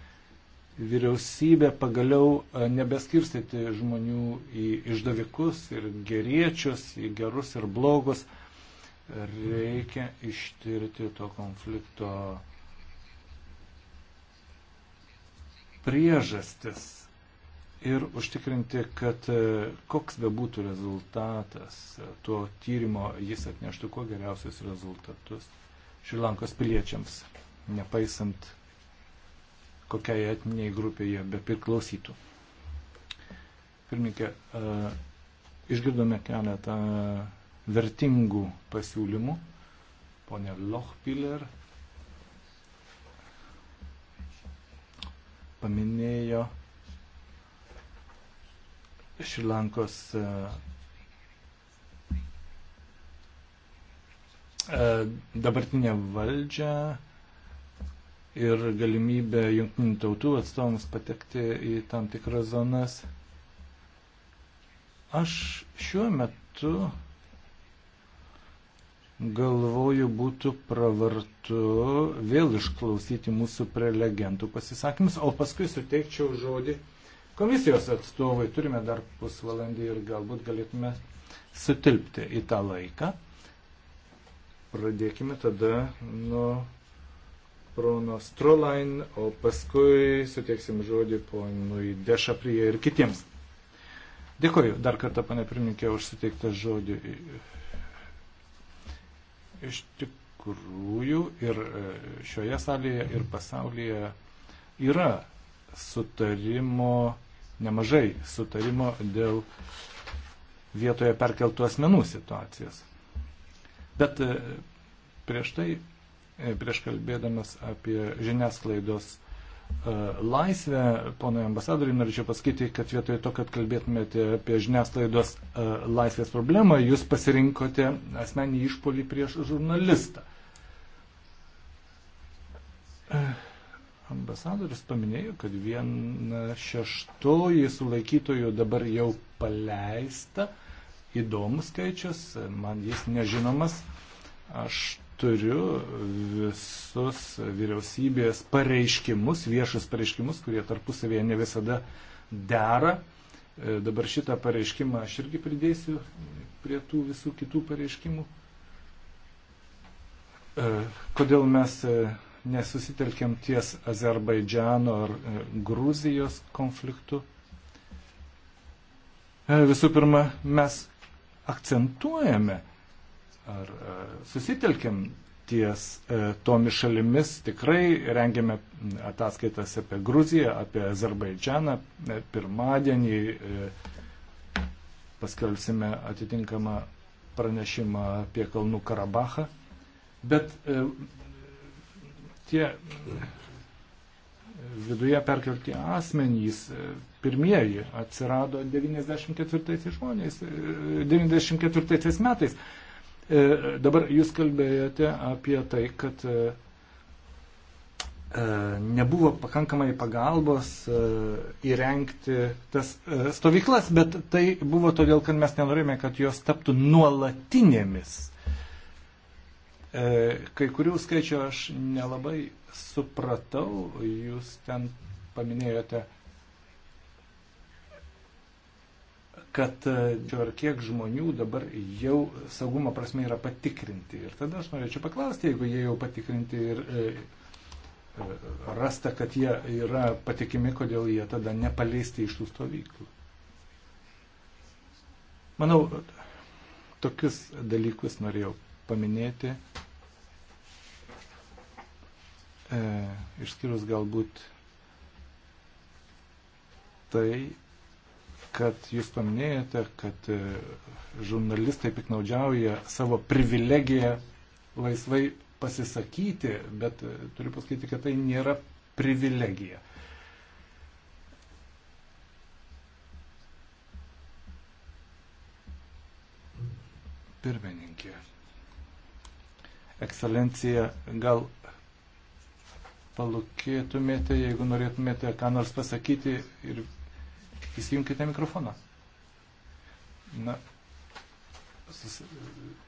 vyriausybė pagaliau e, nebeskirstyti žmonių į išdavikus ir geriečius, į gerus ir blogus. Reikia ištirti to konflikto priežastis ir užtikrinti, kad e, koks be būtų rezultatas e, to tyrimo, jis atneštų kuo geriausius rezultatus Šrilankos piliečiams, nepaisant kokiai etniniai grupėje be priklausytų. Pirmininkė, išgirdome keletą vertingų pasiūlymų. Pone Lochpiller paminėjo Šilankos dabartinę valdžią ir galimybę jungtinių tautų atstovams patekti į tam tikras zonas. Aš šiuo metu galvoju būtų pravartu vėl išklausyti mūsų prelegentų pasisakymus, o paskui suteikčiau žodį komisijos atstovai. Turime dar pusvalandį ir galbūt galėtume sutilpti į tą laiką. Pradėkime tada nuo Prono Strolain, o paskui suteiksim žodį ponui Dešaprie ir kitiems. Dėkoju dar kartą, pane pirmininkė, už suteiktą žodį. Iš tikrųjų ir e, šioje salėje, ir pasaulyje yra sutarimo, nemažai sutarimo dėl vietoje perkeltų asmenų situacijos. Bet e, prieš tai E, prieš kalbėdamas apie žiniasklaidos e, laisvę, ponai ambasadoriai, norėčiau pasakyti, kad vietoj to, kad kalbėtumėte apie žiniasklaidos e, laisvės problemą, jūs pasirinkote asmenį išpolį prieš žurnalistą. Ambasadoris paminėjo, kad viena šeštoji sulaikytojų dabar jau paleista. Įdomus skaičius, man jis nežinomas. Aš turiu visus vyriausybės pareiškimus, viešus pareiškimus, kurie tarpusavėje ne visada dera. E, dabar šitą pareiškimą aš irgi pridėsiu prie tų visų kitų pareiškimų. E, kodėl mes e, nesusitelkiam ties Azerbaidžiano ar Gruzijos konfliktu? Visų pirma, mes akcentuojame ar e, susitelkiam ties e, tomis šalimis, tikrai rengiame ataskaitas apie Gruziją, apie Azerbaidžianą. E, pirmadienį paskelbsime atitinkamą pranešimą apie Kalnų Karabachą. Bet tie viduje perkelti asmenys pirmieji atsirado 94 žmonės, 94 metais. E, dabar jūs kalbėjote apie tai, kad e, e, nebuvo pakankamai pagalbos įrengti tas stovyklas, bet tai buvo todėl, kad mes nenorėjome, kad jos taptų nuolatinėmis. Kai kurių skaičių aš nelabai supratau, jūs ten paminėjote kad e, ar kiek žmonių dabar jau saugumo prasme yra patikrinti. Ir tada aš norėčiau paklausti, jeigu jie jau patikrinti ir e, e, rasta, kad jie yra patikimi, kodėl jie tada nepaleisti iš tų stovyklų. Manau, tokius dalykus norėjau paminėti, e, išskyrus galbūt tai, kad jūs paminėjote, kad e, žurnalistai piknaudžiauja savo privilegiją laisvai pasisakyti, bet e, turiu pasakyti, kad tai nėra privilegija. Pirmininkė. Ekscelencija, gal palūkėtumėte, jeigu norėtumėte ką nors pasakyti ir Įsijunkite mikrofoną. Na, sus,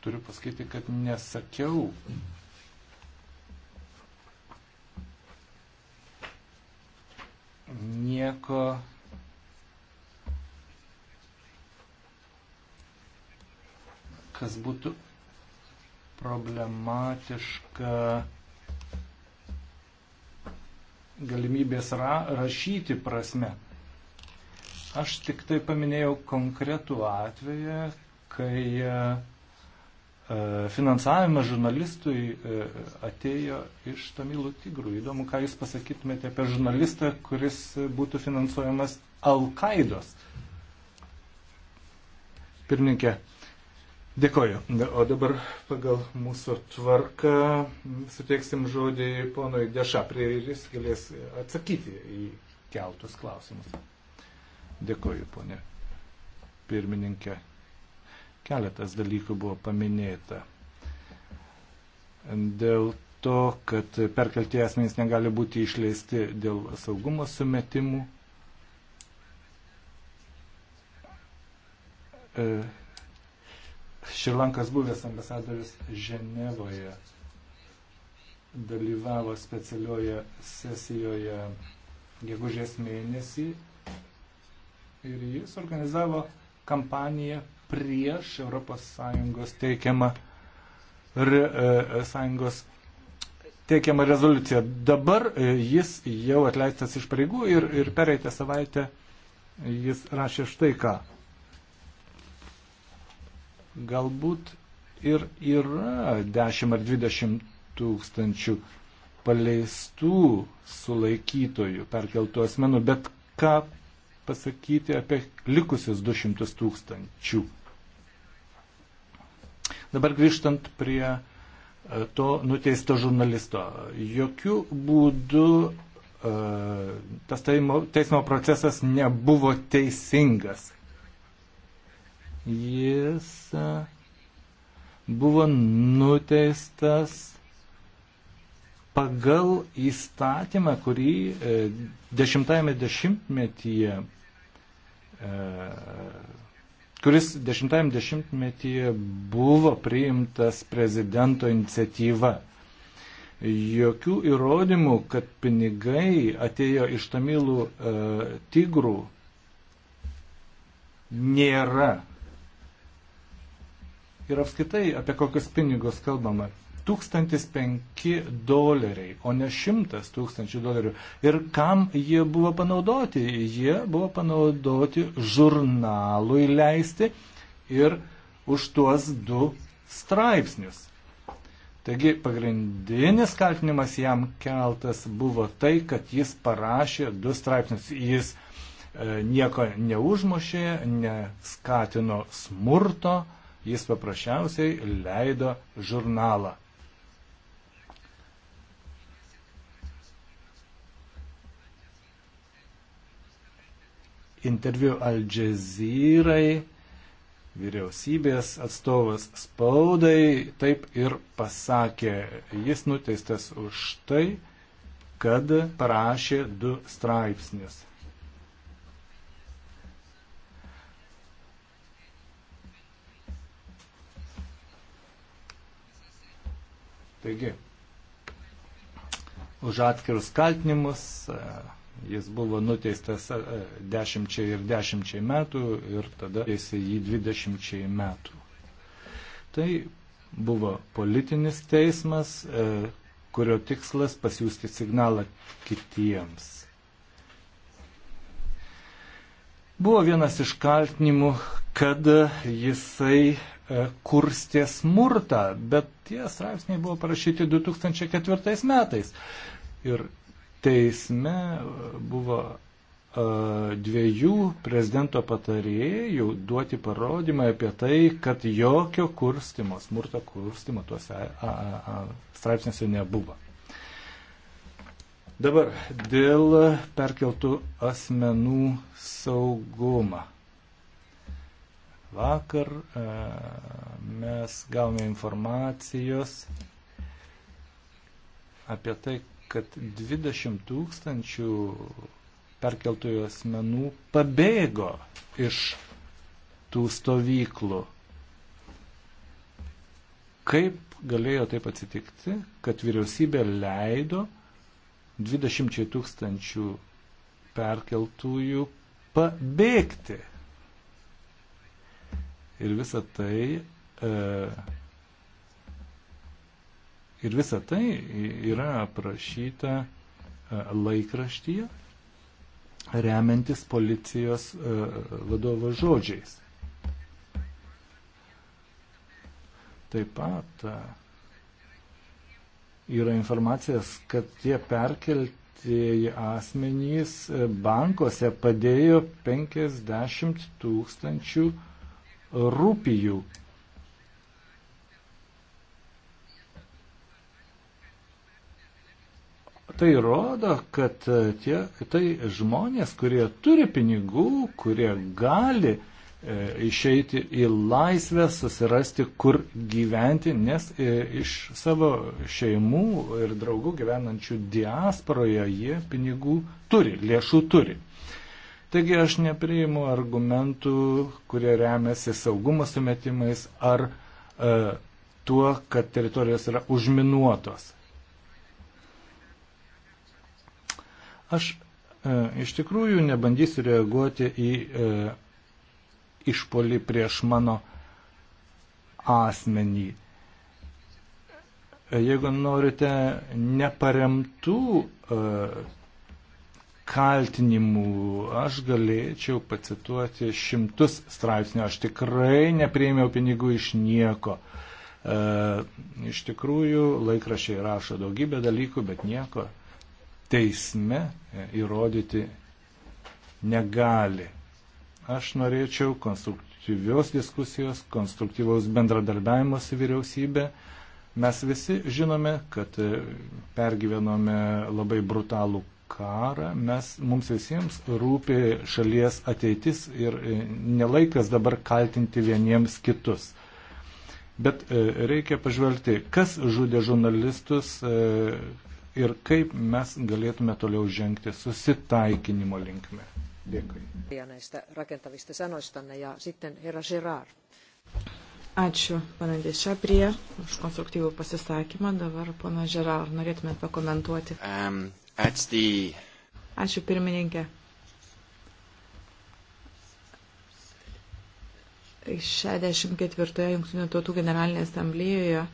turiu pasakyti, kad nesakiau. Nieko kas būtų problematiška galimybės ra rašyti prasme. Aš tik tai paminėjau konkretų atveją, kai e, finansavimas žurnalistui e, atėjo iš Tamilų tigrų. Įdomu, ką jūs pasakytumėte apie žurnalistą, kuris būtų finansuojamas Al-Qaidos. Pirmininkė, dėkoju. O dabar pagal mūsų tvarką suteiksim žodį ponui Dešaprė ir jis galės atsakyti į keltus klausimus. Dėkoju, ponė pirmininkė. Keletas dalykų buvo paminėta. Dėl to, kad perkelti asmenys negali būti išleisti dėl saugumo sumetimų. E, Šrilankas buvęs ambasadorius Ženevoje dalyvavo specialioje sesijoje gegužės mėnesį ir jis organizavo kampaniją prieš ES teikiamą, re, e, e, sąjungos teikiamą rezoliuciją. Dabar e, jis jau atleistas iš pareigų ir, ir pereitą savaitę jis rašė štai ką. Galbūt ir yra 10 ar 20 tūkstančių paleistų sulaikytojų perkeltų asmenų, bet ką pasakyti apie likusius 200 tūkstančių. Dabar grįžtant prie e, to nuteisto žurnalisto. Jokių būdų e, tas teimo, teismo procesas nebuvo teisingas. Jis e, buvo nuteistas pagal įstatymą, kurį e, dešimtajame dešimtmetyje, e, kuris dešimtajame dešimtmetyje buvo priimtas prezidento iniciatyva. Jokių įrodymų, kad pinigai atėjo iš tamilų e, tigrų, nėra. Ir apskaitai, apie kokius pinigus kalbama. 1005 doleriai, o ne 100 tūkstančių dolerių. Ir kam jie buvo panaudoti? Jie buvo panaudoti žurnalui leisti ir už tuos du straipsnius. Taigi pagrindinis kaltinimas jam keltas buvo tai, kad jis parašė du straipsnius. Jis e, nieko neužmušė, neskatino smurto, jis paprasčiausiai leido žurnalą. interviu Al Jazeerai, vyriausybės atstovas spaudai taip ir pasakė. Jis nuteistas už tai, kad parašė du straipsnius. Taigi, už atskirus kaltinimus Jis buvo nuteistas e, dešimčiai ir dešimčiai metų ir tada teisė jį dvidešimčiai metų. Tai buvo politinis teismas, e, kurio tikslas pasiūsti signalą kitiems. Buvo vienas iš kaltinimų, kad jisai e, kurstė smurtą, bet tie straipsniai buvo parašyti 2004 metais. Ir teisme buvo dviejų prezidento patarėjų duoti parodymą apie tai, kad jokio kurstimo, smurto kurstimo tuose a, a, straipsniuose nebuvo. Dabar dėl perkeltų asmenų saugumą. Vakar a, mes gavome informacijos apie tai, kad 20 tūkstančių perkeltųjų asmenų pabėgo iš tų stovyklų. Kaip galėjo taip atsitikti, kad vyriausybė leido 20 tūkstančių perkeltųjų pabėgti? Ir visa tai e, Ir visa tai yra aprašyta e, laikraštyje, remiantis policijos e, vadovo žodžiais. Taip pat e, yra informacijas, kad tie perkeltieji asmenys bankuose padėjo 50 tūkstančių rūpijų Tai rodo, kad e, tie, tai žmonės, kurie turi pinigų, kurie gali e, išeiti į laisvę, susirasti, kur gyventi, nes e, iš savo šeimų ir draugų gyvenančių diasporoje jie pinigų turi, lėšų turi. Taigi aš nepriimu argumentų, kurie remiasi saugumo sumetimais ar e, tuo, kad teritorijos yra užminuotos. Aš e, iš tikrųjų nebandysiu reaguoti į e, išpolį prieš mano asmenį. E, jeigu norite neparemtų e, kaltinimų, aš galėčiau pacituoti šimtus straipsnių. Aš tikrai neprieimiau pinigų iš nieko. E, iš tikrųjų, laikrašiai rašo daugybę dalykų, bet nieko teisme įrodyti negali. Aš norėčiau konstruktyvios diskusijos, konstruktyvaus bendradarbiavimo su vyriausybė. Mes visi žinome, kad pergyvenome labai brutalų karą. Mes, mums visiems rūpi šalies ateitis ir nelaikas dabar kaltinti vieniems kitus. Bet e, reikia pažvelgti, kas žudė žurnalistus, e, ir kaip mes galėtume toliau žengti susitaikinimo linkme. Dėkui. Ačiū, panadėšia prie, už konstruktyvų pasisakymą. Dabar, pana Žerar, norėtumėt pakomentuoti. Um, the... Ačiū, pirmininkė. Iš 64 Junktinių tautų generalinėje asamblėjoje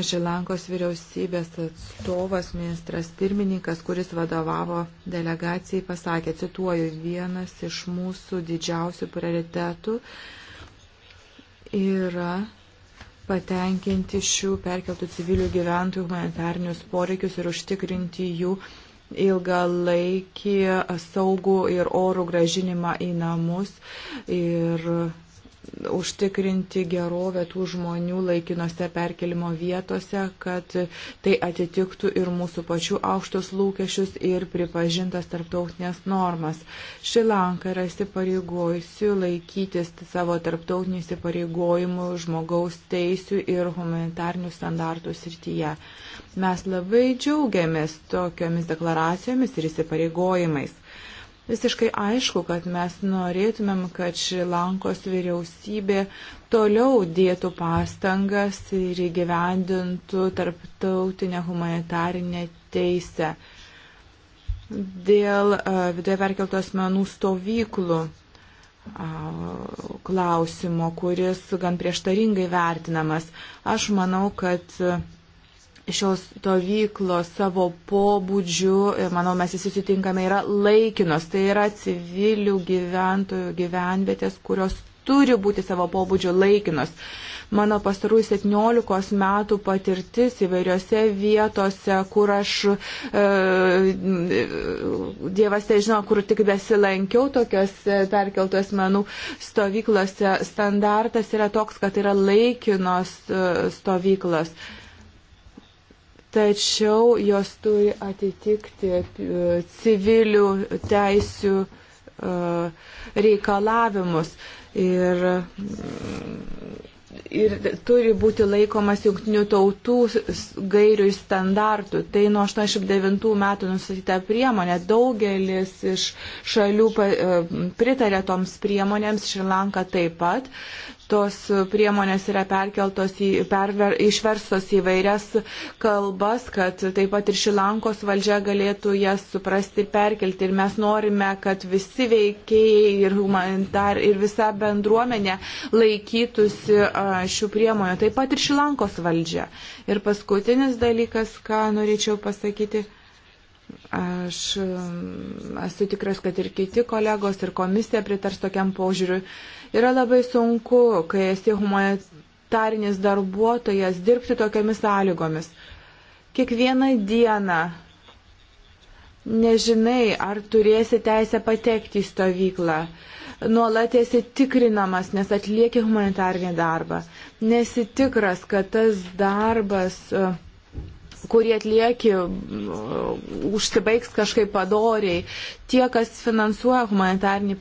Ašilankos vyriausybės atstovas, ministras pirmininkas, kuris vadovavo delegacijai, pasakė, cituoju, vienas iš mūsų didžiausių prioritetų yra patenkinti šių perkeltų civilių gyventojų humanitarnius poreikius ir užtikrinti jų ilgalaikį saugų ir orų gražinimą į namus ir užtikrinti gerovę tų žmonių laikinose perkelimo vietose, kad tai atitiktų ir mūsų pačių aukštus lūkesčius ir pripažintas tarptautinės normas. Šilanka yra įsipareigojusi laikytis savo tarptautinių įsipareigojimų žmogaus teisių ir humanitarnių standartų srityje. Mes labai džiaugiamės tokiomis deklaracijomis ir įsipareigojimais. Visiškai aišku, kad mes norėtumėm, kad Šrilankos vyriausybė toliau dėtų pastangas ir įgyvendintų tarptautinę humanitarinę teisę. Dėl viduje perkeltų asmenų stovyklų klausimo, kuris gan prieštaringai vertinamas, aš manau, kad šios stovyklos savo pobūdžiu, manau, mes visi sutinkame, yra laikinos. Tai yra civilių gyventojų gyvenvietės, kurios turi būti savo pobūdžio laikinos. Mano pastarųjų 17 metų patirtis įvairiose vietose, kur aš, e, Dievas tai žino, kur tik besilankiau tokiuose perkeltų asmenų stovyklose, standartas yra toks, kad yra laikinos e, stovyklos. E, tačiau jos turi atitikti e, civilių teisių e, reikalavimus. Ir mm, ir turi būti laikomas jungtinių tautų gairių standartų. Tai nuo 89 metų nustatyta priemonė. Daugelis iš šalių e, pritarė toms priemonėms, Šrilanka taip pat tos priemonės yra perkeltos į, perver, išversos į vairias kalbas, kad taip pat ir Šilankos valdžia galėtų jas suprasti ir perkelti. Ir mes norime, kad visi veikėjai ir, humanitar, ir visa bendruomenė laikytųsi šių priemonių, taip pat ir Šilankos valdžia. Ir paskutinis dalykas, ką norėčiau pasakyti. Aš esu tikras, kad ir kiti kolegos, ir komisija pritars tokiam požiūriui Yra labai sunku, kai esi humanitarinis darbuotojas, dirbti tokiamis sąlygomis. Kiekvieną dieną nežinai, ar turėsi teisę patekti į stovyklą. Nuolat esi tikrinamas, nes atlieki humanitarnį darbą. Nesitikras, kad tas darbas. Uh, kurį atlieki, užsibaigs kažkaip padoriai. Tie, kas finansuoja humanitarnį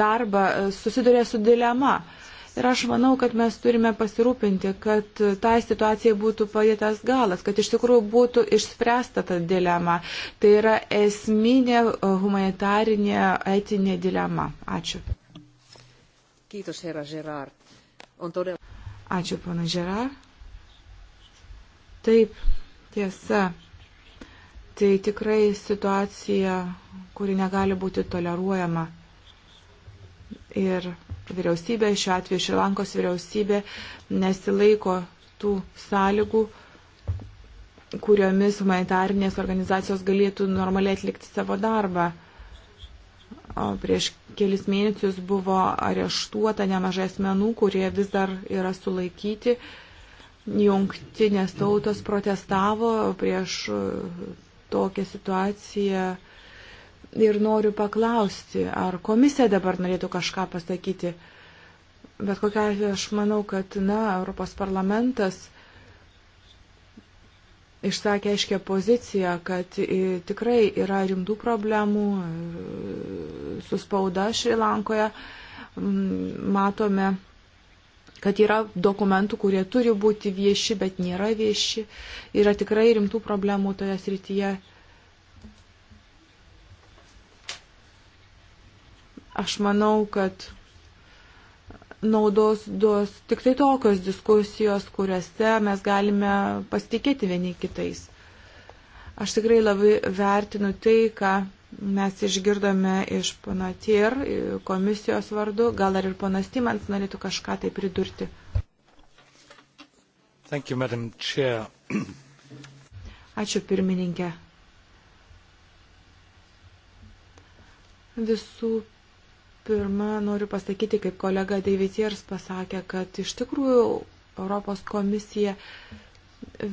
darbą, susiduria su dilema. Ir aš manau, kad mes turime pasirūpinti, kad tai situacijai būtų padėtas galas, kad iš tikrųjų būtų išspręsta ta dilema. Tai yra esminė humanitarinė etinė dilema. Ačiū. Kiitos, herra Gerard. On todella... Ačiū, pana Gerard. Taip, Tiesa, tai tikrai situacija, kuri negali būti toleruojama. Ir vyriausybė, šiuo atveju Šilankos vyriausybė, nesilaiko tų sąlygų, kuriomis humanitarnės organizacijos galėtų normaliai atlikti savo darbą. O prieš kelis mėnesius buvo areštuota nemažai asmenų, kurie vis dar yra sulaikyti. Uh, jungtinės tautos protestavo prieš e, tokią situaciją. Ir noriu paklausti, ar komisija dabar norėtų kažką pasakyti. Bet kokia atveju aš manau, kad, na, Europos parlamentas išsakė aiškę poziciją, kad e, tikrai yra rimtų problemų e, su spauda Šrilankoje. Matome kad yra dokumentų, kurie turi būti vieši, bet nėra vieši. Yra tikrai rimtų problemų toje srityje. Aš manau, kad naudos duos tik tai tokios diskusijos, kuriuose mes galime pasitikėti vieni kitais. Aš tikrai labai vertinu tai, ką Mes išgirdome iš pana Tier e, komisijos vardu, gal ar ir panas Timans norėtų kažką tai pridurti. Thank you, Madam Chair. Ačiū pirmininkė. Visų pirma, noriu pasakyti, kaip kolega Deivitiers pasakė, kad iš tikrųjų Europos komisija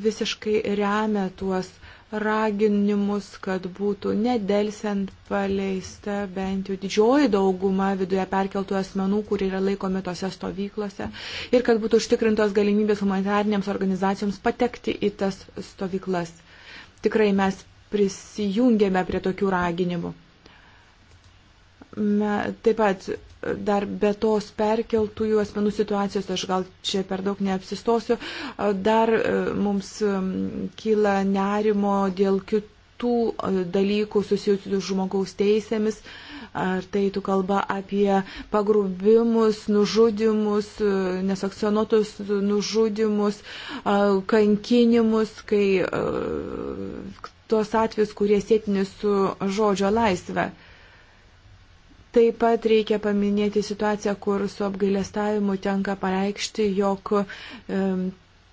visiškai remia tuos uh, raginimus, kad būtų nedelsiant paleista bent jau didžioji dauguma viduje perkeltų asmenų, kurie yra laikomi tose stovyklose ir kad būtų užtikrintos galimybės humanitarniams organizacijoms patekti į tas stovyklas. Tikrai mes prisijungėme prie tokių raginimų. Me, taip pat dar be tos perkeltųjų asmenų situacijos, aš gal čia per daug neapsistosiu, dar e, mums e, kyla nerimo dėl kitų e, dalykų susijusių su žmogaus teisėmis. Ar tai tu kalba apie pagrubimus, nužudimus, nesakcionuotus nužudimus, kankinimus, kai tos atvejus, kurie sėtini su žodžio laisvė. Taip pat reikia paminėti situaciją, kur su apgailestavimu tenka pareikšti, jog um,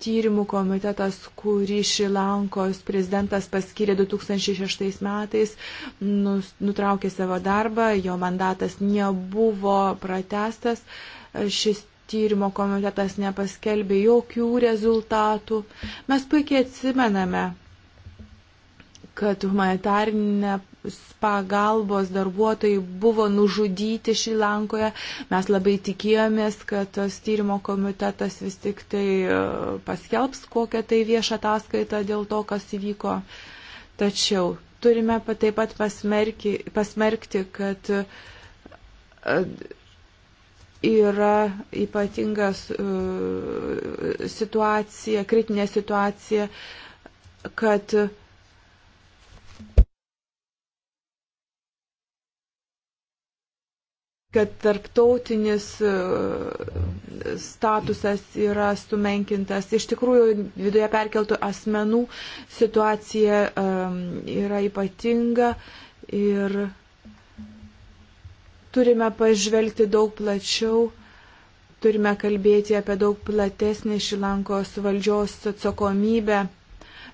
tyrimų komitetas, kurį Šilankos prezidentas paskyrė 2006 metais, nutraukė savo darbą, jo mandatas nebuvo pratestas, šis tyrimo komitetas nepaskelbė jokių rezultatų. Mes puikiai atsimename, kad humanitarinė pagalbos darbuotojai buvo nužudyti Šilankoje. Mes labai tikėjomės, kad tas tyrimo komitetas vis tik tai e, paskelbs kokią tai viešą ataskaitą dėl to, kas įvyko. Tačiau turime taip pat pasmerki, pasmerkti, kad e, yra ypatinga e, situacija, kritinė situacija, kad uh, kad tarptautinis e, statusas yra sumenkintas. Iš tikrųjų, viduje perkeltų asmenų situacija yra ypatinga ir turime pažvelgti daug plačiau, turime kalbėti apie daug platesnį Šilankos valdžios atsakomybę.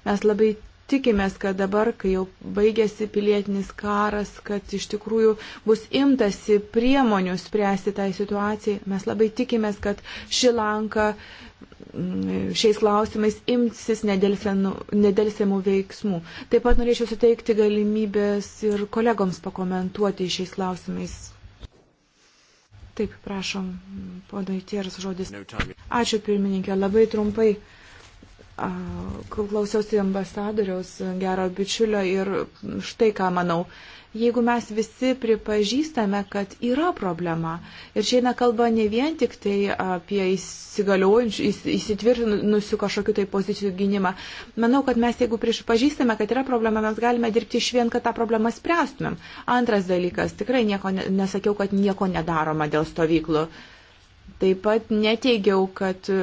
Mes labai tikimės, kad dabar, kai jau baigėsi pilietinis karas, kad iš tikrųjų bus imtasi priemonių spręsti tai situacijai. Mes labai tikimės, kad Šilanka mm, šiais klausimais imsis nedėlsiamų veiksmų. Taip pat norėčiau suteikti galimybės ir kolegoms pakomentuoti šiais klausimais. Taip, prašom, ponai Tieras žodis. Ačiū pirmininkė, labai trumpai klausiausi ambasadoriaus gero bičiulio ir štai ką manau. Jeigu mes visi pripažįstame, kad yra problema ir čia eina kalba ne vien tik tai apie įsigaliuojančių, įsitvirtinusių kažkokiu tai pozicijų gynimą, manau, kad mes jeigu pripažįstame, kad yra problema, mes galime dirbti iš vien, kad tą problemą spręstumėm. Antras dalykas, tikrai nieko nesakiau, kad nieko nedaroma dėl stovyklų. Uh, Taip pat neteigiau, kad e,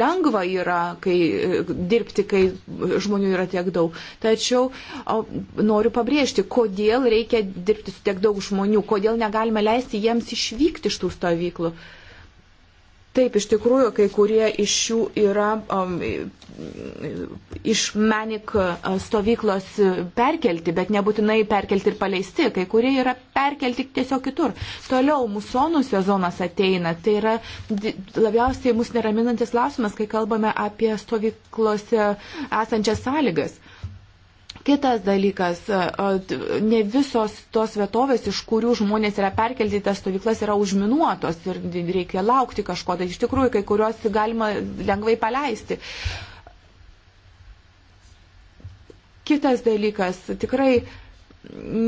lengva yra kai, e, dirbti, kai žmonių yra tiek daug. Tačiau noriu pabrėžti, kodėl reikia dirbti su tiek daug žmonių, kodėl negalime leisti jiems išvykti iš tų stovyklų. Uh, Taip, iš tikrųjų, kai kurie iš jų yra um, iš menik uh, stovyklos perkelti, bet nebūtinai perkelti ir paleisti, kai kurie yra perkelti tiesiog kitur. Toliau musonų sezonas ateina, tai yra labiausiai mus neraminantis klausimas, kai kalbame apie stovyklose esančias sąlygas. Kitas dalykas, ne visos tos vietovės, iš kurių žmonės yra perkelti į tas stovyklas, yra užminuotos ir reikia laukti kažko. Tai iš tikrųjų, kai kuriuos galima lengvai paleisti. Kitas dalykas, tikrai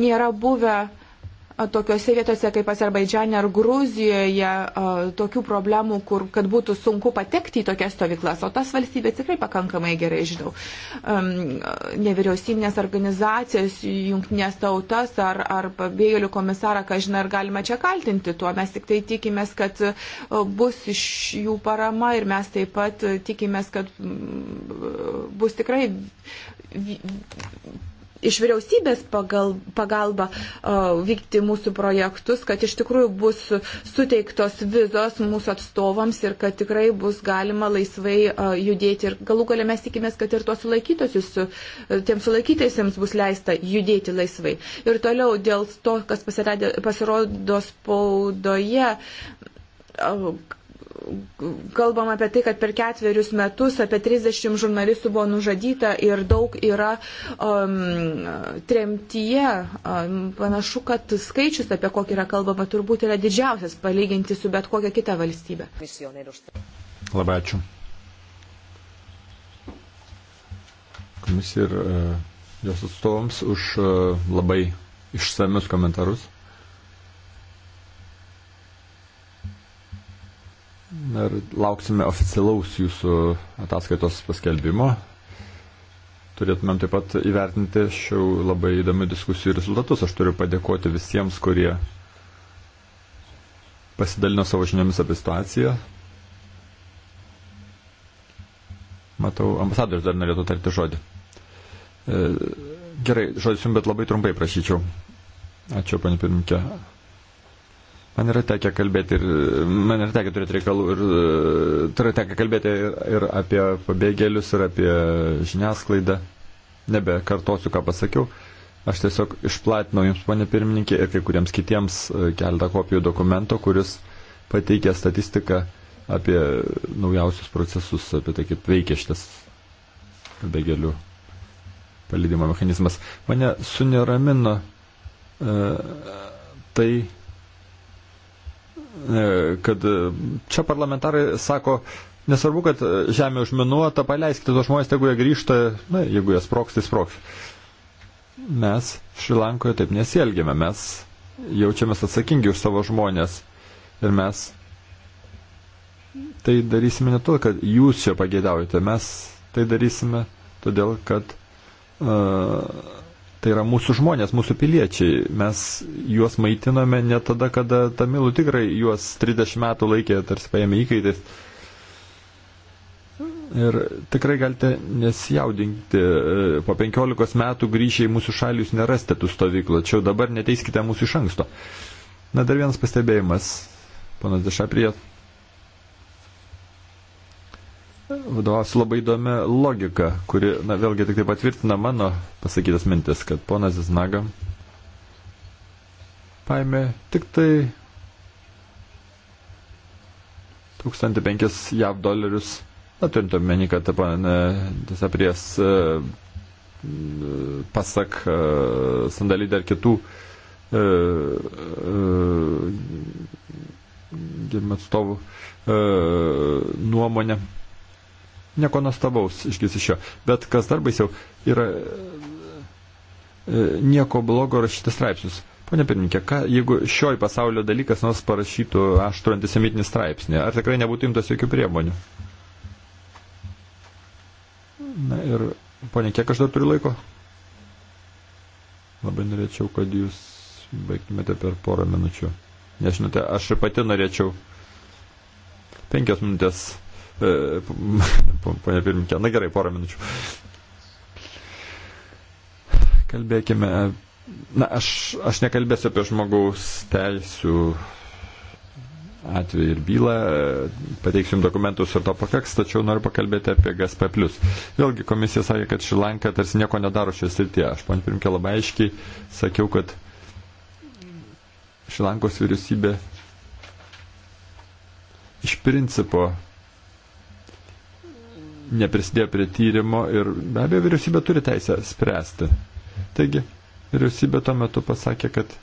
nėra buvę tokiuose vietose kaip Azerbaidžiane ar Gruzijoje tokių problemų, kur, kad būtų sunku patekti į tokias stovyklas, o tas valstybė tikrai pakankamai gerai žinau. Nevyriausybinės organizacijas, jungtinės tautas ar, ar pabėgėlių komisarą, ką žinai, ar galime čia kaltinti tuo. Mes tik tai tikimės, kad bus iš jų parama ir mes taip pat tikimės, kad bus tikrai iš vyriausybės pagal, pagalba uh, vykti mūsų projektus, kad iš tikrųjų bus suteiktos vizos mūsų atstovams ir kad tikrai bus galima laisvai uh, judėti. Ir galų galę mes tikimės, kad ir tuos sulaikytosius, uh, tiems sulaikytėsiams bus leista judėti laisvai. Ir toliau dėl to, kas pasirodė, pasirodo spaudoje. Uh, kalbam apie tai, kad per ketverius metus apie 30 žurnalistų buvo nužudyta ir daug yra um, tremtyje. Um, panašu, kad skaičius, apie kokį yra kalbama, turbūt yra didžiausias palyginti su bet kokia kita valstybė. Labai ačiū. Komisija ir uh, jos atstovams už uh, labai išsamius komentarus. Ir lauksime oficialaus jūsų ataskaitos paskelbimo. Turėtumėm taip pat įvertinti šių labai įdomių diskusijų rezultatus. Aš turiu padėkoti visiems, kurie pasidalino savo žiniomis apie situaciją. Matau, ambasadorius dar norėtų tarti žodį. E, gerai, žodis jums, bet labai trumpai prašyčiau. Ačiū, panė pirmininkė. Man yra tekę kalbėti ir man yra tekę turėti reikalų ir e, turiu tekę kalbėti ir, ir apie pabėgėlius, ir apie žiniasklaidą. Nebe kartosiu, ką pasakiau. Aš tiesiog išplatinau jums, ponė pirmininkė, ir kai kuriems kitiems e, keletą kopijų dokumento, kuris pateikia statistiką apie naujausius procesus, apie tai, kaip veikia šitas pabėgėlių palydimo mechanizmas. Mane suneramino e, tai, E, kad e, čia parlamentarai sako, nesvarbu, kad žemė užminuota, paleiskite tos žmonės, jeigu jie grįžta, na, jeigu jie sproks, tai sproks. Mes Šrilankoje taip nesielgėme, mes jaučiamės atsakingi už savo žmonės ir mes tai darysime ne to, kad jūs čia pageidaujate, mes tai darysime todėl, kad uh, Tai yra mūsų žmonės, mūsų piliečiai. Mes juos maitiname ne tada, kada tamilų tikrai juos 30 metų laikė, tarsi paėmė įkaitais. Ir tikrai galite nesijaudinti, e, po 15 metų grįžę į mūsų šalį jūs nerasite tų stovyklų, tačiau dabar neteiskite mūsų iš anksto. Na dar vienas pastebėjimas, ponas Dešaprietas vadovas labai įdomi logika, kuri, na, vėlgi tik tai patvirtina mano pasakytas mintis, kad ponas Zisnaga paėmė tik tai 1005 JAV dolerius, na, turint omeny, kad, pana, desaprės e, e, pasak e, sandalį dar kitų gerbėm atstovų nuomonę Nieko nuostabaus išgis iš jo. Bet kas dar baisiau, yra e, nieko blogo rašytas straipsnis. Pone pirmininkė, ką, jeigu šioj pasaulio dalykas nors parašytų aštrų antisemitinį straipsnį, ar tikrai nebūtų imtas jokių priemonių? Na ir, ponė, kiek aš dar turiu laiko? Labai norėčiau, kad jūs baigtumėte per porą minučių. Nežinote, aš ir pati norėčiau penkias minutės E, Pone pirmininkė, na gerai, porą minučių. Kalbėkime. Na, aš, aš nekalbėsiu apie žmogaus teisų atvejį ir bylą, pateiksiu jums dokumentus ir to pakaks, tačiau noriu pakalbėti apie GSP. Vėlgi komisija sakė, kad Šilanka tarsi nieko nedaro šioje srityje. Aš, man pirmkė, labai aiškiai sakiau, kad Šilankos vyriausybė iš principo neprisidėjo prie tyrimo ir be abejo vyriausybė turi teisę spręsti. Taigi, vyriausybė tuo metu pasakė, kad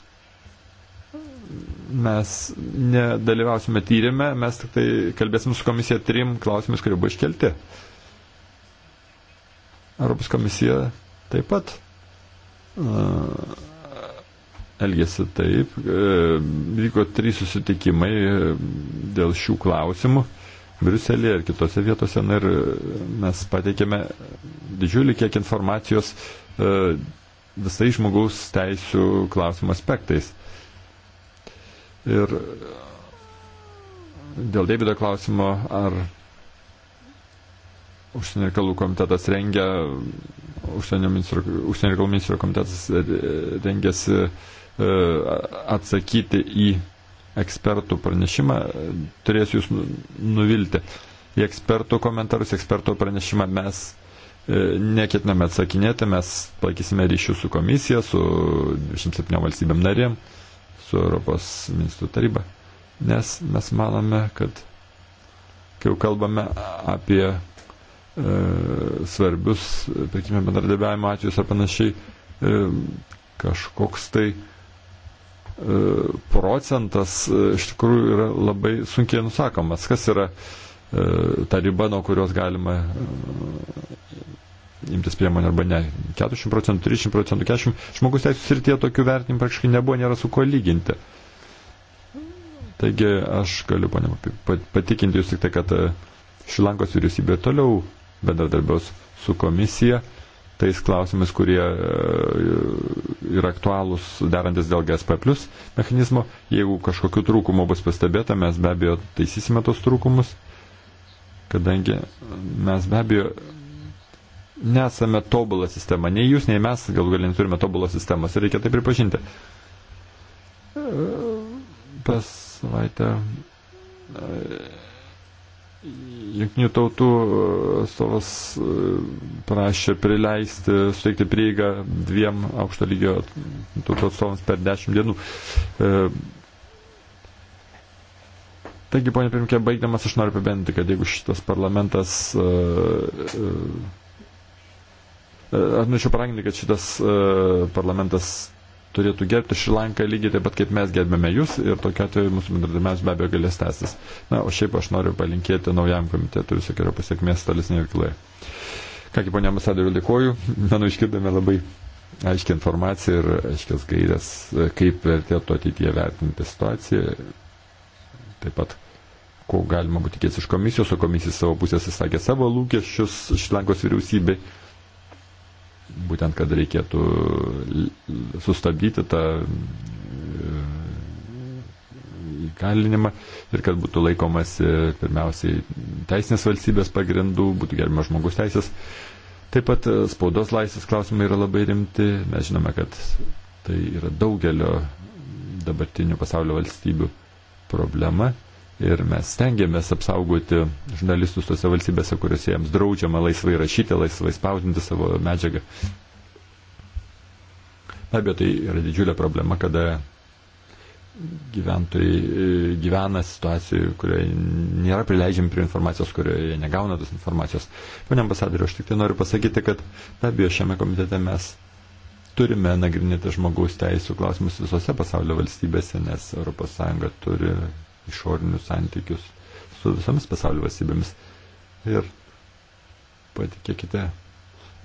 mes nedalyvausime tyrimę, mes tik tai kalbėsim su komisija trim klausimais, kurie buvo iškelti. Europos komisija taip pat uh, elgėsi taip, uh, vyko trys susitikimai uh, dėl šių klausimų. Briuselėje ir kitose vietose. Na ir e, mes pateikėme didžiulį kiek informacijos e, visai žmogaus teisų klausimų aspektais. Ir dėl Davido klausimo, ar užsienio reikalų komitetas rengia, užsienio, ministro, užsienio reikalų ministro komitetas rengiasi e, atsakyti į ekspertų pranešimą, turėsiu jūs nu, nuvilti. Į ekspertų komentarus, ekspertų pranešimą mes e, neketiname atsakinėti, mes palaikysime ryšių su komisija, su 27 valstybėm narėm, su Europos ministrų taryba, nes mes manome, kad kai jau kalbame apie e, svarbius, sakykime, e, bendradarbiavimo atvejus ar panašiai, e, kažkoks tai e, E, procentas e, iš tikrųjų yra labai sunkiai nusakomas, kas yra e, ta riba, nuo kurios galima imtis priemonę arba ne. 40 procentų, 30 procentų, 40. Žmogus teisų srityje tokių vertinimų praktiškai nebuvo, nėra su kuo lyginti. Taigi aš galiu ponė, patikinti jūs tik tai, kad Šilankos vyriausybė toliau bendradarbiaus su komisija tais klausimais, kurie e, yra aktualūs derantis dėl GSP plus mechanizmo. Jeigu kažkokiu trūkumu bus pastebėta, mes be abejo taisysime tos trūkumus, kadangi mes be abejo nesame tobulą sistemą. Nei jūs, nei mes gal galim turime tobulą sistemą, reikia tai pripažinti. E, pas savaitę e, Junktinių tautų e, atstovas e, prašė prileisti, suteikti prieigą dviem aukšto lygio tautų atstovams per dešimt dienų. E, Taigi, ponė pirmkė, baigdamas aš noriu apibendinti, kad jeigu šitas parlamentas Aš norėčiau paraginti, kad šitas parlamentas turėtų gerbti Šrilanką lygiai taip pat, kaip mes gerbėme jūs ir tokia atveju mūsų bendradarbiavimas be abejo galės tęstis. Na, o šiaip aš noriu palinkėti naujam komitetui visokio pasiekmės tolesnėje veikloje. Kągi, ponia ambasadoriu, dėkoju. Manau, iškirdome labai aiškiai informaciją ir aiškias gairias, kaip vertėtų ateityje vertinti situaciją. Taip pat, ko galima būti tikėtis iš komisijos, o komisija savo pusės įsakė savo lūkesčius Šrilankos vyriausybei būtent, kad reikėtų sustabdyti tą e, įkalinimą ir kad būtų laikomasi pirmiausiai teisinės valstybės pagrindų, būtų gerbiamas žmogus teisės. Taip pat e, spaudos laisvės klausimai yra labai rimti. Mes žinome, kad tai yra daugelio dabartinių pasaulio valstybių problema Ir mes stengiamės apsaugoti žurnalistus tose valstybėse, kuriuose jiems draudžiama laisvai rašyti, laisvai spausdinti savo medžiagą. Be abejo, tai yra didžiulė problema, kada gyventojai e, gyvena situacijoje, kurioje nėra prileidžiami prie informacijos, kurioje jie negauna tos informacijos. Pone ambasadoriu, aš tik tai noriu pasakyti, kad be abejo šiame komitete mes turime nagrinėti žmogaus teisų klausimus visose pasaulio valstybėse, nes ES turi išorinius santykius su visomis pasaulio valstybėmis. Ir patikėkite,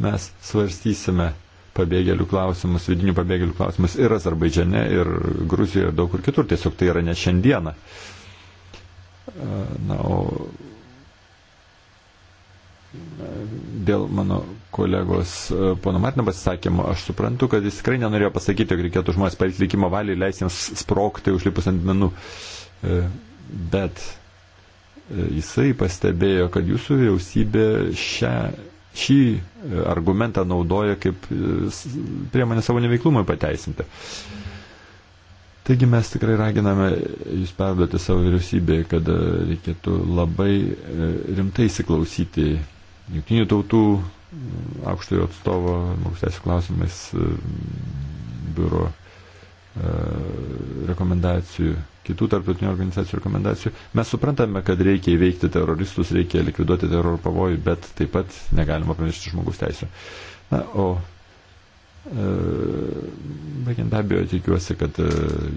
mes svarstysime pabėgėlių klausimus, vidinių pabėgėlių klausimus ir Azerbaidžiane, ir Gruzijoje, ir daug kur kitur. Tiesiog tai yra ne šiandieną. E, na, o dėl mano kolegos e, pono Martino pasisakymo, aš suprantu, kad jis tikrai nenorėjo pasakyti, jog reikėtų žmonės palikti likimo valiai, leis jiems sprokti užlipus ant menų. Uh, E, bet e, jisai pastebėjo, kad jūsų vyriausybė šią, šį e, argumentą naudoja kaip priemonę savo neveiklumui pateisinti. Taigi mes tikrai raginame jūs perduoti savo vyriausybėje, kad reikėtų labai rimtai įsiklausyti jungtinių tautų aukštojo atstovo, mokslesių klausimais biuro rekomendacijų kitų tarptautinių organizacijų rekomendacijų. Mes suprantame, kad reikia įveikti teroristus, reikia likviduoti teroro pavojų, bet taip pat negalima pamiršti žmogus teisų. Na, o e, Baigiant be abejo, tikiuosi, kad e,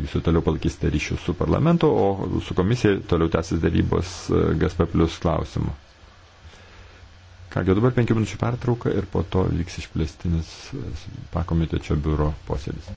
jūs toliau palaikysite ryšius su parlamentu, o su komisija toliau tęsis darybos e, GSP plus klausimu. Kągi, dabar penkių minučių pertrauka ir po to vyks išplėstinis pakomitečio biuro posėdis.